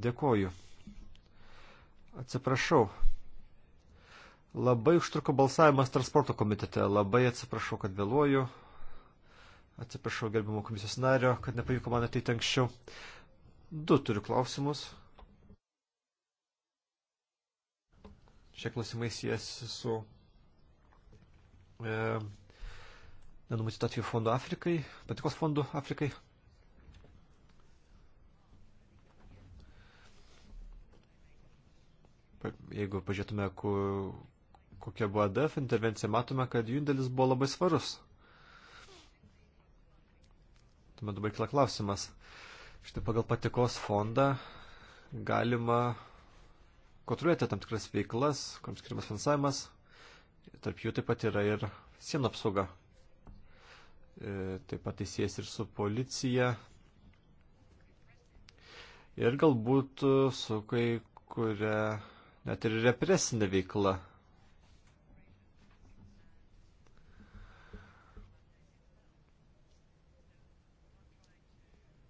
Speaker 1: Dėkoju. Atsiprašau. Labai užtruko balsavimas transporto komitete. Labai atsiprašau, kad vėluoju. Atsiprašau gerbimo komisijos nario, kad nepavyko man ateiti anksčiau. Du turiu klausimus. Šie klausimai siejasi su e, nenumatytų atvejų fondo Afrikai, patikos fondų Afrikai. jeigu pažiūrėtume, kokia buvo DF intervencija, matome, kad jų indėlis buvo labai svarus. Tuomet dabar kila klausimas. Štai pagal patikos fondą galima kontroliuoti tam tikras veiklas, kuriams skirimas finansavimas. Tarp jų taip pat yra ir sienų apsauga. E, taip pat įsijęs tai ir su policija. Ir galbūt e, su kai kuria net ir represinė veikla.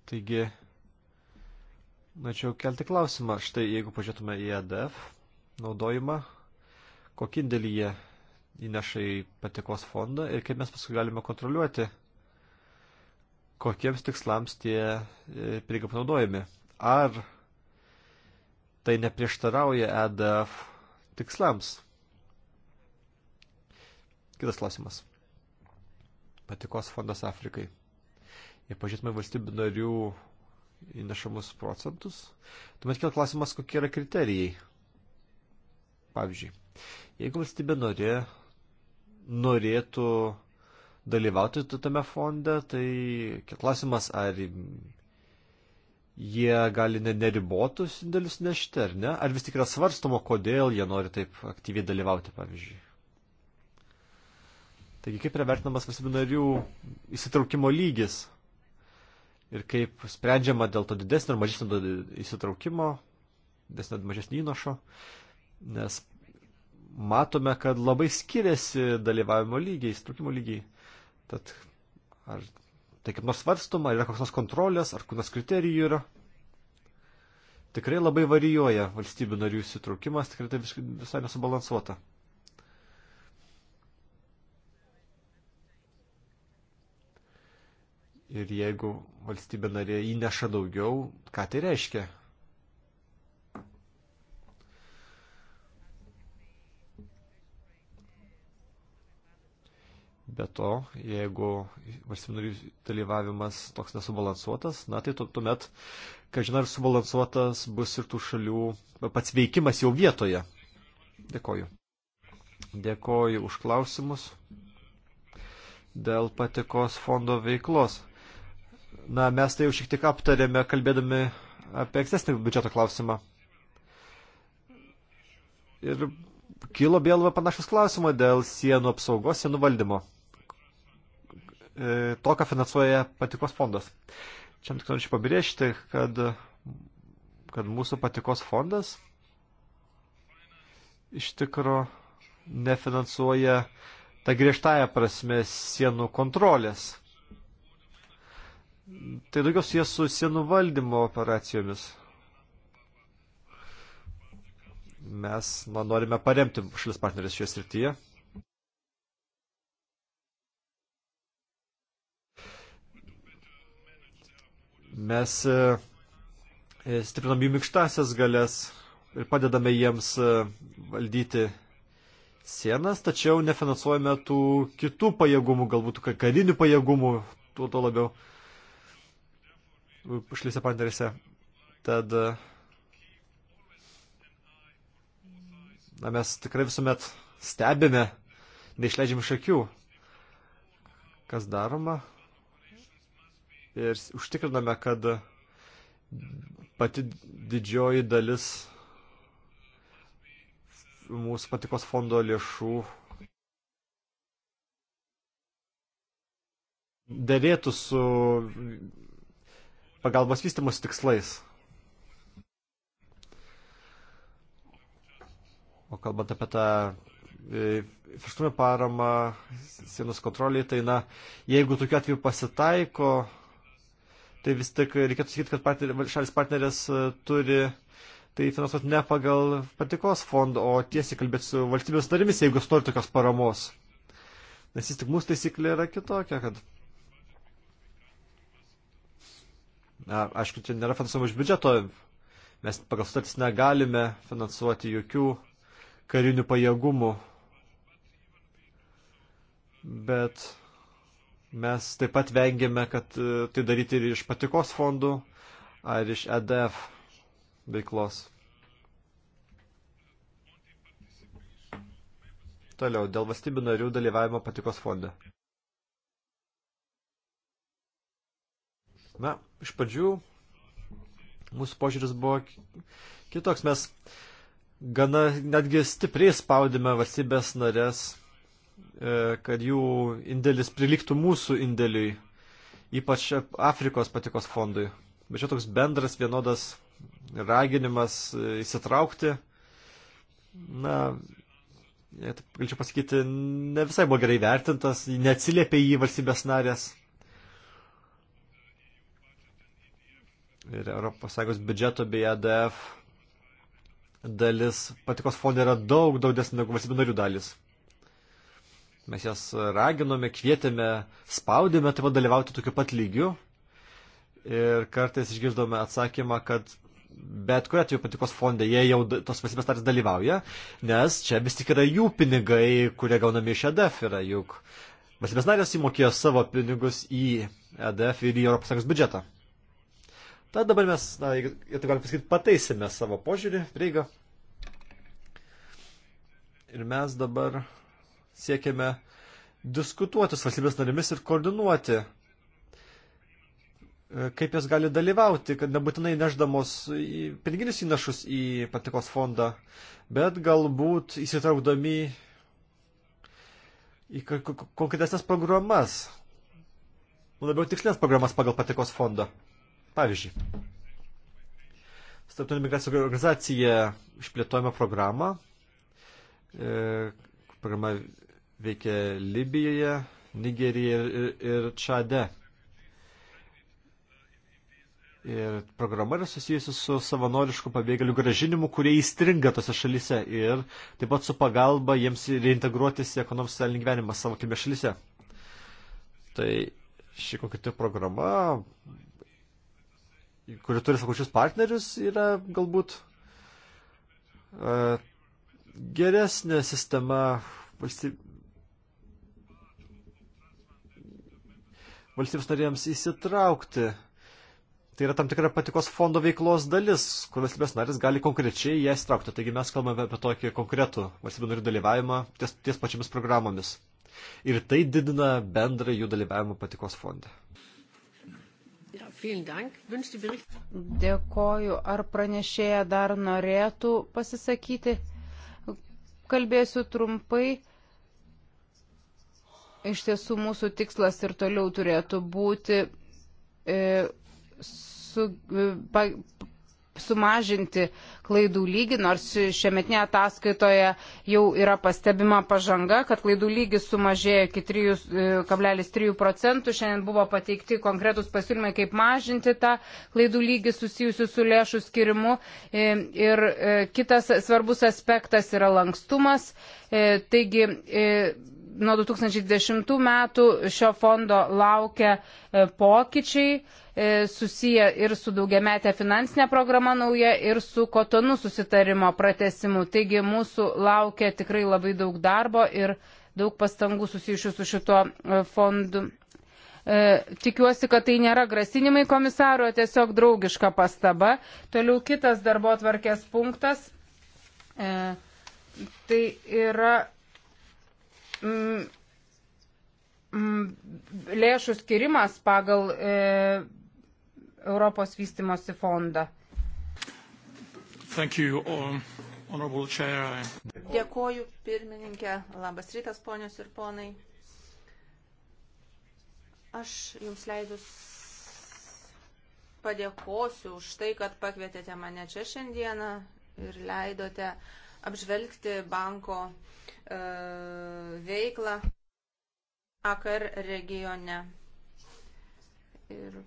Speaker 1: Taigi, norėčiau kelti klausimą, štai jeigu pažiūrėtume į EDF naudojimą, kokį indėlį jie įneša į patikos fondą ir kaip mes paskui galime kontroliuoti, kokiems tikslams tie e, prieiga panaudojami. Ar tai neprieštarauja EDF tikslams. Kitas klausimas. Patikos fondas Afrikai. Jei pažiūrėtume valstybių narių įnešamus procentus, tuomet kila klausimas, kokie yra kriterijai. Pavyzdžiui, jeigu valstybė norė, norėtų dalyvauti tame fonde, tai klausimas, ar jie gali neribotus indėlius nešti, ar ne? Ar vis tik yra svarstoma, kodėl jie nori taip aktyviai dalyvauti, pavyzdžiui? Taigi, kaip yra vertinamas valstybių narių įsitraukimo lygis ir kaip sprendžiama dėl to didesnio ar mažesnio įsitraukimo, didesnio ar mažesnio įnašo, nes matome, kad labai skiriasi dalyvavimo lygiai, įsitraukimo lygiai. Tad ar tai kaip nors svarstoma, yra koks nors kontrolės, ar kokios kriterijų yra. Tikrai labai varijuoja valstybių narių įsitraukimas, tikrai tai visai nesubalansuota. Ir jeigu valstybė narė įneša daugiau, ką tai reiškia? Be to, jeigu valstybinarių dalyvavimas toks nesubalansuotas, na tai tu, tuomet, kad žinai, ar subalansuotas bus ir tų šalių pats veikimas jau vietoje. Dėkoju. Dėkoju už klausimus dėl patikos fondo veiklos. Na, mes tai jau šiek tiek aptarėme, kalbėdami apie ankstesnį biudžeto klausimą. Ir kilo vėl panašus klausimą dėl sienų apsaugos, sienų valdymo. E, to, ką finansuoja patikos fondas. Čia tik norėčiau pabrėžti, kad, kad mūsų patikos fondas iš tikro nefinansuoja tą griežtąją prasme sienų kontrolės. Tai daugiau jie su sienų valdymo operacijomis. Mes na, norime paremti šalis partneris šioje srityje. Mes e, e, stiprinam jų mikštasias galės ir padedame jiems e, valdyti sienas, tačiau nefinansuojame tų kitų pajėgumų, galbūt karinių pajėgumų, tuo to labiau šalyse partnerėse. Tad na, mes tikrai visuomet stebime, neišleidžiam iš akių, kas daroma ir užtikriname, kad pati didžioji dalis mūsų patikos fondo lėšų dėrėtų su pagalbos vystimus tikslais. O kalbant apie tą viršūnę e, paramą sienos kontroliai, tai na, jeigu tokiu atveju pasitaiko, tai vis tik reikėtų sakyti, kad partner, šalis partnerės e, turi tai finansuoti ne pagal patikos fondą, o tiesiai kalbėti su valstybės narimis, jeigu nori tokios paramos. Nes vis tik mūsų taisyklė yra kitokia, kad. Na, aišku, čia nėra finansuojama iš biudžeto. Mes pagal sutartis negalime finansuoti jokių karinių pajėgumų. Bet Mes taip pat vengiame, kad e, tai daryti ir iš patikos fondų ar iš EDF veiklos. Toliau, dėl valstybių narių dalyvavimo patikos fonde. Na, iš pradžių mūsų požiūris buvo kitoks. Mes gana netgi stipriai spaudėme valstybės narės E, kad jų indėlis priliktų mūsų indėliui, ypač Afrikos patikos fondui. Bet čia toks bendras vienodas raginimas e, įsitraukti, na, galčiau pasakyti, ne visai buvo gerai vertintas, neatsiliepė į valstybės narės. Ir ES biudžeto bei ADF dalis patikos fondai yra daug, daug desnė negu valstybių narių dalis. Mes jas raginome, kvietėme, spaudėme taip pat dalyvauti tokiu pat lygiu. Ir kartais išgirdome atsakymą, kad bet kuriuo atveju patikos fonde jie jau tos valstybės tarys dalyvauja, nes čia vis tik yra jų pinigai, kurie gaunami iš EDF yra juk. Valstybės narės įmokėjo savo pinigus į EDF ir į ES biudžetą. Tad dabar mes, na, jeigu taip galim pasakyti, pataisėme savo požiūrį, prieigą. Ir mes dabar siekiame diskutuoti su valstybės narėmis ir koordinuoti, e, kaip jas gali dalyvauti, kad nebūtinai neždamos piniginius įnašus į patikos fondą, bet galbūt įsitraukdami į konkretesnės programas, labiau tikslinės programas pagal patikos fondą. Pavyzdžiui, Startuolių migracijos organizacija išplėtojama programą, e, programa veikia Libijoje, Nigerijoje ir, ir Čade. Ir programa yra susijusi su savanoriškų pabėgėlių gražinimu, kurie įstringa tose šalyse ir taip pat su pagalba jiems reintegruotis į ekonominį socialinį gyvenimą savo kilmės šalyse. Tai ši kokia tai programa, kuri turi sakučius partnerius, yra galbūt e, geresnė sistema valstyb, valstybės narėms įsitraukti. Tai yra tam tikra patikos fondo veiklos dalis, kur valstybės narės gali konkrečiai ją įsitraukti. Taigi mes kalbame apie tokį konkretų valstybių narių dalyvavimą ties, ties pačiamis programomis. Ir tai didina bendrą jų dalyvavimą patikos fonde.
Speaker 3: Dėkoju. Ar pranešėja dar norėtų pasisakyti? Kalbėsiu trumpai. Iš tiesų mūsų tikslas ir toliau turėtų būti e, su, e, pa, sumažinti klaidų lygį, nors šiemetinėje ataskaitoje jau yra pastebima pažanga, kad klaidų lygis sumažėjo iki 3,3 e, procentų. Šiandien buvo pateikti konkretus pasiūlymai, kaip mažinti tą klaidų lygį susijusių su lėšų skirimu. E, ir kitas svarbus aspektas yra lankstumas. Taigi nuo 2010 metų šio fondo laukia e, pokyčiai e, susiję ir su daugiametė finansinė programa nauja ir su kotonų susitarimo pratesimu. Taigi mūsų laukia tikrai labai daug darbo ir daug pastangų susijusių su šito e, fondu. Tikiuosi, kad tai nėra grasinimai komisaro, tiesiog draugiška pastaba. Toliau kitas darbo tvarkės punktas. Tai yra mm, mm, lėšų skirimas pagal e, Europos vystimosi fondą. Thank
Speaker 1: you, um, honorable chair.
Speaker 2: Dėkoju, pirmininkė. Labas rytas, ponios ir ponai. Aš jums leidus padėkosiu už tai, kad pakvietėte mane čia šiandieną ir leidote apžvelgti banko E, veiklą AKR regione. Ir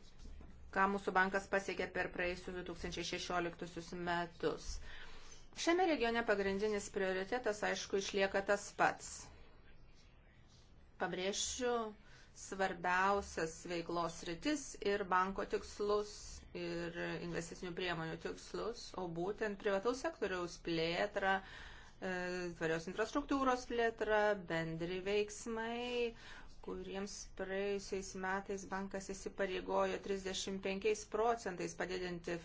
Speaker 2: ką mūsų bankas pasiekė per praėjusius 2016 metus. Šiame regione pagrindinis prioritetas, aišku, išlieka tas pats. Pabrėšiu svarbiausias veiklos rytis ir banko tikslus ir investicinių priemonių tikslus, o būtent privataus sektoriaus plėtra, uh, E, tvarios infrastruktūros plėtra, bendri veiksmai, kuriems praėjusiais metais bankas įsipareigojo 35 procentais padidinti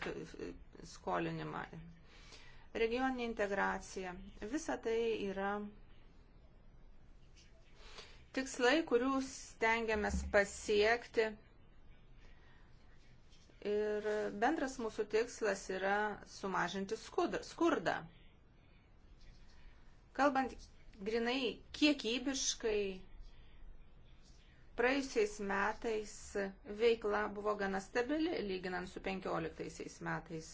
Speaker 2: skolinimą. Regioninė integracija. Visa tai yra tikslai, kurių stengiamės pasiekti. Ir bendras mūsų tikslas yra sumažinti skurdą. Kalbant grinai kiekybiškai, praėjusiais metais veikla buvo gana stabili, lyginant su 15 metais.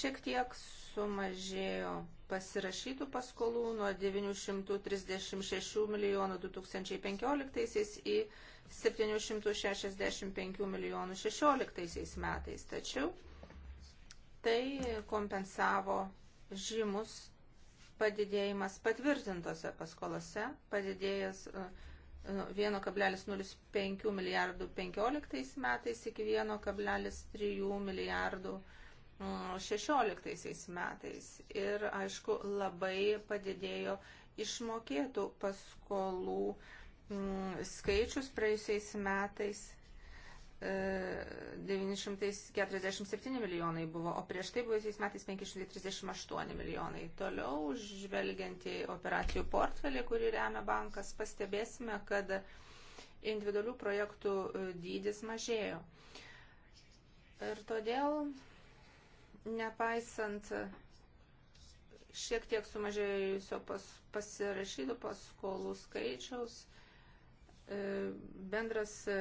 Speaker 2: Šiek tiek sumažėjo pasirašytų paskolų nuo 936 milijonų 2015 į 765 milijonų 16 metais. Tačiau tai kompensavo žymus padidėjimas patvirtintose paskolose padidėjęs 1,05 e, e, milijardų 15 metais iki 1,3 milijardų 16 e, metais. Ir aišku, labai padidėjo išmokėtų paskolų skaičius praėjusiais metais 947 milijonai buvo, o prieš tai buvusiais metais 538 milijonai. Toliau, žvelgiant į operacijų portfelį, kurį remia bankas, pastebėsime, kad individualių projektų e, dydis mažėjo. Ir todėl, nepaisant šiek tiek sumažėjusio pas, pasirašytų paskolų skaičiaus, E, bendras e,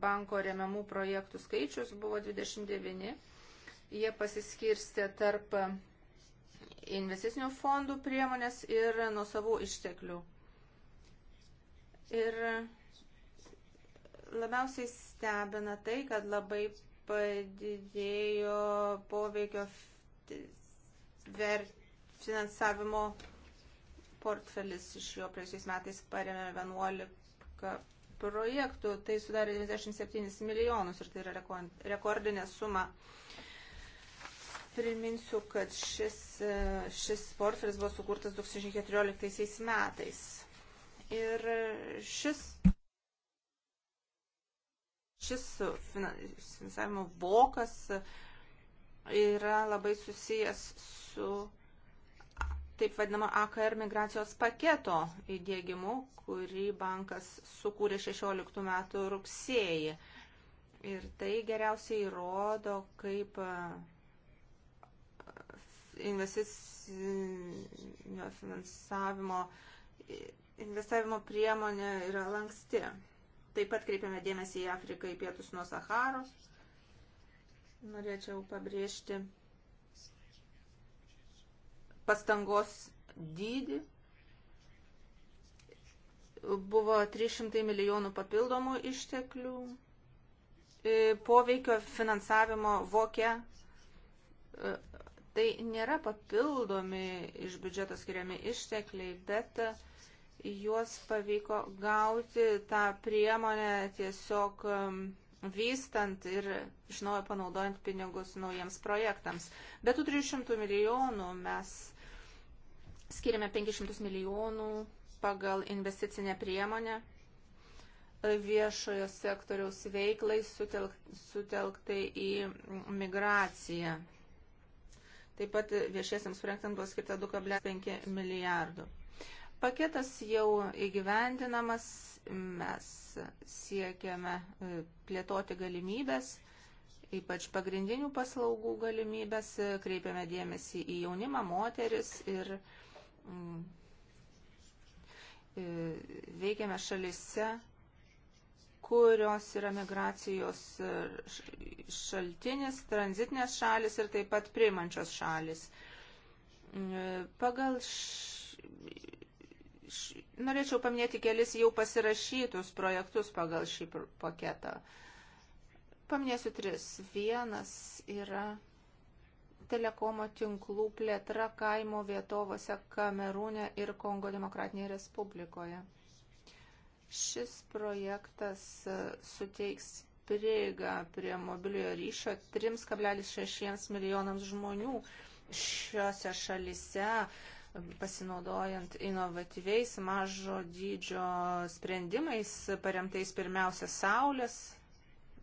Speaker 2: banko remiamų projektų skaičius buvo 29. Jie pasiskirstė tarp investicinių fondų priemonės ir nusavų išteklių. Ir labiausiai stebina tai, kad labai padidėjo poveikio ver, finansavimo portfelis iš jo praėjusiais metais paremė 11 projektų, tai sudarė 97 milijonus ir tai yra rekordinė suma. Priminsiu, kad šis, šis portfelis buvo sukurtas 2014 metais. Ir šis, šis finansavimo vokas yra labai susijęs su taip vadinamo AKR migracijos paketo įdėgymu, kurį bankas sukūrė 16 metų rugsėjį. Ir tai geriausiai įrodo, kaip e, investicinio finansavimo, investavimo priemonė yra lanksti. Taip pat kreipiame dėmesį į Afriką į pietus nuo Saharos. Norėčiau pabrėžti pastangos dydį buvo 300 milijonų papildomų išteklių, e, poveikio finansavimo vokė. E, tai nėra papildomi iš biudžeto skiriami ištekliai, bet e, juos pavyko gauti tą priemonę tiesiog vystant ir iš naujo panaudojant pinigus naujiems projektams. Bet tų 300 milijonų mes skiriame 500 milijonų pagal investicinę priemonę viešojo sektoriaus veiklai sutelk, sutelktai į migraciją. Taip pat viešiesiams projektams buvo skirta 2,5 milijardų. Paketas jau įgyvendinamas, mes siekiame e, plėtoti galimybės, ypač pagrindinių paslaugų galimybės, e, kreipiame dėmesį į jaunimą, moteris ir moteris Mm. E, veikiame šalise, kurios yra migracijos e, šaltinis, tranzitinės šalis ir taip pat priimančios šalis. E, pagal š... Š... Norėčiau paminėti kelis jau pasirašytus projektus pagal šį paketą. Paminėsiu tris. Vienas yra telekomo tinklų plėtra kaimo vietovose Kamerūne ir Kongo Demokratinėje Respublikoje. Šis projektas e, suteiks prieigą prie mobiliojo ryšio 3,6 milijonams žmonių šiuose šalise, pasinaudojant inovatyviais mažo dydžio sprendimais, paremtais pirmiausia saulės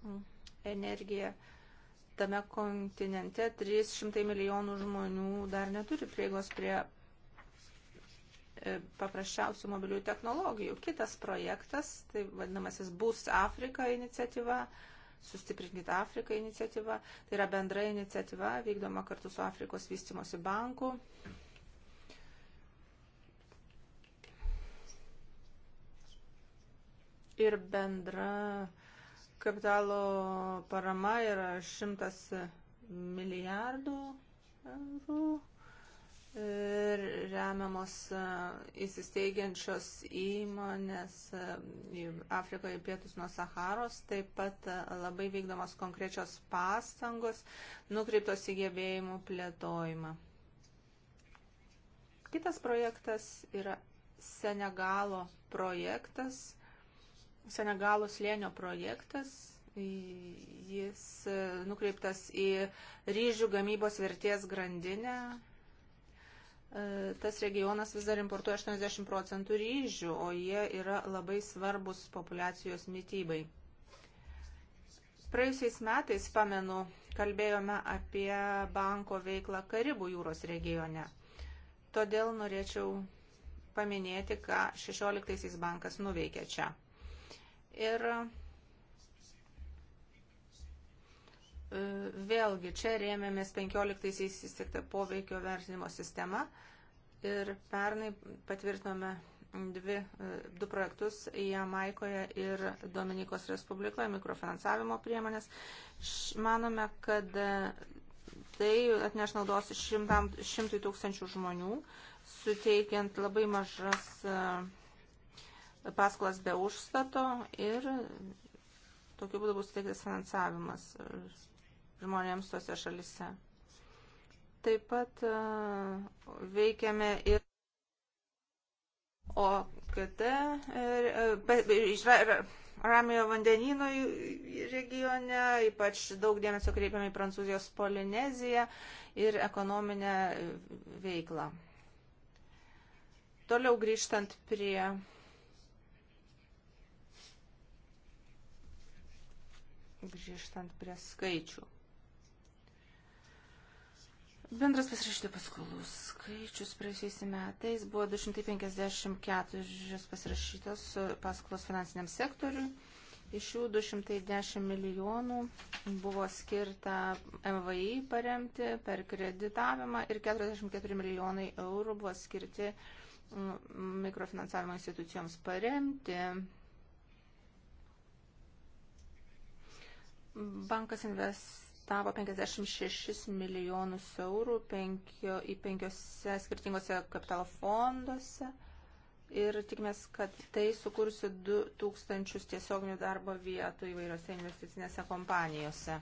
Speaker 2: mm, energija tame kontinente 300 milijonų žmonių dar neturi prieigos prie e, paprasčiausių mobilių technologijų. Kitas projektas, tai vadinamasis Bus Afrika iniciatyva, Sustiprinkit Afriką iniciatyva, tai yra bendra iniciatyva vykdoma kartu su Afrikos vystimosi banku. Ir bendra uh, Kapitalo parama yra 100 milijardų eurų ir remiamos e, įsisteigiančios įmonės e, Afrikoje pietus nuo Saharos, taip pat e, labai vykdomos konkrečios pastangos nukreiptos į gebėjimų plėtojimą. Kitas projektas yra Senegalo projektas Senegalo slėnio projektas. Jis e, nukreiptas į ryžių gamybos vertės grandinę. E, tas regionas vis dar importuoja 80 procentų ryžių, o jie yra labai svarbus populacijos mytybai. Praėjusiais metais, pamenu, kalbėjome apie banko veiklą Karibų jūros regione. Todėl norėčiau paminėti, ką 16-aisiais bankas nuveikė čia. Ir e, vėlgi čia rėmėmės 15-aisiais įsteigtą poveikio vertinimo sistemą ir pernai patvirtinome dvi, e, du projektus Jamaikoje ir Dominikos Respublikoje mikrofinansavimo priemonės. Manome, kad e, tai atneš naudos šimtam, šimtui tūkstančių žmonių, suteikiant labai mažas uh, paskolas be užstato ir tokiu būdu bus suteiktas finansavimas žmonėms tose šalise. Taip pat e, veikiame ir OKT, e, e, Ramiojo vandenino regione, ypač daug dėmesio kreipiame į Prancūzijos Polineziją ir ekonominę veiklą. Toliau grįžtant prie grįžtant prie skaičių. Bendras pasirašytų paskolų skaičius praėjusiais metais buvo 254 pasirašytos paskolos finansiniam sektoriui. Iš jų 210 milijonų buvo skirta MVI paremti per kreditavimą ir 44 milijonai eurų buvo skirti mm, mikrofinansavimo institucijoms paremti Bankas investavo 56 milijonus eurų penkio, į penkiose skirtingose kapitalo fonduose ir tikimės, kad tai sukursi 2000 tiesioginių darbo vietų įvairiose investicinėse kompanijose.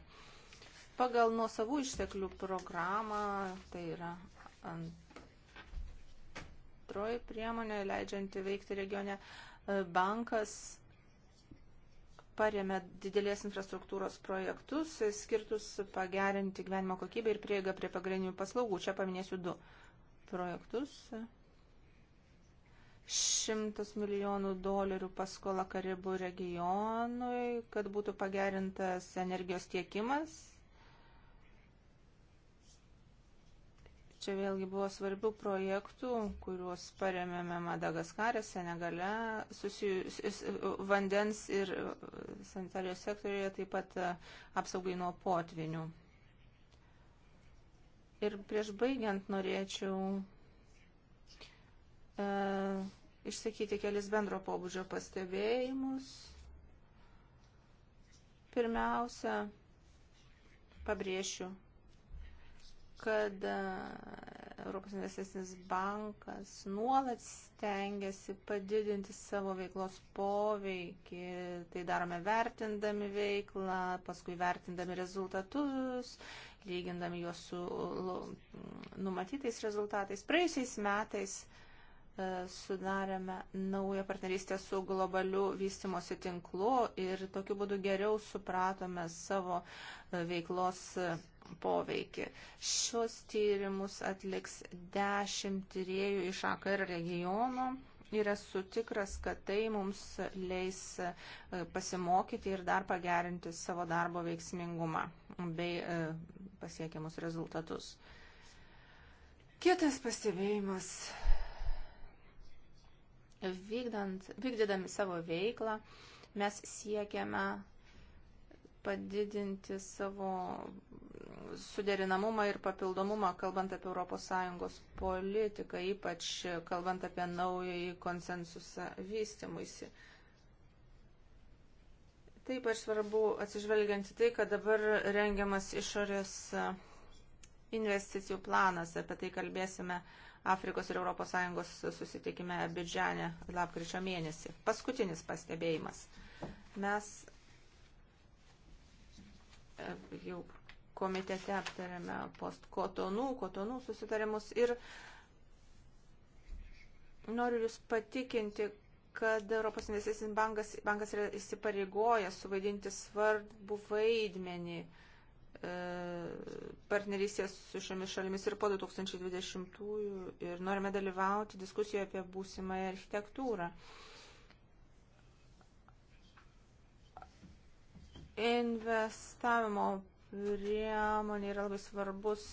Speaker 2: Pagal nuosavų išteklių programą, tai yra antroji priemonė leidžianti veikti regione, bankas paremė didelės infrastruktūros projektus e, skirtus pagerinti gyvenimo kokybę ir prieigą prie pagrindinių paslaugų. Čia paminėsiu du projektus. 100 milijonų dolerių paskola Karibų regionui, kad būtų pagerintas energijos tiekimas Čia vėlgi buvo svarbių projektų, kuriuos paremėme Madagaskarė, Senegale, susijus, vandens ir e, sanitarijos sektorijoje, taip pat e, apsaugai nuo potvinių. Ir prieš baigiant norėčiau e, išsakyti kelis bendro pobūdžio pastebėjimus. Pirmiausia, pabrėšiu kad e, Europos investicinis bankas nuolat stengiasi padidinti savo veiklos poveikį. Tai darome vertindami veiklą, paskui vertindami rezultatus, lygindami juos su numatytais rezultatais. Praėjusiais metais e, sudarėme naują partnerystę su globaliu vystimosi tinklu ir tokiu būdu geriau supratome savo e, veiklos poveikį poveikį. Šios tyrimus atliks dešimt tyriejų iš AKR regiono ir esu tikras, kad tai mums leis e, pasimokyti ir dar pagerinti savo darbo veiksmingumą bei e, pasiekiamus rezultatus. Kitas pastebėjimas. Vykdant, vykdydami savo veiklą, mes siekiame padidinti savo suderinamumą ir papildomumą, kalbant apie ES politiką, ypač kalbant apie naująjį konsensusą vystimuisi. Tai ypač svarbu atsižvelgiant į tai, kad dabar rengiamas išorės investicijų planas, apie tai kalbėsime Afrikos ir ES susitikime Abidžane lapkričio mėnesį. Paskutinis pastebėjimas. Mes jau komitete aptarėme postkotonų, kotonų susitarimus ir noriu Jūs patikinti, kad Europos investicinis bankas, bankas yra įsipareigojęs suvaidinti svarbų vaidmenį e, partnerystės su šiomis šalimis ir po 2020-ųjų ir norime dalyvauti diskusijoje apie būsimąją architektūrą. E, Investavimo priemonė yra labai svarbus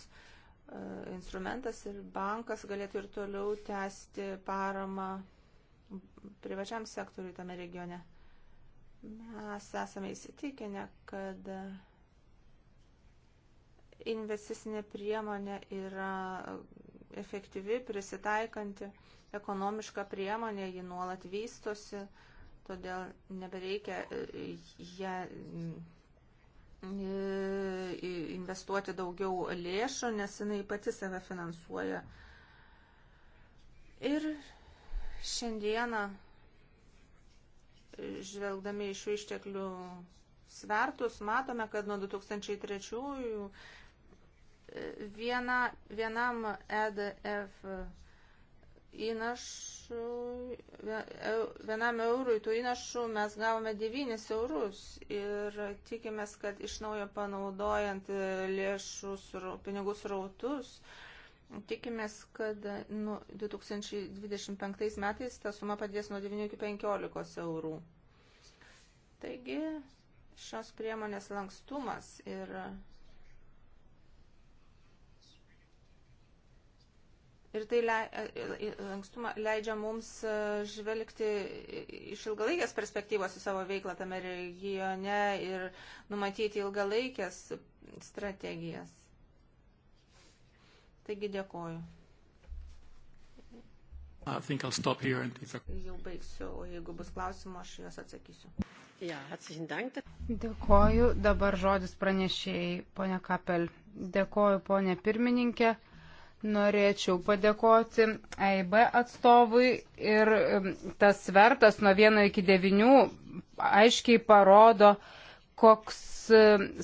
Speaker 2: e, instrumentas ir bankas galėtų ir toliau tęsti paramą privačiam sektoriui tame regione. Mes esame įsitikinę, kad investicinė priemonė yra efektyvi, prisitaikanti, ekonomiška priemonė, ji nuolat vystosi, todėl nebereikia e, ją e, investuoti daugiau lėšų, nes jinai pati save finansuoja. Ir šiandieną, e, žvelgdami iš išteklių svertus, matome, kad nuo 2003 viena, vienam EDF įnašų, vienam eurui tų įnašų mes gavome 9 eurus ir tikimės, kad iš naujo panaudojant lėšų pinigų srautus, tikimės, kad nu, 2025 metais ta suma padės nuo 9 iki 15 eurų. Taigi šios priemonės lankstumas ir yra Ir tai e, e, lankstumą leidžia mums e, žvelgti iš ilgalaikės perspektyvos į savo veiklą tame regione ir numatyti ilgalaikės strategijas. Taigi dėkoju.
Speaker 1: Jau
Speaker 2: baigsiu, o jeigu bus klausimų, aš juos atsakysiu.
Speaker 3: Dėkoju. Dabar žodis pranešėjai, ponia Kapel. Dėkoju, ponia pirmininkė. Norėčiau padėkoti AIB atstovui ir tas svertas nuo 1 iki 9 aiškiai parodo, koks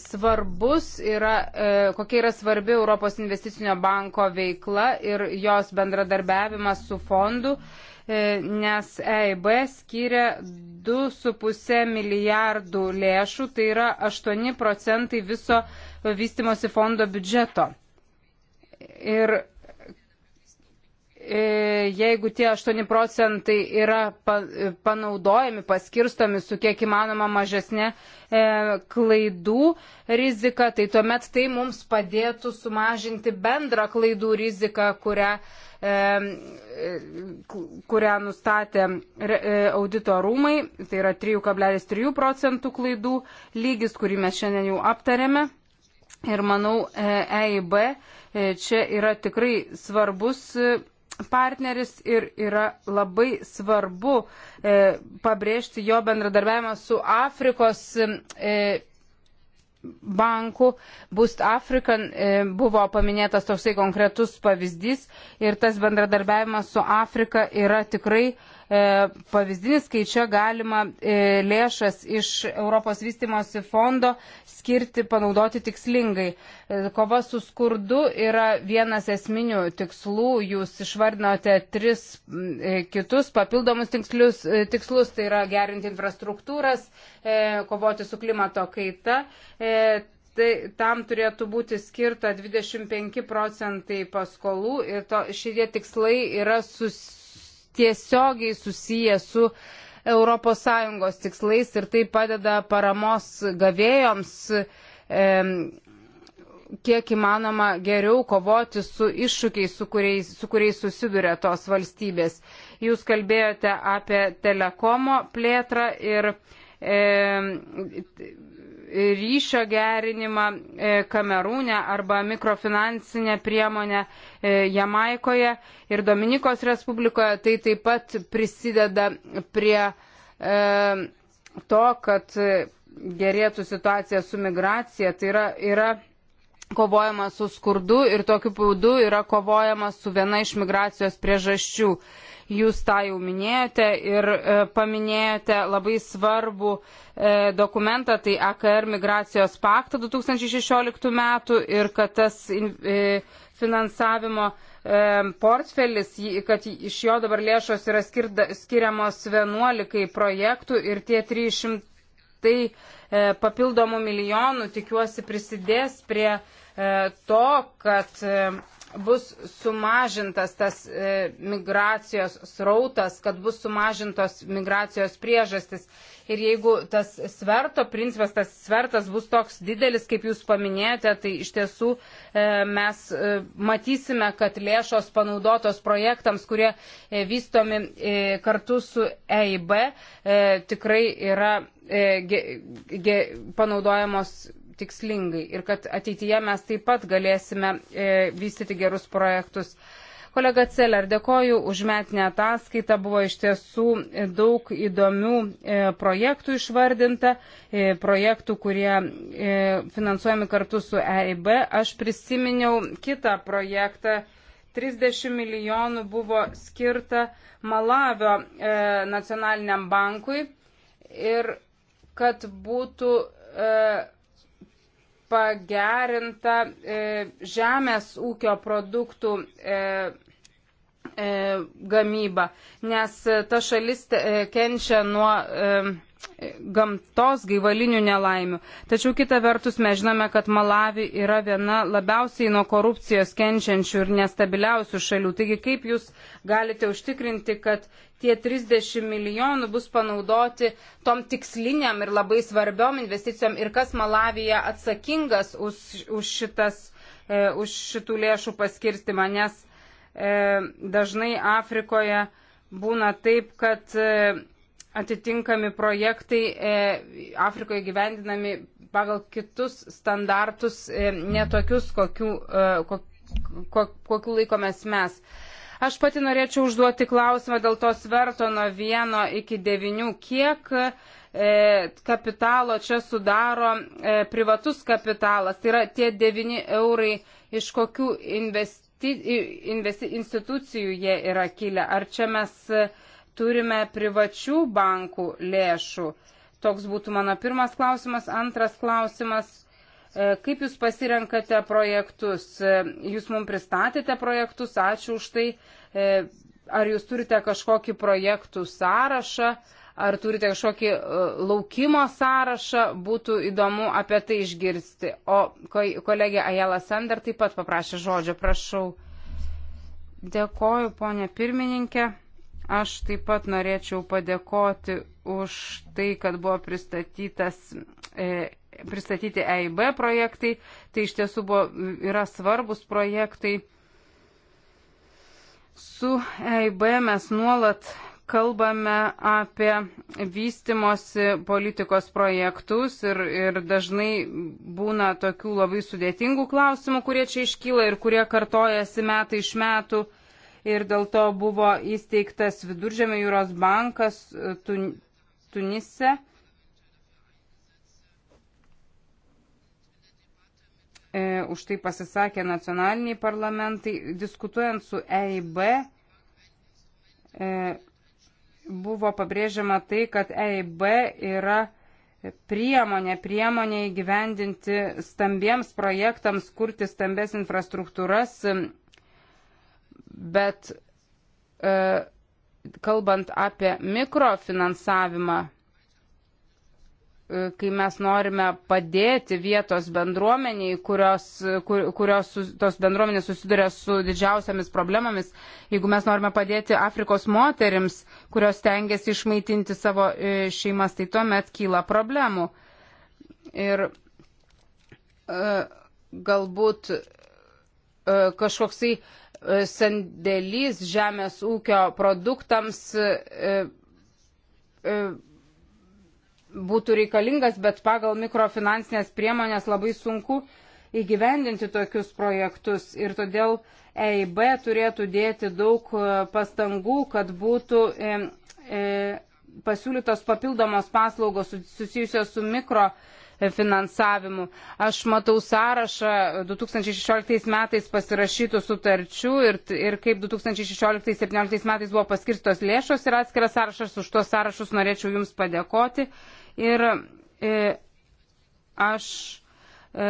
Speaker 3: svarbus yra, e, kokia yra svarbi Europos investicinio banko veikla ir jos bendradarbiavimas su fondu, e, nes EIB skiria 2,5 milijardų lėšų, tai yra 8 procentai viso vystimosi fondo biudžeto. Ir e, jeigu tie 8 procentai yra panaudojami, paskirstomi su kiek įmanoma mažesnė e, klaidų rizika, tai tuomet tai mums padėtų sumažinti bendrą klaidų riziką, kurią, e, kurią nustatė audito rūmai. Tai yra 3,3 procentų klaidų lygis, kurį mes šiandien jau aptarėme. Ir manau, EIB. E, E, čia yra tikrai svarbus e, partneris ir yra labai svarbu e, pabrėžti jo bendradarbiavimą su Afrikos e, banku. Boost African e, buvo paminėtas toksai konkretus pavyzdys ir tas bendradarbiavimas su Afrika yra tikrai e, E, pavyzdinis, kai čia galima e, lėšas iš Europos vystimosi fondo skirti, panaudoti tikslingai. E, kova su skurdu yra vienas esminių tikslų, jūs išvardinote tris kitus papildomus tikslius, tikslus, tai yra gerinti infrastruktūras, kovoti su klimato kaita tai tam turėtų būti skirta 25 procentai paskolų ir to, šitie tikslai yra sus, tiesiogiai susiję su ES tikslais ir tai padeda paramos gavėjoms e, kiek įmanoma geriau kovoti su iššūkiais, su kuriais, su kuriais susiduria tos valstybės. Jūs kalbėjote apie telekomo plėtrą ir e, ryšio gerinimą e, Kamerūne arba mikrofinansinę priemonę e, Jamaikoje ir Dominikos Respublikoje, tai taip pat prisideda prie e, to, kad gerėtų situacija su migracija. Tai yra, yra kovojama su skurdu ir tokiu būdu yra kovojama su viena iš migracijos priežasčių. E, jūs tą jau minėjote ir e, paminėjote labai svarbų e, dokumentą, tai AKR migracijos paktą 2016 metų ir kad tas e, finansavimo portfelis, kad iš jo dabar lėšos yra skiriamos 11 projektų ir tie 300 tai papildomų milijonų tikiuosi prisidės prie to, kad bus sumažintas tas e, migracijos srautas, kad bus sumažintos migracijos priežastis. Ir jeigu tas sverto principas, tas svertas bus toks didelis, kaip jūs paminėjote, tai iš tiesų e, mes e, matysime, kad lėšos panaudotos projektams, kurie e, vystomi e, kartu su EIB, e, tikrai yra e, ge, ge, panaudojamos tikslingai ir kad ateityje mes taip pat galėsime e, vystyti gerus projektus. Kolega Celer, dėkoju už metinę ataskaitą, buvo iš tiesų daug įdomių e, projektų išvardinta, e, projektų, kurie e, finansuojami kartu su EIB. Aš prisiminiau kitą projektą 30 milijonų buvo skirta Malavio e, nacionaliniam bankui ir kad būtų e, pagerinta e, žemės ūkio produktų e, e, gamybą, nes e, ta šalis te, e, kenčia nuo e, gamtos gaivalinių nelaimių. Tačiau kita vertus mes žinome, kad Malavi yra viena labiausiai nuo korupcijos kenčiančių ir nestabiliausių šalių. Taigi kaip jūs galite užtikrinti, kad tie 30 milijonų bus panaudoti tom tiksliniam ir labai svarbiom investicijom ir kas Malavija atsakingas už, už šitas e, už šitų lėšų paskirstimą, nes E, dažnai Afrikoje būna taip, kad e, atitinkami projektai e, Afrikoje gyvendinami pagal kitus standartus, netokius, kokiu, kokiu laikomės mes. Aš pati norėčiau užduoti klausimą dėl to sverto nuo vieno iki devinių. Kiek e, kapitalo čia sudaro e, privatus kapitalas? Tai yra tie devini eurai iš kokių investicijų institucijų jie yra kilę, ar čia mes e, turime privačių bankų lėšų. Toks būtų mano pirmas klausimas. Antras klausimas, e, kaip Jūs pasirenkate projektus? E, jūs mums pristatėte projektus, ačiū už tai. Ar Jūs turite kažkokį projektų sąrašą? ar turite kažkokį e, laukimo sąrašą, būtų įdomu apie tai išgirsti. O kolegė Ajela Sander taip pat paprašė žodžio, prašau. Dėkoju, ponė pirmininkė. Aš taip pat norėčiau padėkoti už tai, kad buvo pristatytas. E, pristatyti EIB projektai, tai iš tiesų buvo, yra svarbus projektai. Su EIB mes nuolat kalbame apie vystimosi politikos projektus ir, ir dažnai būna tokių labai sudėtingų klausimų, kurie čia iškyla ir kurie kartojasi metai iš metų. Ir dėl to buvo įsteigtas Viduržėmio jūros bankas e, Tun Tunise. E, už tai pasisakė nacionaliniai parlamentai. Diskutuojant su EIB, e, buvo pabrėžiama tai, kad EIB yra priemonė, priemonė įgyvendinti stambiems projektams, kurti stambes infrastruktūras, bet e, kalbant apie mikrofinansavimą, E, kai mes norime padėti vietos bendruomeniai, kurios, kur, kurios tos bendruomenės susiduria su didžiausiamis problemomis, jeigu mes norime padėti Afrikos moterims, kurios tengiasi išmaitinti savo e, šeimas, tai tuomet kyla problemų. Ir e, galbūt kažkoksai sandėlys žemės ūkio produktams būtų reikalingas, bet pagal mikrofinansinės priemonės labai sunku įgyvendinti tokius projektus ir todėl EIB turėtų dėti daug e, pastangų, kad būtų e, e, pasiūlytos papildomos paslaugos susijusios su mikro e, finansavimu. Aš matau sąrašą 2016 metais pasirašytų sutarčių ir, ir kaip 2016-2017 metais buvo paskirstos lėšos ir atskiras sąrašas. Už tuos sąrašus norėčiau Jums padėkoti. Uh, Ir e, aš e,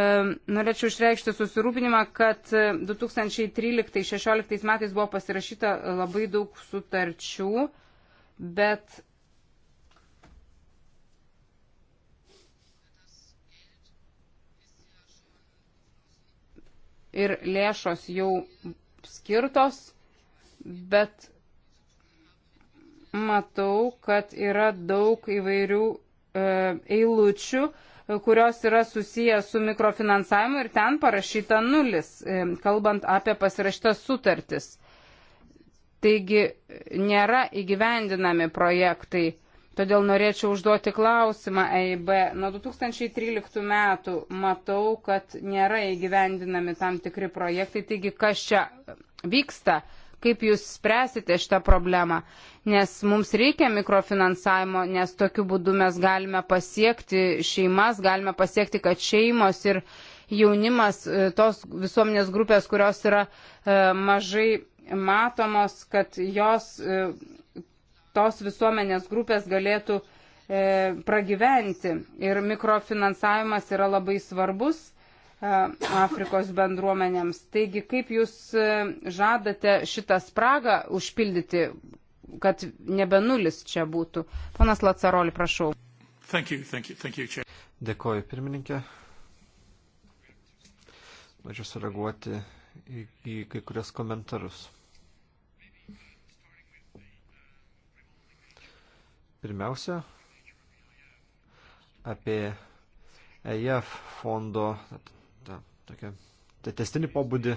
Speaker 3: norėčiau išreikšti susirūpinimą, kad 2013-2016 e, metais buvo pasirašyta labai daug sutarčių, bet. Ir lėšos jau skirtos, bet matau, kad yra daug įvairių E, eilučių, e, kurios yra susijęs su mikrofinansavimu ir ten parašyta nulis, e, kalbant apie pasirašytas sutartis. Taigi nėra įgyvendinami projektai. Todėl norėčiau užduoti klausimą EIB. Nuo 2013 metų matau, kad nėra įgyvendinami tam tikri projektai. Taigi, kas čia vyksta? kaip jūs spręsite šitą problemą, nes mums reikia mikrofinansavimo, nes tokiu būdu mes galime pasiekti šeimas, galime pasiekti, kad šeimos ir jaunimas, e, tos visuomenės grupės, kurios yra e, mažai matomos, kad jos, e, tos visuomenės grupės galėtų pragyventi. Ir mikrofinansavimas yra labai svarbus E, Afrikos bendruomenėms. Taigi, kaip jūs e, žadate šitą spragą užpildyti, kad nebe nulis čia būtų? Ponas Lacaroli, prašau. Thank you, thank you, thank you, Dėkoju, pirmininkė.
Speaker 1: Norėčiau sureaguoti į, į kai kurias komentarus. Pirmiausia, apie EIF fondo tokia testinį pobūdį.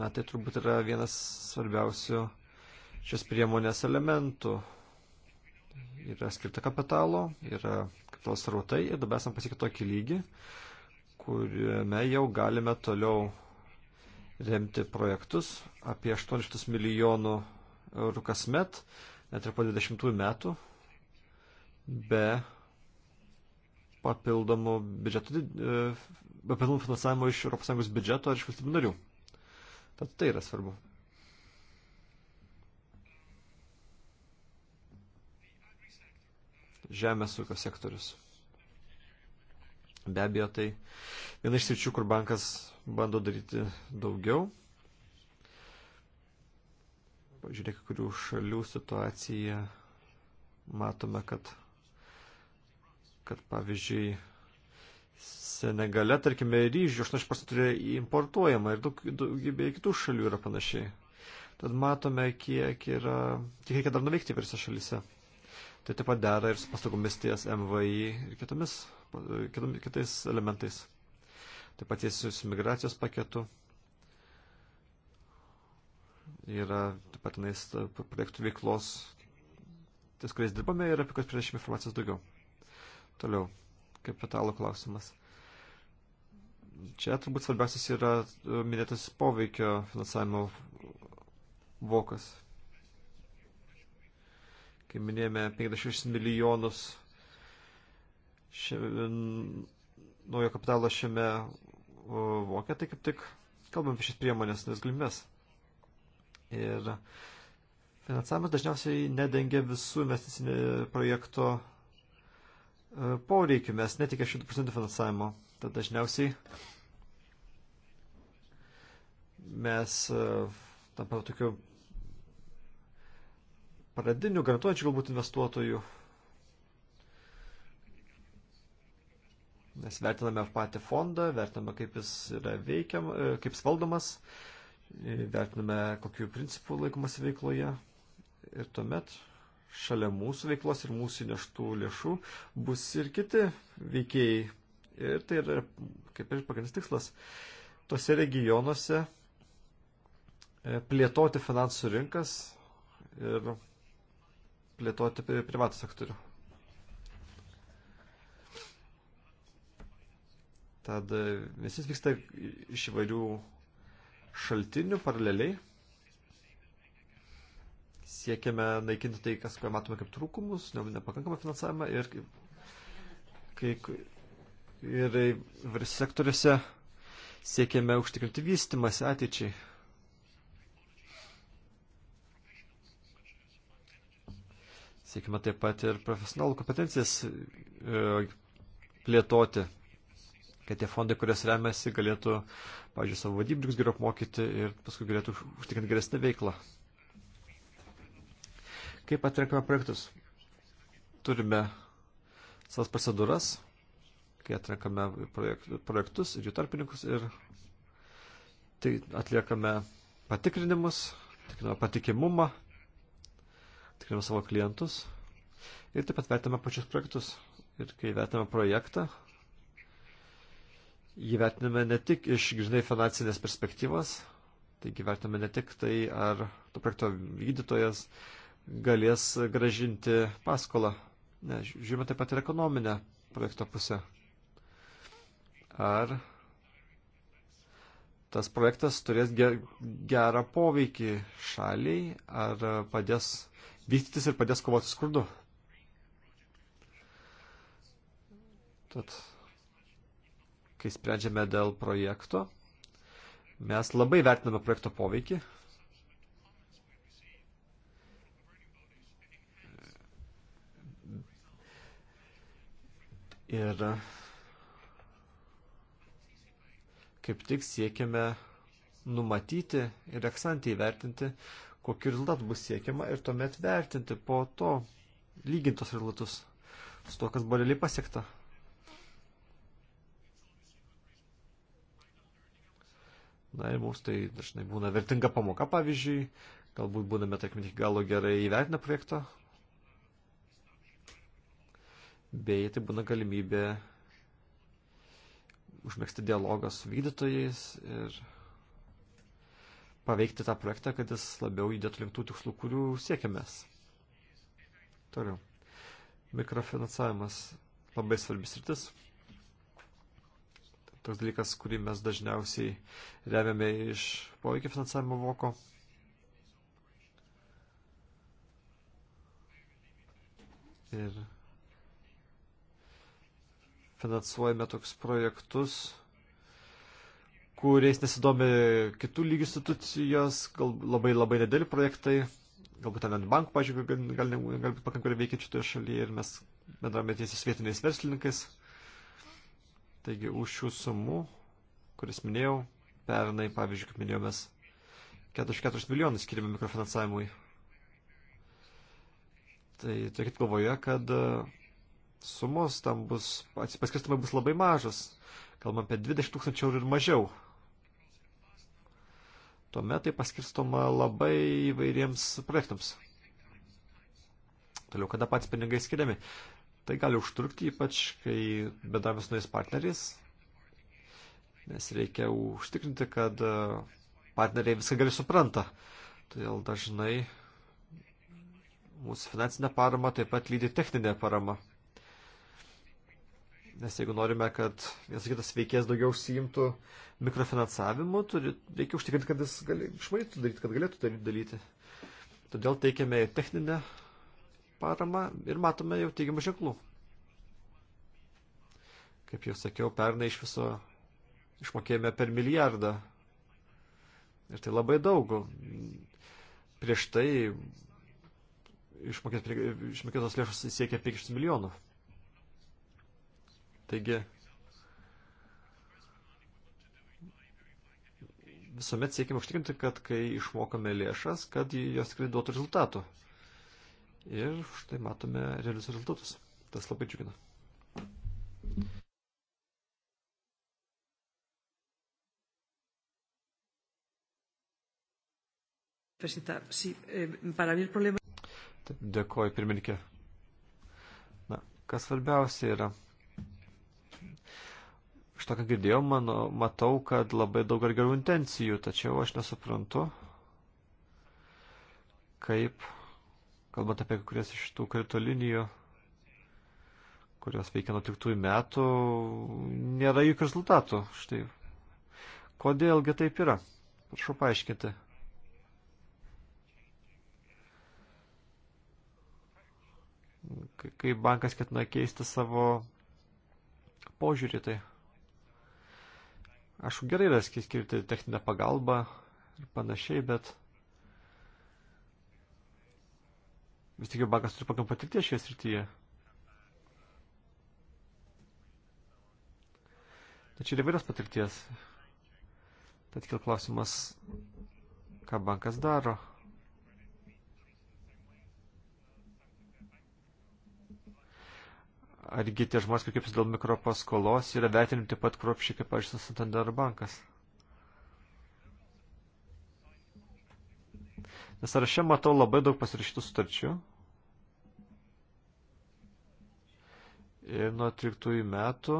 Speaker 1: Na, tai turbūt yra vienas svarbiausių šios priemonės elementų. Yra skirta kapitalo, yra kapitalo srautai ir dabar esame pasiekę tokį lygį, kuriame jau galime toliau remti projektus apie 800 milijonų eurų kasmet, net ir po 20 metų, be papildomų biudžetų, e, papildomų finansavimo iš ES biudžeto ar iš valstybių narių. Tad tai yra svarbu. Žemės ūkio sektorius. Be abejo, tai viena iš sričių, kur bankas bando daryti daugiau. Pažiūrėk, kurių šalių situacija matome, kad kad pavyzdžiui Senegale, tarkime, ryžių 80 procentų yra importuojama ir daug, daugybė kitų šalių yra panašiai. Tad matome, kiek, yra, kiek reikia dar nuveikti visose šalyse. Tai taip pat dera ir su paslaugomis ties MVI ir kitomis, kitomis, kitais elementais. Taip pat jis su migracijos paketu. Yra taip pat projektų veiklos, ties kuriais dirbame ir apie kurias pranešime informacijos daugiau. Toliau, kapitalo klausimas. Čia turbūt svarbiausias yra e, minėtas poveikio finansavimo vokas. Kai minėjome 56 milijonus ši, naujo kapitalo šiame vokė, tai kaip tik kalbam apie šis priemonės, nes galimės. Ir finansavimas dažniausiai nedengia visų investicinio projekto poreikių, mes netikė 100% finansavimo. Tad dažniausiai mes e, tampame tokiu pradiniu, garantuojančiu galbūt investuotojų. Mes vertiname patį fondą, vertiname, kaip jis yra veikiam, e, kaip jis valdomas, e, vertiname, kokiu principu laikomas veikloje. Ir tuomet šalia mūsų veiklos ir mūsų neštų lėšų bus ir kiti veikėjai. Ir tai yra kaip ir pagrindinis tikslas. Tose regionuose e, plėtoti finansų rinkas ir plėtoti privatų sektorių. Tad e, visas vyksta iš įvairių šaltinių paraleliai siekiame naikinti tai, kas ko matome kaip trūkumus, nepakankamą finansavimą ir, kai, ir varsi sektoriuose siekiame užtikrinti vystimąsi ateičiai. Siekime taip pat ir profesionalų kompetencijas e, plėtoti, kad tie fondai, kurias remiasi, galėtų, pavyzdžiui, savo vadybininkus geriau apmokyti ir paskui galėtų užtikrinti geresnę veiklą. Kaip atrenkame projektus? Turime savas procedūras, kai atrenkame projektus ir jų tarpininkus ir tai atliekame patikrinimus, tikriname patikimumą, tikriname savo klientus ir taip pat vertiname pačius projektus. Ir kai vertiname projektą, jį vertiname ne tik iš grinai finansinės perspektyvos, taigi vertiname ne tik tai, ar to projekto vykdytojas galės gražinti paskolą. Ne, žiūrime taip pat ir ekonominę projekto pusę. Ar tas projektas turės gerą poveikį šaliai, ar padės vystytis ir padės kovoti skurdu. Tad, kai sprendžiame dėl projekto, mes labai vertiname projekto poveikį Ir kaip tik siekiame numatyti ir eksantį įvertinti, kokiu rezultatu bus siekiama ir tuomet vertinti po to lygintos rezultatus su to, kas buvo realiai pasiekta. Na ir mums tai dažnai būna vertinga pamoka, pavyzdžiui, galbūt būname, tarkim, iki galo gerai įvertinę projektą, bei tai būna galimybė užmėgsti dialogą su vykdytojais ir paveikti tą projektą, kad jis labiau judėtų link tų tikslų, kurių siekiamės. Toliau. Mikrofinansavimas labai svarbis rytis. Toks dalykas, kurį mes dažniausiai remiame iš poveikio finansavimo voko. Ir finansuojame tokius projektus, kuriais nesidomi kitų lygių institucijos, gal, labai labai nedėlį projektai, galbūt ten bankų, pažiūrėjau, gal, gal, galbūt pakankamai veikiančių toje šalyje ir mes bendravome tiesiai su vietiniais verslininkais. Taigi už šių sumų, kuris minėjau, pernai, pavyzdžiui, kaip minėjau, mes 44 milijonus skiriame mikrofinansavimui. Tai turėkit galvoje, kad uh, sumos tam bus, paskirstumai bus labai mažas. Kalbam apie 20 tūkstančių eurų ir mažiau. Tuomet tai paskirstoma labai įvairiems projektams. Toliau, kada patys pinigai skiriami. Tai gali užtrukti, ypač kai bedavis nuės partneriais, nes reikia užtikrinti, kad e, partneriai viską gali supranta. Todėl dažnai mūsų finansinė parama taip pat lydi techninė parama. Nes jeigu norime, kad vienas kitas veikėjas daugiau užsiimtų mikrofinansavimu, turi, reikia užtikrinti, kad jis gali, išmanytų daryti, kad galėtų daryti dalyti. Todėl teikiame techninę paramą ir matome jau teigiamų ženklų. Kaip jau sakiau, pernai iš viso išmokėjome per milijardą. Ir tai labai daug. Prieš tai išmokėtos lėšos siekia 500 milijonų. Taigi visuomet siekime užtikrinti, kad kai išmokame lėšas, kad jos tikrai duotų rezultatų. Ir štai matome realius rezultatus. Tas labai džiugina.
Speaker 3: Eh,
Speaker 1: Taip, dėkoju, pirmininkė. Na, kas svarbiausia yra, Iš to, ką girdėjau, mano, matau, kad labai daug ar gerų intencijų, tačiau aš nesuprantu, kaip, kalbant apie kurias iš tų krito linijų, kurios veikia nuo tik tųjų metų, nėra jokių rezultatų. Štai. Kodėlgi taip yra? Prašau paaiškinti. Kai bankas ketina keisti savo požiūrį, tai Aišku, gerai yra skirti techninę pagalbą ir panašiai, bet vis tik jau bankas turi pakankamai patirties šioje srityje. Tačiau yra įvairios patirties. Tad kil klausimas, ką bankas daro. argi tie žmonės, kaip dėl mikropaskolos, yra vertinami taip pat kruopšiai kaip, pavyzdžiui, Santander bankas. Nes ar aš čia matau labai daug pasirašytų sutarčių. Ir nuo 13 metų,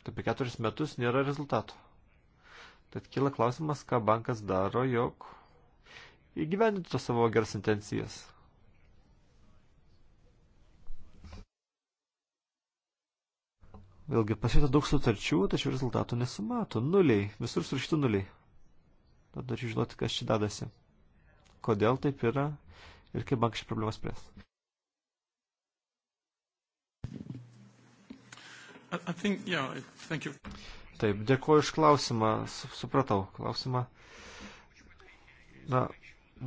Speaker 1: štai apie 4 metus, nėra rezultatų. Tad kyla klausimas, ką bankas daro, jog įgyvendintų savo geras intencijas. Vėlgi, pasiekia daug sutarčių, tačiau rezultatų nesimato. Nuliai, visur surašytų nuliai. Tad noriu žinoti, kas čia dadasi. Kodėl taip yra ir kaip bankas šią problemą spręs. Yeah, taip, dėkuoju iš klausimą. Supratau klausimą. Na,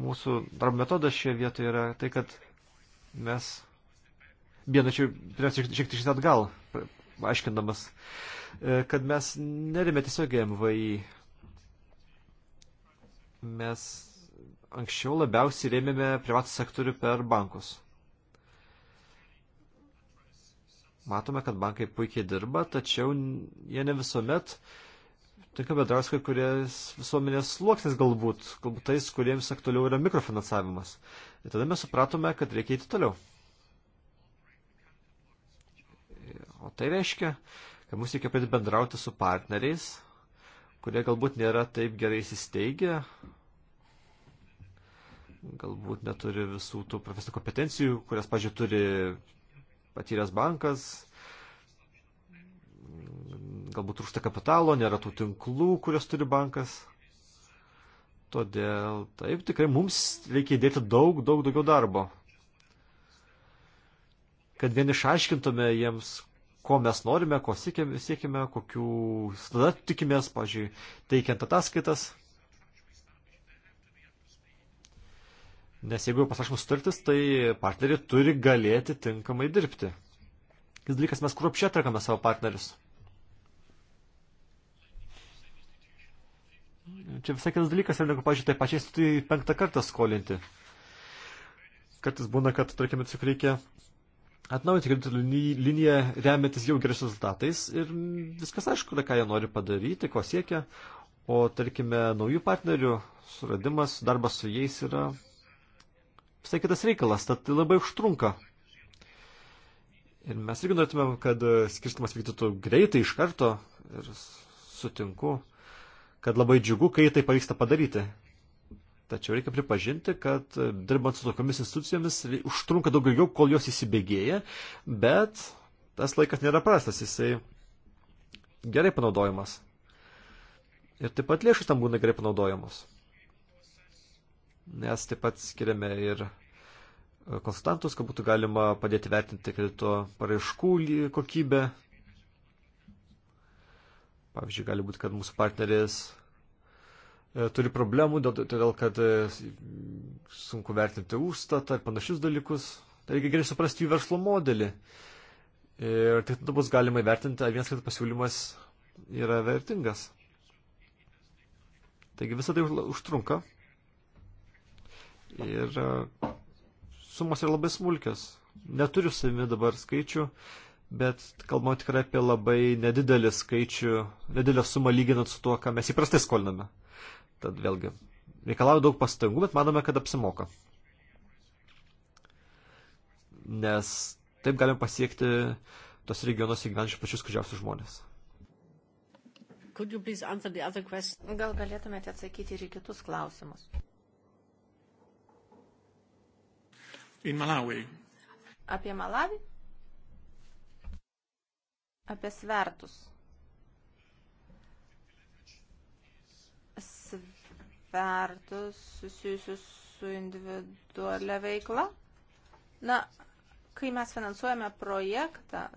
Speaker 1: mūsų darbo metodas šioje vietoje yra tai, kad mes Bėda, čia turėsiu šiek tiek atgal aiškindamas, e, kad mes nerime tiesiog MVI. Mes anksčiau labiausiai rėmėme privatų sektorių per bankus. Matome, kad bankai puikiai dirba, tačiau jie ne visuomet tinka bendraus kai kurias visuomenės sluoksnis galbūt, galbūt tais, kuriems aktualiau yra mikrofinansavimas. Ir tada mes supratome, kad reikia eiti toliau. O tai reiškia, kad mums reikia pradėti bendrauti su partneriais, kurie galbūt nėra taip gerai įsisteigę, galbūt neturi visų tų profesinių kompetencijų, kurias, pažiūrėjau, turi patyręs bankas, galbūt trūksta kapitalo, nėra tų tinklų, kurias turi bankas. Todėl taip tikrai mums reikia įdėti daug, daug daugiau darbo. Kad vien išaiškintume jiems, ko mes norime, ko siekime, siekime kokių tada tikimės, pažiūrėjau, teikiant ataskaitas. Nes jeigu pasirašom sutartis, tai partneriai turi galėti tinkamai dirbti. Kitas dalykas, mes kruopšiai atrakame savo partnerius. Čia visai kitas dalykas, ir negu, pažiūrėjau, tai pačiais tu penktą kartą skolinti. Kartais būna, kad, tarkime, tiesiog reikia atnaujinti kredito liniją remiantis jau gerais rezultatais ir viskas aišku, tai ką jie nori padaryti, ko siekia, o tarkime naujų partnerių suradimas, darbas su jais yra visai kitas reikalas, tad labai užtrunka. Ir mes irgi norėtumėm, kad skirstimas vykdytų greitai iš karto ir sutinku, kad labai džiugu, kai tai pavyksta padaryti. Tačiau reikia pripažinti, kad e, dirbant su tokiamis institucijomis užtrunka daug ilgiau, kol jos įsibėgėja, bet tas laikas nėra prastas, jisai gerai panaudojamas. Ir taip pat lėšus tam būna gerai panaudojamos. Nes taip pat skiriame ir e, konstantus, kad būtų galima padėti vertinti kredito paraiškų kokybę. Pavyzdžiui, gali būti, kad mūsų partneris E, turi problemų, todėl kad e, sunku vertinti užstatą ir panašius dalykus. Tai reikia gerai suprasti jų verslo modelį. Ir tik tada bus galima įvertinti, ar vienas kitas pasiūlymas yra vertingas. Taigi visą tai užtrunka. Ir e, sumos yra labai smulkios. Neturiu savimi dabar skaičių, bet kalbame tikrai apie labai nedidelį skaičių, nedidelę sumą lyginant su tuo, ką mes įprastai skoliname. Tad vėlgi, reikalauja daug pastangų, bet manome, kad apsimoka. Nes taip galim pasiekti tos regionos įgyvenčius pačius skurdžiausius žmonės.
Speaker 2: Gal galėtumėte atsakyti ir į kitus klausimus? In Malawi. Apie Malavį? Apie svertus. svertus susijusius su individualia veikla. Na, kai mes finansuojame projektą,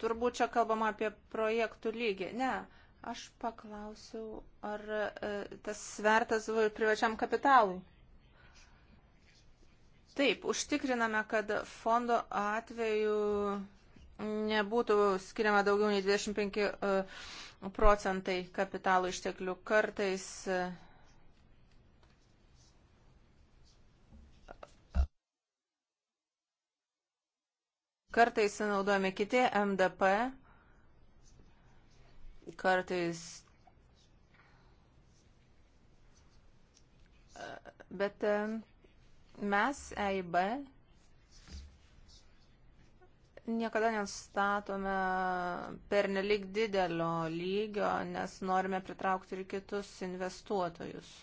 Speaker 2: turbūt čia kalbama apie projektų lygį. Ne, aš paklausiau, ar e, tas svertas buvo ir privačiam kapitalui. Taip, užtikriname, kad fondo atveju nebūtų skiriama daugiau nei 25 e, procentai kapitalų išteklių. Kartais e, Kartais naudojame kiti MDP, kartais. Bet mes EIB niekada nestatome pernelik didelio lygio, nes norime pritraukti ir kitus investuotojus.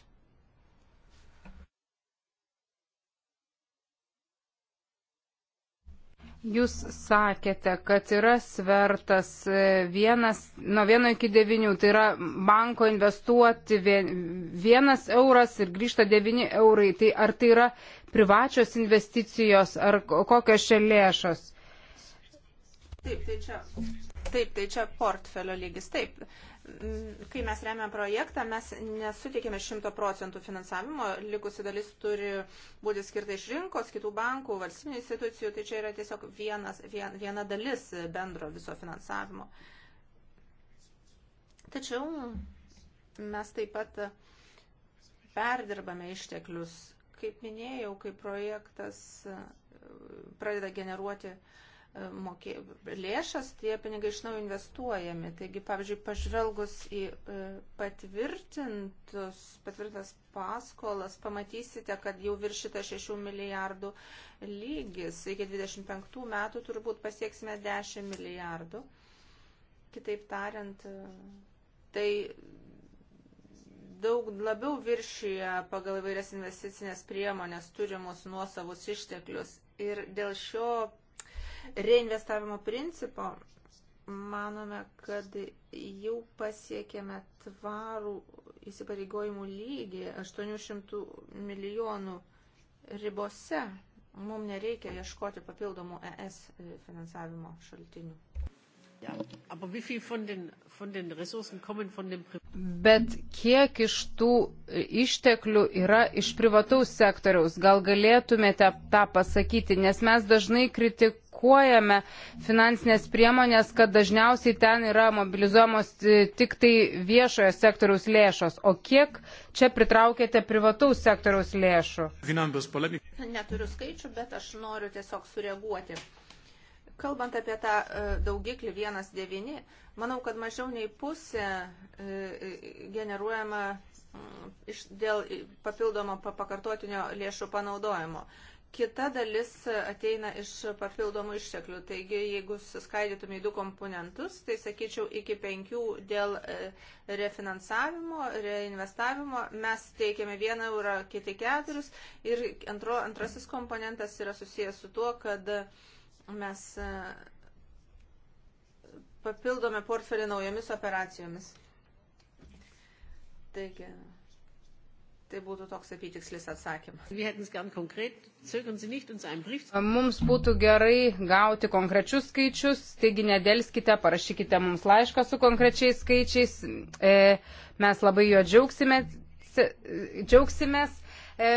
Speaker 3: Jūs sakėte, kad yra svertas e, vienas, nuo vieno iki devinių, tai yra banko investuoti vien, vienas euras ir grįžta devini eurai. Tai ar tai yra privačios investicijos ar kokios čia lėšos?
Speaker 2: Taip, tai čia, taip, tai čia portfelio lygis. Taip, Mm, kai mes remiam projektą, mes nesuteikėme 100 procentų finansavimo, likusi dalis turi būti skirta iš rinkos, kitų bankų, valstybinių institucijų, tai čia yra tiesiog vienas, vien, viena dalis bendro viso finansavimo. Tačiau mes taip pat perdirbame išteklius. Kaip minėjau, kai projektas e, pradeda generuoti uh, mokė, lėšas, tie pinigai iš naujo investuojami. Taigi, pavyzdžiui, pažvelgus į e, patvirtintus, patvirtintas paskolas, pamatysite, kad jau viršita 6 milijardų lygis. Iki 25 metų turbūt pasieksime 10 milijardų. Kitaip tariant, e, tai daug labiau viršyje pagal įvairias investicinės priemonės turimus nuosavus išteklius. Ir dėl šio reinvestavimo principo, manome, kad jau pasiekėme tvarų įsipareigojimų lygį 800 milijonų ribose. Mums nereikia ieškoti papildomų ES finansavimo šaltinių.
Speaker 3: Bet kiek iš tų išteklių yra iš privataus sektoriaus? Gal galėtumėte tą pasakyti, nes mes dažnai kritik, kritikuojame finansinės priemonės, kad dažniausiai ten yra mobilizuojamos e, tik tai viešojo sektoriaus lėšos. O kiek čia pritraukėte privataus sektoriaus lėšų?
Speaker 2: Neturiu skaičių, bet aš noriu tiesiog sureaguoti. Kalbant apie tą e, daugiklį 1,9, manau, kad mažiau nei pusė e, generuojama iš, dėl papildomo pakartotinio lėšų panaudojimo kita dalis ateina iš papildomų išteklių. Taigi, jeigu suskaidytume į du komponentus, tai sakyčiau, iki penkių dėl e, refinansavimo, reinvestavimo mes teikiame vieną eurą, kiti keturis. Ir antro, antrasis komponentas yra susijęs su tuo, kad mes e, papildome portfelį naujomis operacijomis. Taigi. Tai būtų toks apytikslis atsakymas.
Speaker 3: Mums būtų gerai gauti konkrečius skaičius, taigi nedelskite, parašykite mums laišką su konkrečiais skaičiais. E, mes labai jo džiaugsime, džiaugsimės. E,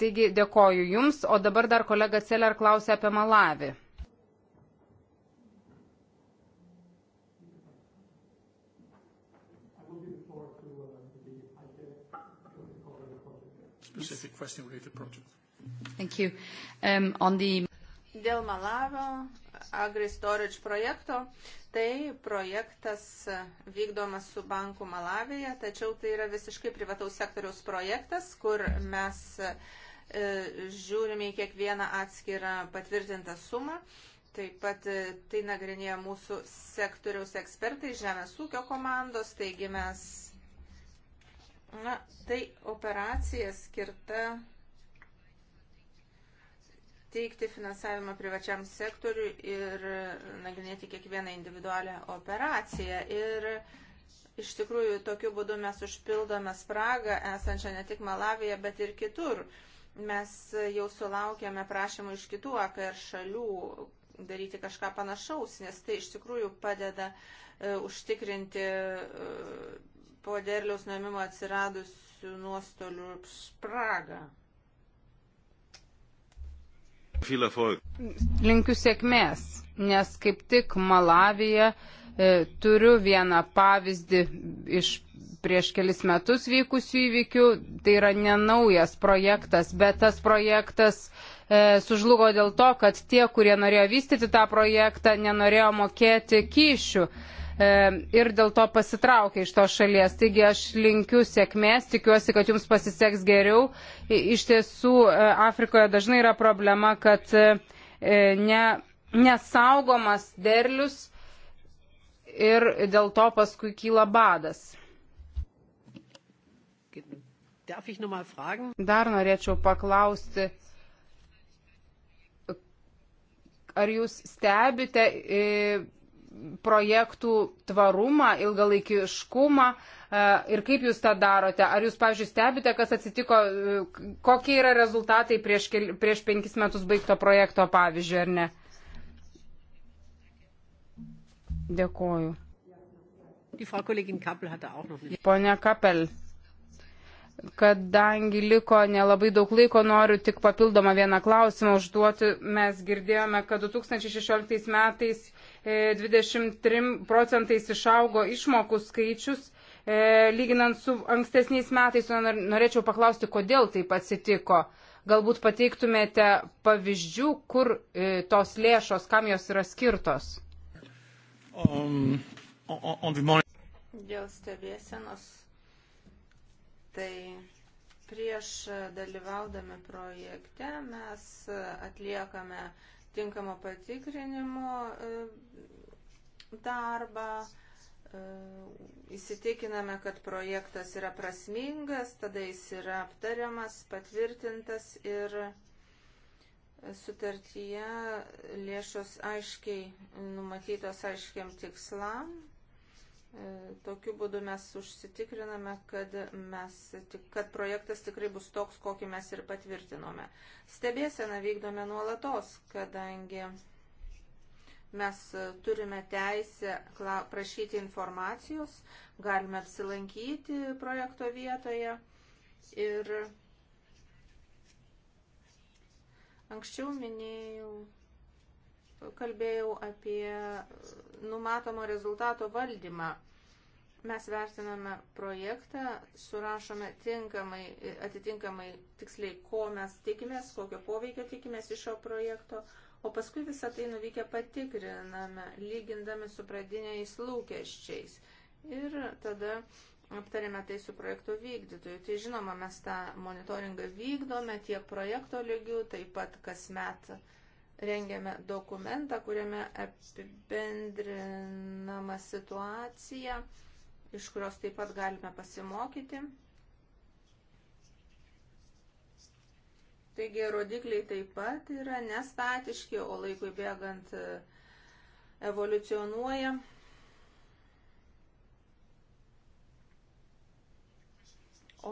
Speaker 3: taigi dėkoju Jums, o dabar dar kolega Celer klausė apie Malavį. specific question related project. Thank you. Um, on the...
Speaker 2: Dėl Malavo agri-storage projekto, tai projektas vykdomas su banku Malavėje, tačiau tai yra visiškai privataus sektoriaus projektas, kur mes e, žiūrime į kiekvieną atskirą patvirtintą sumą. Taip pat e, tai nagrinėja mūsų sektoriaus ekspertai, žemės ūkio komandos, taigi mes Na, tai operacija skirta teikti finansavimą privačiam sektoriui ir nagrinėti kiekvieną individualią operaciją. Ir iš tikrųjų tokiu būdu mes užpildome spragą esančią ne tik Malavėje, bet ir kitur. Mes jau sulaukėme prašymų iš kitų AKR šalių daryti kažką panašaus, nes tai iš tikrųjų padeda uh, užtikrinti uh, po derliaus namimo atsiradusių nuostolių spragą.
Speaker 3: Linkiu sėkmės, nes kaip tik Malavija e, turiu vieną pavyzdį iš prieš kelis metus vykusių įvykių. Tai yra nenaujas projektas, bet tas projektas e, sužlugo dėl to, kad tie, kurie norėjo vystyti tą projektą, nenorėjo mokėti kyšių. E, E, ir dėl to pasitraukė iš to šalies. Taigi aš linkiu sėkmės, tikiuosi, kad jums pasiseks geriau. Iš tiesų, e, Afrikoje dažnai yra problema, kad e, ne, nesaugomas derlius ir dėl to paskui kyla badas. Dar norėčiau paklausti, ar jūs stebite projektų tvarumą, ilgalaikiškumą e, ir kaip jūs tą darote? Ar jūs, pavyzdžiui, stebite, kas atsitiko, e, kokie yra rezultatai prieš, prieš penkis metus baigto projekto, pavyzdžiui, ar ne? Dėkoju. Pone Kapel Kadangi liko nelabai daug laiko, noriu tik papildomą vieną klausimą užduoti. Mes girdėjome, kad 2016 metais 23 e, procentais išaugo išmokų skaičius, e, lyginant su ankstesniais metais. Norėčiau paklausti, kodėl taip atsitiko. Galbūt pateiktumėte pavyzdžių, kur e, tos lėšos, kam jos yra skirtos? Um, on, on, on...
Speaker 2: Dėl stebėsenos Tai prieš dalyvaudami projekte mes atliekame tinkamo patikrinimo e, darbą, e, įsitikiname, kad projektas yra prasmingas, tada jis yra aptariamas, patvirtintas ir sutartyje lėšos aiškiai numatytos aiškiam tikslam E, tokiu būdu mes užsitikriname, kad, mes, kad projektas tikrai bus toks, kokį mes ir patvirtinome. Stebėseną vykdome nuolatos, kadangi mes turime teisę prašyti informacijos, galime apsilankyti projekto vietoje ir anksčiau minėjau kalbėjau apie numatomo rezultato valdymą. Mes vertiname projektą, surašome tinkamai, atitinkamai tiksliai, ko mes tikimės, kokio poveikio tikimės iš šio projekto, o paskui visą tai nuvykę patikriname, lygindami su pradiniais lūkesčiais. Ir tada aptarėme tai su projekto vykdytoju. Tai žinoma, mes tą monitoringą vykdome tiek projekto lygių, taip pat kasmet met rengėme dokumentą, kuriame apibendrinama situacija, iš kurios taip pat galime pasimokyti. Taigi rodikliai taip pat yra nestatiški, o laikui bėgant e, evoliucionuoja. O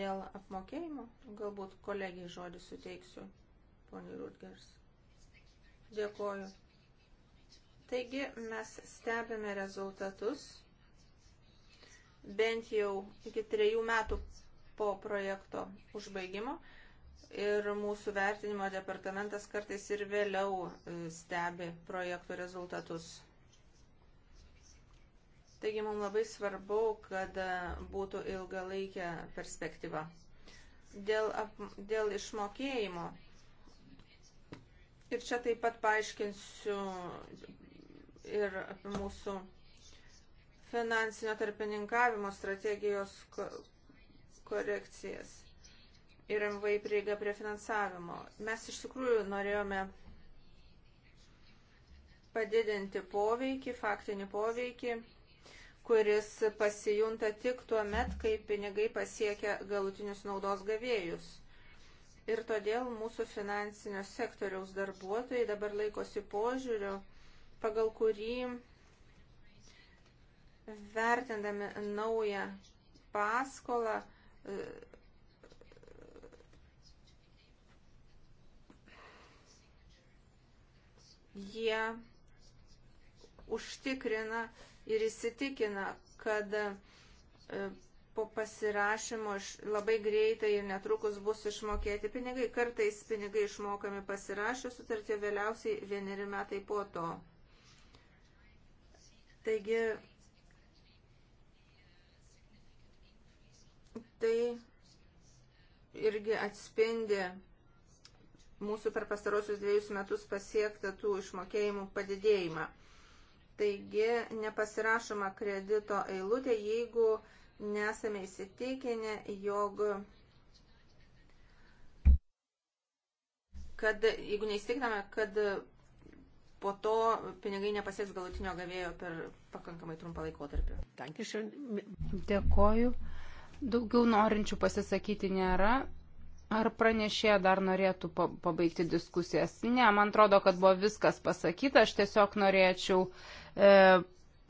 Speaker 2: dėl apmokėjimo galbūt kolegijai žodį suteiksiu, poniai Rutgers. Dėkoju. Taigi mes stebime rezultatus bent jau iki trejų metų po projekto užbaigimo ir mūsų vertinimo departamentas kartais ir vėliau e, stebi projektų rezultatus. Taigi mums labai svarbu, kad e, būtų ilgalaikė perspektyva. Dėl, ap, dėl išmokėjimo Ir čia taip pat paaiškinsiu ir apie mūsų finansinio tarpininkavimo strategijos korekcijas ir MVI prieiga prie finansavimo. Mes iš tikrųjų norėjome padidinti poveikį, faktinį poveikį, kuris pasijunta tik tuo met, kai pinigai pasiekia galutinius naudos gavėjus. Ir todėl mūsų finansinio sektoriaus darbuotojai dabar laikosi požiūrio, pagal kurį vertindami naują paskolą jie užtikrina ir įsitikina, kad e, po pasirašymo labai greitai ir netrukus bus išmokėti pinigai. Kartais pinigai išmokami pasirašęs sutartį vėliausiai vieneri metai po to. Taigi, tai irgi atspindi mūsų per pastarosius dviejus metus pasiektą tų išmokėjimų padidėjimą. Taigi nepasirašoma kredito eilutė, jeigu nesame įsitikinę, jog kad jeigu neįsitikiname, kad po to pinigai nepasieks galutinio gavėjo per pakankamai trumpą laikotarpį.
Speaker 3: Dėkoju. Daugiau norinčių pasisakyti nėra. Ar pranešėja dar norėtų pabaigti diskusijas? Ne, man atrodo, kad buvo viskas pasakyta. Aš tiesiog norėčiau e,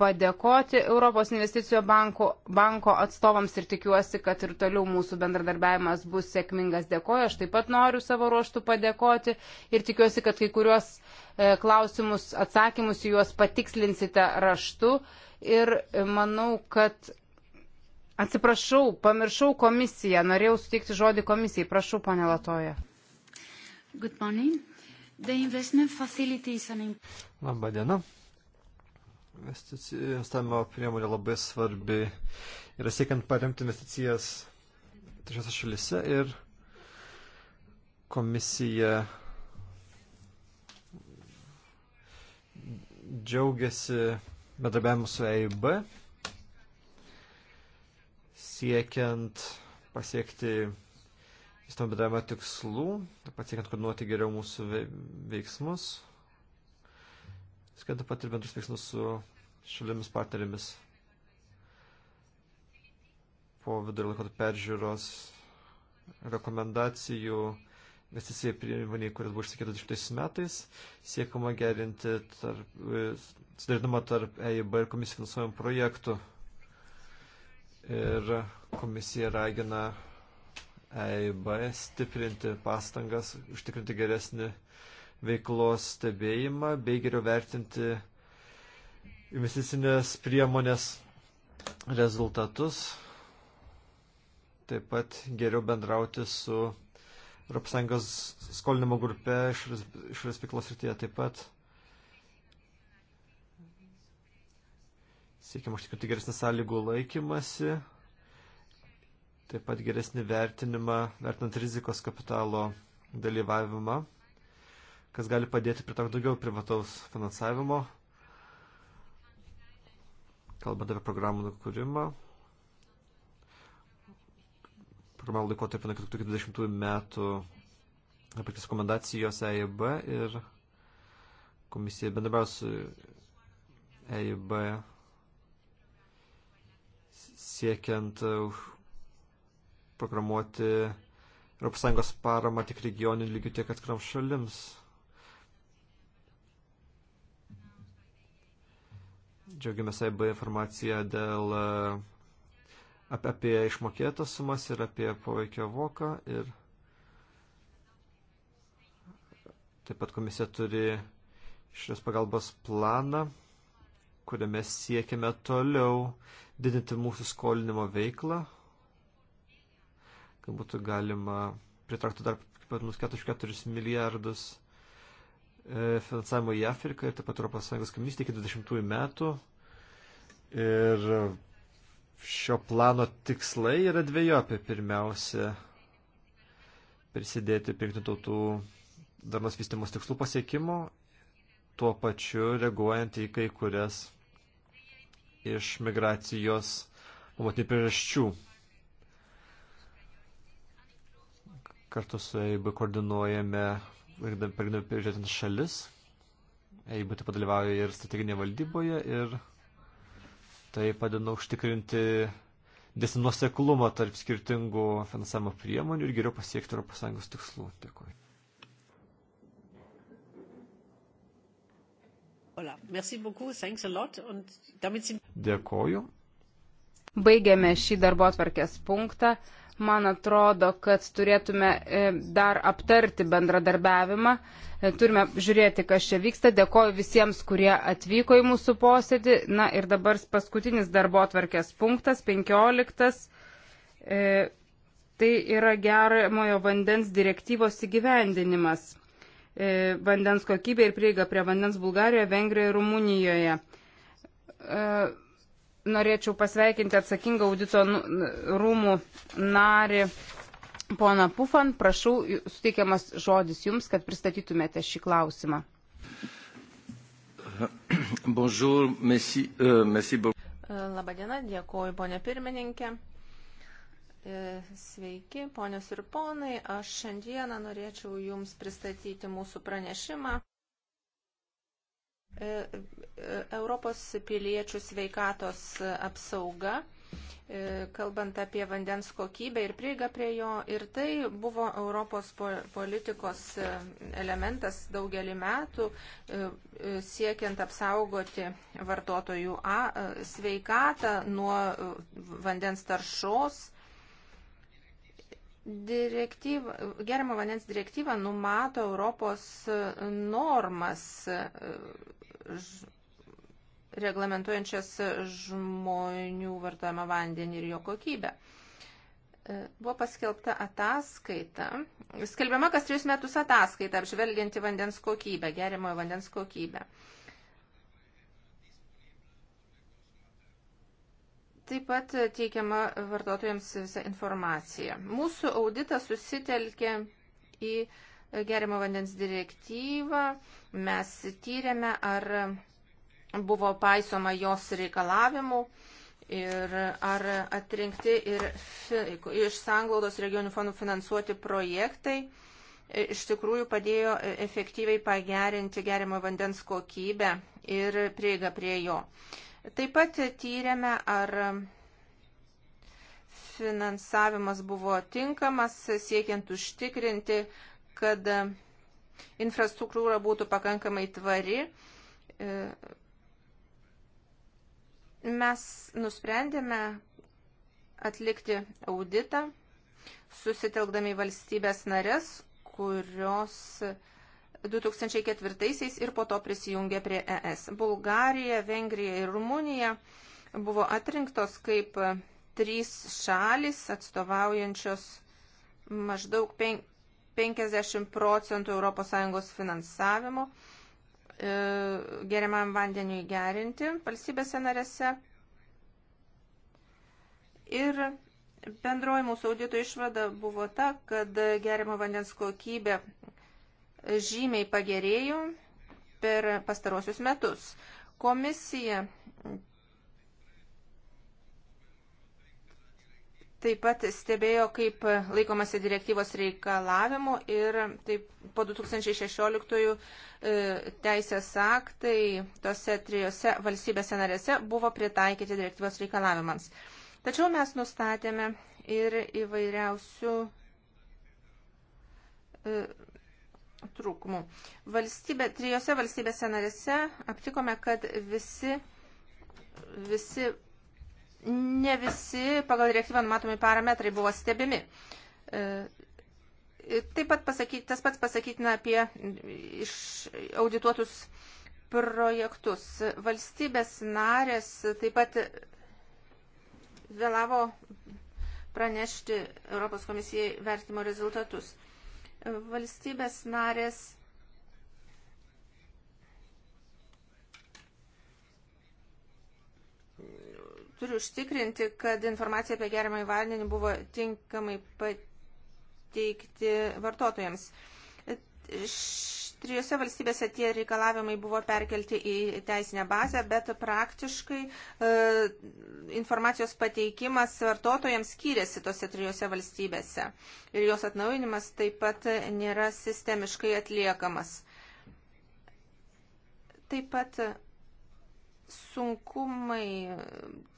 Speaker 3: padėkoti Europos investicijų banko, banko atstovams ir tikiuosi, kad ir toliau mūsų bendradarbiavimas bus sėkmingas. Dėkoju, aš taip pat noriu savo ruoštų padėkoti ir tikiuosi, kad kai kuriuos e, klausimus, atsakymus juos patikslinsite raštu ir e, manau, kad atsiprašau, pamiršau komisiją, norėjau suteikti žodį komisijai, prašau, ponė Latoja. Good morning. The investment facility is an...
Speaker 1: Labą dieną investavimo priemonė labai svarbi yra siekiant paremti investicijas trečiose šalise ir komisija džiaugiasi bedarbiavimu su EIB siekiant pasiekti įstamų bedarbiavimo tikslų, taip pat siekiant koordinuoti geriau mūsų veiksmus skaitant pat ir bendrus veiksmus su šalimis partnerėmis. Po vidurio laikotų peržiūros rekomendacijų investicijai priemonė, kuris buvo išsakyta 20 metais, siekama gerinti tarp, e, sudarinamą tarp EIB ir komisijų finansuojamų projektų. Ir komisija ragina EIB stiprinti pastangas, užtikrinti geresnį uh, veiklos stebėjimą bei geriau vertinti investicinės priemonės rezultatus, taip pat geriau bendrauti su ES skolinimo grupe iš respiklos rytyje taip pat. Siekiam užtikrinti geresnį sąlygų laikymasi, taip pat geresnį vertinimą, vertinant rizikos kapitalo dalyvavimą kas gali padėti pritraukti daugiau privataus finansavimo, kalbant apie programų nukūrimą. Programų laikotarpį nuo 2020 metų apatis rekomendacijos EIB ir komisija bendrabiaus su EIB siekiant uh, programuoti ES paramą tik regioninių lygių tiek atskiroms šalims. džiaugiamės AIB informaciją dėl e, apie, apie išmokėtas sumas ir apie poveikio voką. Ir taip pat komisija turi šios pagalbos planą, kuriame siekiame toliau didinti mūsų skolinimo veiklą, kad būtų galima pritraukti dar papildomus 44 milijardus e, finansavimo į Afriką ir taip pat Europos Sąjungos komisija iki 20 metų. Ir šio plano tikslai yra dviejopi. Pirmiausia, prisidėti prie tautų darnos vystimos tikslų pasiekimo, tuo pačiu reaguojant į kai kurias iš migracijos pamatinių priežasčių. Kartu su EIB koordinuojame, pagrindinė priežiūrėtinė šalis. EIB taip pat dalyvauja ir strateginėje valdyboje, ir Tai padina užtikrinti desnį nuoseklumą tarp skirtingų finansavimo priemonių ir geriau pasiekti ES tikslų. Dėkui.
Speaker 3: Dėkoju. Baigėme šį darbo atvarkės punktą. Man atrodo, kad turėtume e, dar aptarti bendradarbiavimą. E, turime žiūrėti, kas čia vyksta. Dėkoju visiems, kurie atvyko į mūsų posėdį. Na ir dabar paskutinis darbo atvarkės punktas, 15. E, tai yra geramojo vandens direktyvos įgyvendinimas. E, vandens kokybė ir prieiga prie vandens Bulgarijoje, Vengrijoje ir Rumunijoje. E, norėčiau pasveikinti atsakingą audito nu, rūmų narį poną Pufan. Prašau, suteikiamas žodis jums, kad pristatytumėte šį klausimą.
Speaker 1: Bonjour, merci, uh, merci beaucoup.
Speaker 2: Labadiena, dėkuoju, ponė pirmininkė. E, sveiki, ponios ir ponai. Aš šiandieną norėčiau Jums pristatyti mūsų pranešimą E, e, Europos piliečių sveikatos apsauga, e, kalbant apie vandens kokybę ir prieigą prie jo. Ir tai buvo Europos politikos elementas daugelį metų, siekiant apsaugoti vartotojų A, sveikatą nuo vandens taršos. Direktyva, gerimo vandens direktyva numato Europos normas reglamentuojančias žmonių vartojimą vandenį ir jo kokybę. E, buvo paskelbta ataskaita, skelbiama kas trijus metus ataskaita apžvelgianti vandens kokybę, gerimojo vandens kokybę. Taip pat teikiama vartotojams visa informacija. Mūsų auditas susitelkė į uh, gerimo vandens direktyvą. Mes tyrėme, ar buvo paisoma jos reikalavimų ir ar atrinkti ir iš sanglaudos regionų fondų finansuoti projektai iš tikrųjų padėjo efektyviai pagerinti gerimo vandens kokybę ir prieigą prie jo. Taip pat tyrėme, ar finansavimas buvo tinkamas siekiant užtikrinti, kad infrastruktūra būtų pakankamai tvari, e, mes nusprendėme atlikti auditą, susitelkdami valstybės narės, kurios 2004 ir po to prisijungė prie ES. Bulgarija, Vengrija ir Rumunija buvo atrinktos kaip trys šalis atstovaujančios maždaug 5 50 procentų ES finansavimo e, geriamam vandeniui gerinti valstybėse narėse. Ir bendroji mūsų audito išvada buvo ta, kad geriamo vandens kokybė žymiai pagerėjo per pastarosius metus. Komisija taip pat stebėjo, kaip laikomasi direktyvos reikalavimų ir taip po 2016 e, teisės aktai tose trijose valstybėse narėse buvo pritaikyti direktyvos reikalavimams. Tačiau mes nustatėme ir įvairiausių e, trūkumų. Valstybė, trijose valstybėse narėse aptikome, kad visi, visi ne visi pagal direktyvą numatomi parametrai buvo stebimi. E, taip pat pasakyti, tas pats pasakytina apie iš audituotus projektus. Valstybės narės taip pat vėlavo pranešti Europos komisijai vertimo rezultatus. Valstybės narės turi užtikrinti, kad informacija apie geriamą į vandenį buvo tinkamai pateikti vartotojams. Trijose valstybėse tie reikalavimai buvo perkelti į teisinę bazę, bet praktiškai e, informacijos pateikimas vartotojams skiriasi tose trijose valstybėse ir jos atnaujinimas taip pat nėra sistemiškai atliekamas. Taip pat sunkumai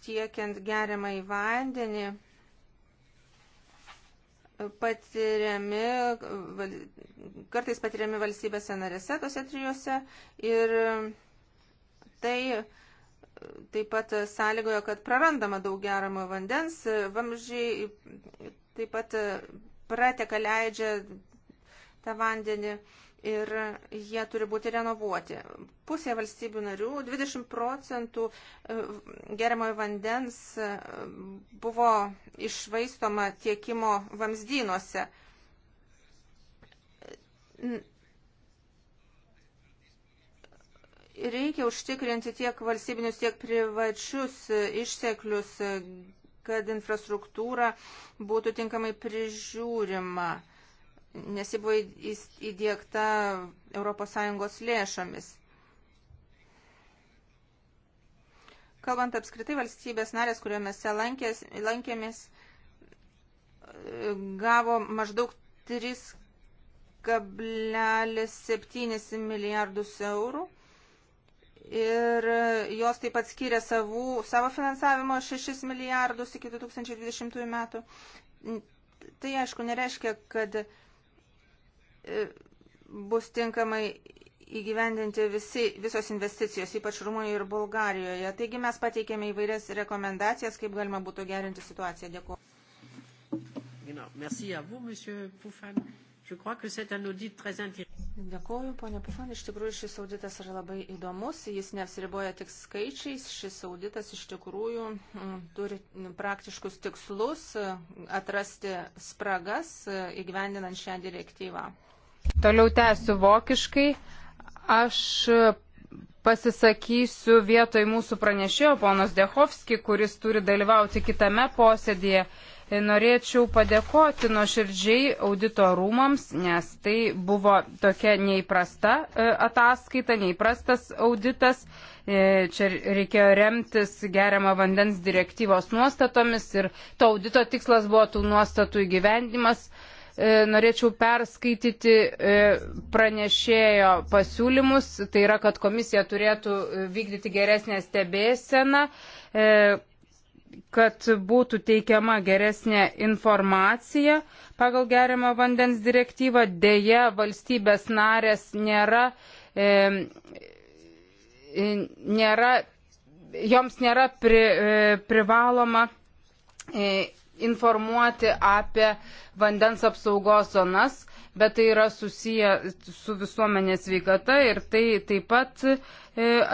Speaker 2: tiekiant geriamą į vandenį patiriami, kartais patiriami valstybėse narėse, tose trijose. Ir tai taip pat sąlygojo, kad prarandama daug geramo vandens, vamžiai taip pat prateka leidžia tą vandenį ir jie turi būti renovuoti. Pusė valstybių narių, 20 procentų e, geriamojo vandens e, buvo išvaistoma tiekimo vamzdynuose. Reikia užtikrinti tiek valstybinius, tiek privačius e, išteklius, kad infrastruktūra būtų tinkamai prižiūrima nes ji buvo įdėkta ES lėšomis. Kalbant apskritai valstybės narės, kuriuose lankės, lankėmės, gavo maždaug 3,7 milijardus eurų ir jos taip pat skiria savų, savo finansavimo 6 milijardus iki 2020 metų. Tai aišku nereiškia, kad E, bus tinkamai įgyvendinti visi, visos investicijos, ypač Rumunijoje ir Bulgarijoje. Taigi mes pateikėme įvairias rekomendacijas, kaip galima būtų gerinti situaciją. Dėkuoju. Dėkuoju, ponia Pufan. Iš tikrųjų, šis auditas yra labai įdomus. Jis neapsiriboja tik skaičiais. Šis auditas iš tikrųjų mm, turi praktiškus tikslus atrasti spragas e, įgyvendinant šią direktyvą.
Speaker 3: Toliau tęsiu vokiškai. Aš pasisakysiu vietoj mūsų pranešėjo ponos Dehovski, kuris turi dalyvauti kitame posėdėje. Norėčiau padėkoti nuoširdžiai audito rūmams, nes tai buvo tokia neįprasta e, ataskaita, neįprastas auditas. E, čia reikėjo remtis geriamą vandens direktyvos nuostatomis ir to audito tikslas buvo tų nuostatų įgyvendimas. E, norėčiau perskaityti e, pranešėjo pasiūlymus, tai yra, kad komisija turėtų e, vykdyti geresnę stebėseną, kad būtų teikiama geresnė informacija pagal geriamo vandens direktyvą. Deja, valstybės narės nėra, nėra joms nėra pri, privaloma informuoti apie vandens apsaugos zonas, bet tai yra susiję su visuomenės veikata ir tai taip pat e,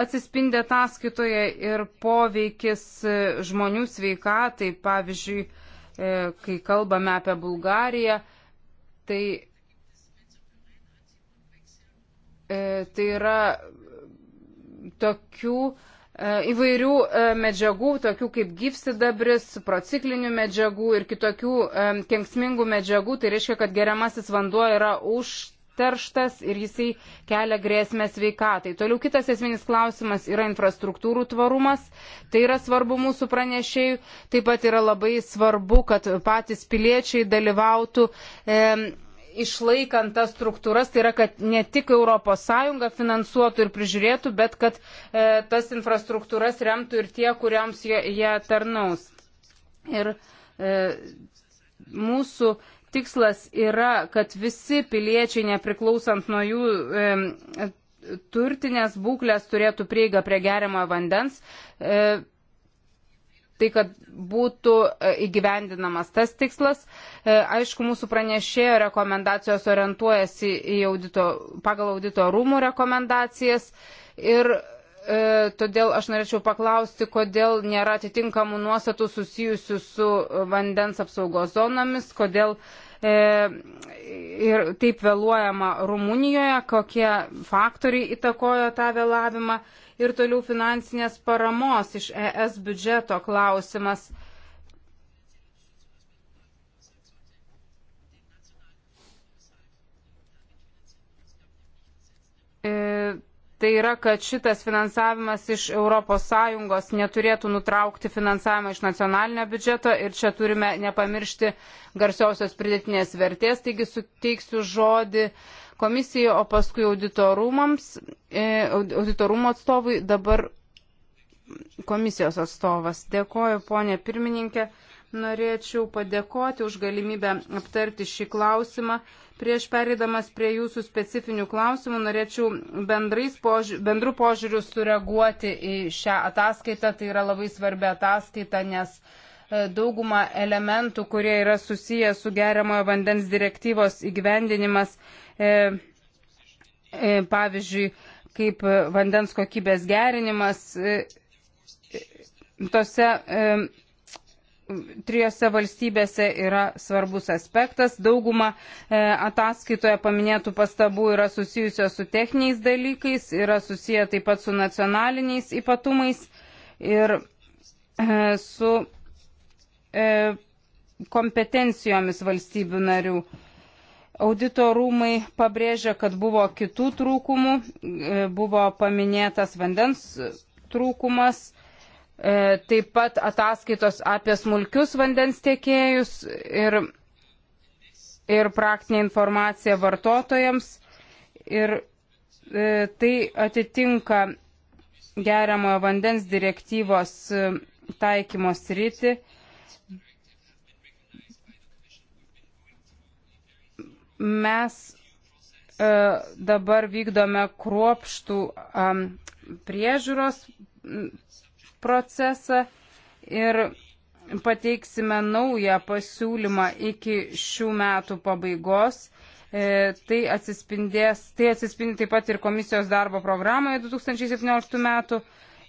Speaker 3: atsispindė ataskaitoje ir poveikis e, žmonių sveikatai, pavyzdžiui, e, kai kalbame apie Bulgariją, tai, tai yra tokių E, įvairių e, medžiagų, tokių kaip gyvsidabris, prociklinių medžiagų ir kitokių e, kenksmingų medžiagų. Tai reiškia, kad geriamasis vanduo yra užterštas ir jisai kelia grėsmę sveikatai. Toliau kitas esminis klausimas yra infrastruktūrų tvarumas. Tai yra svarbu mūsų pranešėjų. Taip pat yra labai svarbu, kad patys piliečiai dalyvautų. E, išlaikant tas struktūras, tai yra, kad ne tik ES finansuotų ir prižiūrėtų, bet kad e, tas infrastruktūras remtų ir tie, kuriams jie, jie tarnaus. Ir e, mūsų tikslas yra, kad visi piliečiai, nepriklausant nuo jų e, turtinės būklės, turėtų prieigą prie geriamojo vandens. E, tai, kad būtų e, įgyvendinamas tas tikslas. E, aišku, mūsų pranešėjo rekomendacijos orientuojasi į audito, pagal audito rūmų rekomendacijas ir e, todėl aš norėčiau paklausti, kodėl nėra atitinkamų nuostatų susijusių su vandens apsaugos zonomis, kodėl e, ir taip vėluojama Rumunijoje, kokie faktoriai įtakojo tą vėlavimą. E, ir toliau finansinės paramos iš ES biudžeto klausimas. E, Tai yra, kad šitas finansavimas iš ES neturėtų nutraukti finansavimą iš nacionalinio biudžeto ir čia turime nepamiršti garsiosios pridėtinės vertės. Taigi suteiksiu žodį komisijai, o paskui auditorumams, e, auditorumo atstovui, dabar komisijos atstovas. Dėkoju, ponė pirmininkė. Norėčiau padėkoti už galimybę aptarti šį klausimą. Prieš pereidamas prie jūsų specifinių klausimų, norėčiau požiūr, bendrų požiūrių sureaguoti į šią ataskaitą. Tai yra labai svarbi ataskaita, nes e, dauguma elementų, kurie yra susiję su geriamojo vandens direktyvos įgyvendinimas, e, e, pavyzdžiui, kaip vandens kokybės gerinimas, e, e tose. E, trijose valstybėse yra svarbus aspektas. Dauguma e, ataskaitoje paminėtų pastabų yra susijusios su techniniais dalykais, yra susiję taip pat su nacionaliniais ypatumais ir e, su e, kompetencijomis valstybių narių. Audito rūmai pabrėžia, kad buvo kitų trūkumų, e, buvo paminėtas vandens trūkumas, E, taip pat ataskaitos apie smulkius vandens tiekėjus ir, ir praktinė informacija vartotojams. Ir e, tai atitinka geriamojo vandens direktyvos e, taikymos rytį. Mes e, dabar vykdome kruopštų e, priežiūros procesą ir pateiksime naują pasiūlymą iki šių metų pabaigos. E, tai atsispindės, tai atsispindi taip pat ir komisijos darbo programoje 2017 metų.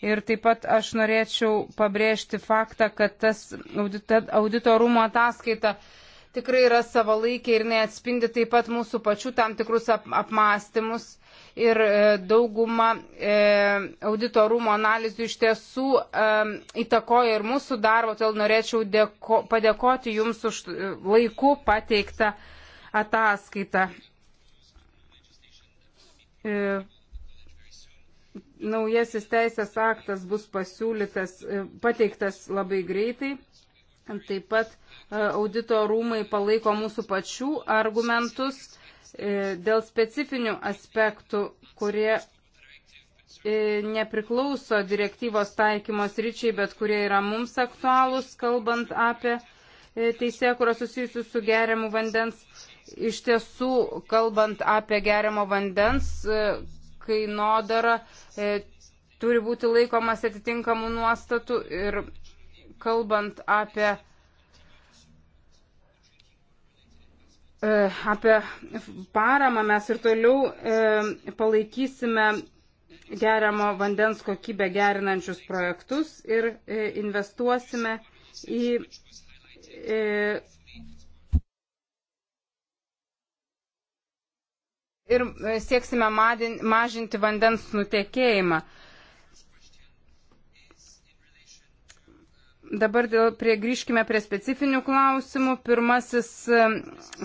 Speaker 3: Ir taip pat aš norėčiau pabrėžti faktą, kad tas audito, audito rūmo ataskaita tikrai yra savalaikiai ir neatspindi taip pat mūsų pačių tam tikrus ap apmąstymus. Ir e, dauguma e, auditorumo analizių iš tiesų e, įtakoja ir mūsų darbą, todėl norėčiau dėko, padėkoti Jums už e, laiku pateiktą ataskaitą. E, naujasis teisės aktas bus pasiūlytas, e, pateiktas labai greitai. Taip pat e, audito rūmai palaiko mūsų pačių argumentus e, dėl specifinių aspektų, kurie e, nepriklauso direktyvos taikymos ryčiai, bet kurie yra mums aktualūs, kalbant apie teisė, kurios susijusius su geriamu vandens. Iš tiesų, kalbant apie geriamo vandens kainodarą, turi būti laikomas atitinkamų nuostatų ir kalbant apie, e, apie paramą, mes ir toliau e, palaikysime geriamo vandens kokybę gerinančius projektus ir e, investuosime į ir sieksime mažinti vandens nutekėjimą. Dabar dėl, prie, grįžkime prie specifinių klausimų. Pirmasis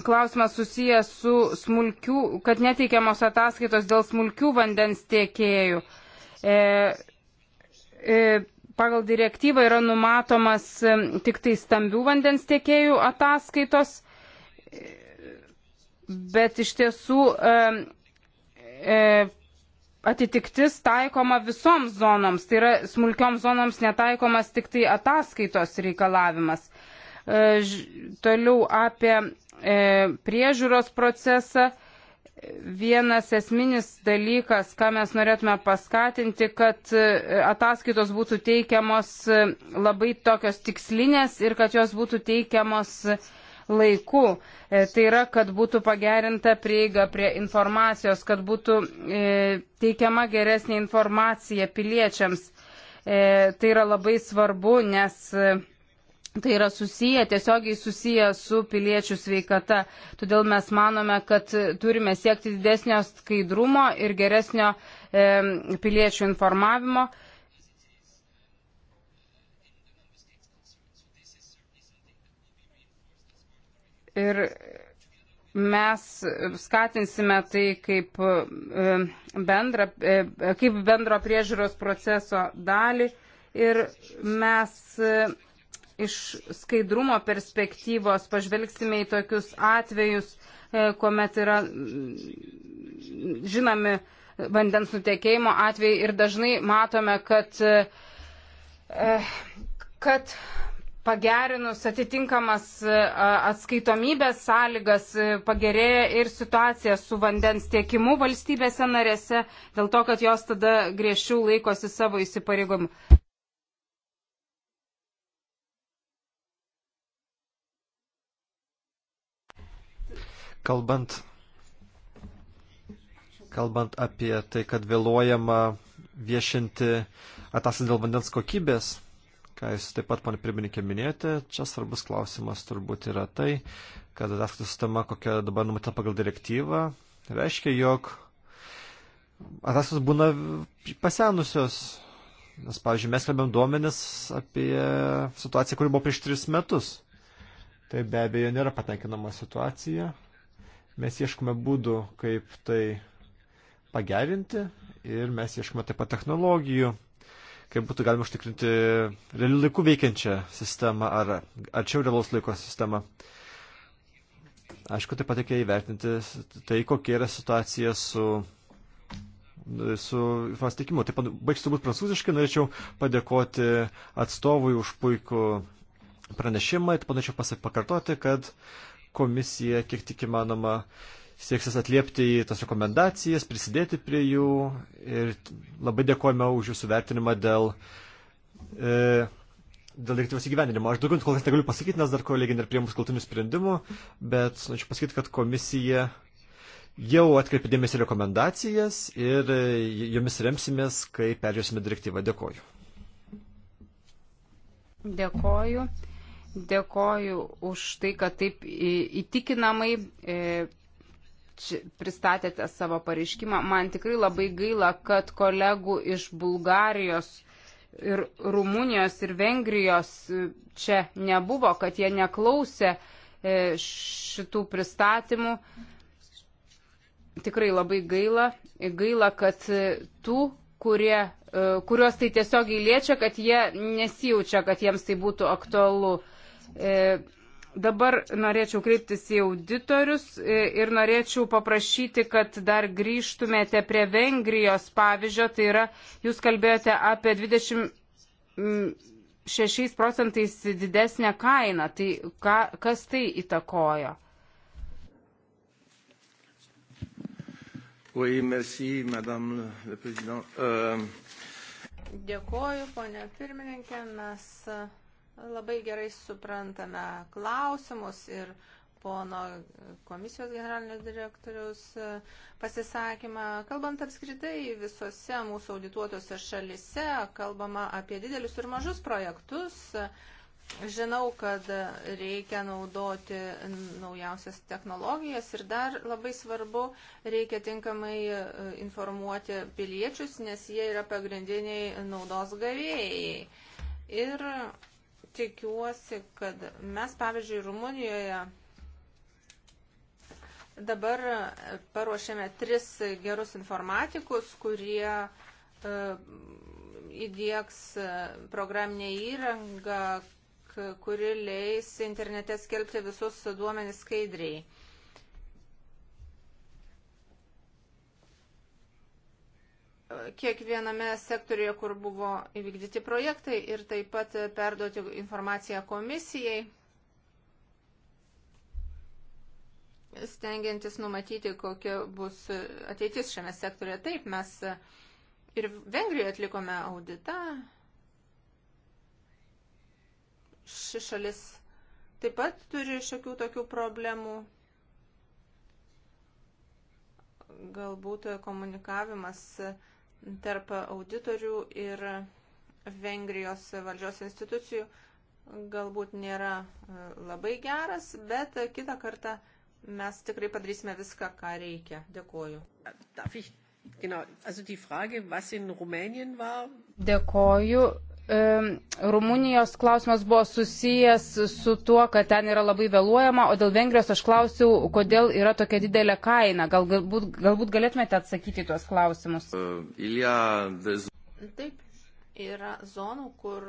Speaker 3: klausimas susijęs su smulkių, kad neteikiamos ataskaitos dėl smulkių vandens tiekėjų. E, e, pagal direktyvą yra numatomas tik tai stambių vandens tiekėjų ataskaitos, bet iš tiesų e, e, atitiktis taikoma visoms zonoms, tai yra smulkioms zonoms netaikomas tik tai ataskaitos reikalavimas. E, ž, toliau apie e, priežiūros procesą. Vienas esminis dalykas, ką mes norėtume paskatinti, kad e, ataskaitos būtų teikiamos e, labai tokios tikslinės ir kad jos būtų teikiamos e, laiku. E, tai yra, kad būtų pagerinta prieiga prie informacijos, kad būtų e, teikiama geresnė informacija piliečiams. E, tai yra labai svarbu, nes tai yra susiję, tiesiogiai susiję su piliečių sveikata. Todėl mes manome, kad turime siekti didesnio skaidrumo ir geresnio e, piliečių informavimo. E, Ir mes skatinsime tai kaip, e, bendra, e, kaip bendro priežiūros proceso dalį ir mes e, iš skaidrumo perspektyvos pažvelgsime į tokius atvejus, kuomet yra mm, žinomi vandens nutekėjimo atvejai ir dažnai matome, kad, kad pagerinus atitinkamas e, atskaitomybės sąlygas e, pagerėja ir situacija su vandens tiekimu valstybėse narėse, dėl to, kad jos tada griežčiau laikosi savo įsipareigomų.
Speaker 1: Kalbant, kalbant apie tai, kad vėluojama viešinti ataskaitą dėl vandens kokybės, ką jūs taip pat, man pirmininkė, minėjote, čia svarbus klausimas turbūt yra tai, kad ataskaitų sistema, kokia dabar numatyta pagal direktyvą, reiškia, jog ataskaitos būna pasenusios. Nes, pavyzdžiui, mes kalbėm duomenis apie situaciją, kuri buvo prieš tris metus. Tai be abejo nėra patenkinama situacija. Mes ieškome būdų, kaip tai pagerinti ir mes ieškome taip pat technologijų, kaip būtų galima užtikrinti realių laikų veikiančią sistemą ar arčiau realaus laiko sistemą. Aišku, taip pat reikia įvertinti tai, kokia yra situacija su su informacijos teikimu. Taip pat baigsiu turbūt prancūziškai, norėčiau padėkoti atstovui už puikų pranešimą, taip pat norėčiau pakartoti, kad komisija, kiek tik įmanoma, uh, sieksis atliepti į tas rekomendacijas, prisidėti prie jų ir labai dėkojame už jūsų vertinimą dėl, e, dėl direktyvos įgyvendinimo. Aš daugiau kol kas negaliu pasakyti, nes dar kolegė dar prie mūsų kaltinių sprendimų, bet norėčiau pasakyti, kad komisija jau atkreipė dėmesį rekomendacijas ir e, jomis remsimės, kai peržiūrėsime direktyvą. Dėkoju.
Speaker 3: Dėkoju. Dėkoju už tai, kad taip įtikinamai e, pristatėte savo pareiškimą. Man tikrai labai gaila, kad kolegų iš Bulgarijos ir Rumunijos ir Vengrijos e, čia nebuvo, kad jie neklausė e, šitų pristatymų. Tikrai labai gaila. Gaila, kad e, tų, kurie, kuriuos tai tiesiogiai liečia, kad jie nesijaučia, kad jiems tai būtų aktualu. E, Dabar norėčiau kreiptis į auditorius e, ir norėčiau paprašyti, kad dar grįžtumėte prie Vengrijos pavyzdžio. Tai yra, jūs kalbėjote apie 26 procentais didesnę kainą. Tai ka, kas tai įtakojo?
Speaker 1: Oui, merci, madame la présidente. Euh...
Speaker 3: Dėkoju, ponia
Speaker 2: pirmininkė. Mes. Uh labai gerai suprantame klausimus ir pono komisijos generalinio direktoriaus e, pasisakymą. Kalbant apskritai visose mūsų audituotose šalise, kalbama apie didelius ir mažus projektus. Žinau, kad reikia naudoti naujausias technologijas ir dar labai svarbu, reikia tinkamai e, informuoti piliečius, nes jie yra pagrindiniai naudos gavėjai. Ir tikiuosi, kad mes, pavyzdžiui, Rumunijoje dabar paruošėme tris gerus informatikus, kurie e, įdėks programinę įrangą, kuri leis internete skelbti visus duomenys skaidriai. kiekviename sektoriuje, kur buvo įvykdyti projektai ir taip pat perduoti informaciją komisijai, stengiantis numatyti, kokia bus ateitis šiame sektoriuje. Taip, mes ir Vengrijoje atlikome auditą. Ši šalis taip pat turi šiokių tokių problemų galbūt komunikavimas tarp auditorių ir Vengrijos valdžios institucijų galbūt nėra e, labai geras, bet kitą kartą mes tikrai padarysime viską, ką reikia. Dėkuoju.
Speaker 3: Dėkuoju. Rumunijos klausimas buvo susijęs su tuo, kad ten yra labai vėluojama, o dėl Vengrijos aš klausiau, kodėl yra tokia didelė kaina. Gal, galbūt, galbūt galėtumėte atsakyti tuos klausimus.
Speaker 2: Taip, yra zonų, kur.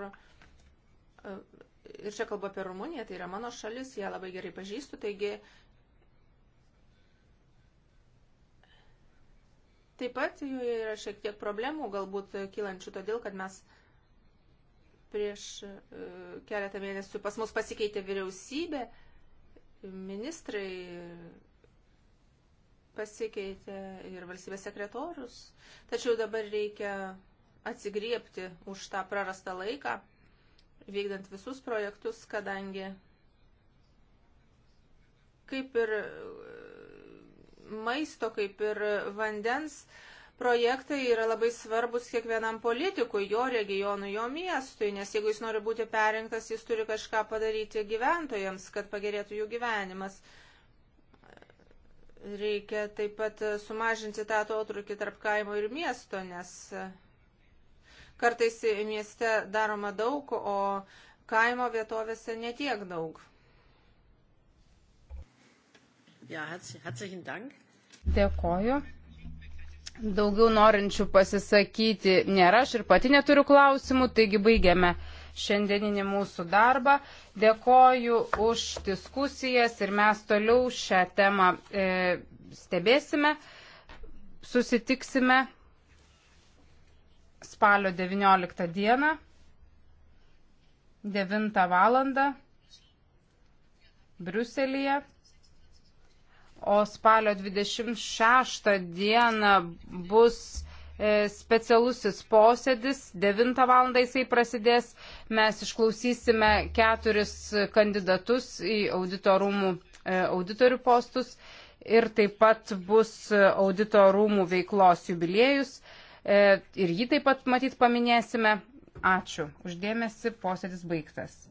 Speaker 2: Ir čia kalbu apie Rumuniją, tai yra mano šalis, ją labai gerai pažįstu, taigi Taip pat joje yra šiek tiek problemų, galbūt kylančių todėl, kad mes prieš e, keletą mėnesių pas mus pasikeitė vyriausybė, ministrai pasikeitė ir valstybės sekretorius, tačiau dabar reikia atsigriepti už tą prarastą laiką, vykdant visus projektus, kadangi kaip ir maisto, kaip ir vandens, uh, projektai yra labai svarbus kiekvienam politikui, jo regionui, jo miestui, nes jeigu jis nori būti perinktas, jis turi kažką padaryti gyventojams, kad pagerėtų jų gyvenimas. Reikia taip pat sumažinti tą atotrukį tarp kaimo ir miesto, nes kartais mieste daroma daug, o kaimo vietovėse netiek daug. Ja, herzlichen Dank.
Speaker 3: Dėkoju. Daugiau norinčių pasisakyti nėra, aš ir pati neturiu klausimų, taigi baigiame šiandieninį mūsų darbą. Dėkoju už diskusijas ir mes toliau šią temą e, stebėsime. Susitiksime spalio 19 dieną, 9 val. Briuselėje o spalio 26 dieną bus e, specialusis posėdis, 9 val. jisai prasidės, mes išklausysime keturis kandidatus į auditorumų, e, auditorių postus ir taip pat bus auditorumų veiklos jubiliejus e, ir jį taip pat matyt paminėsime. Ačiū. Uždėmesi, posėdis baigtas.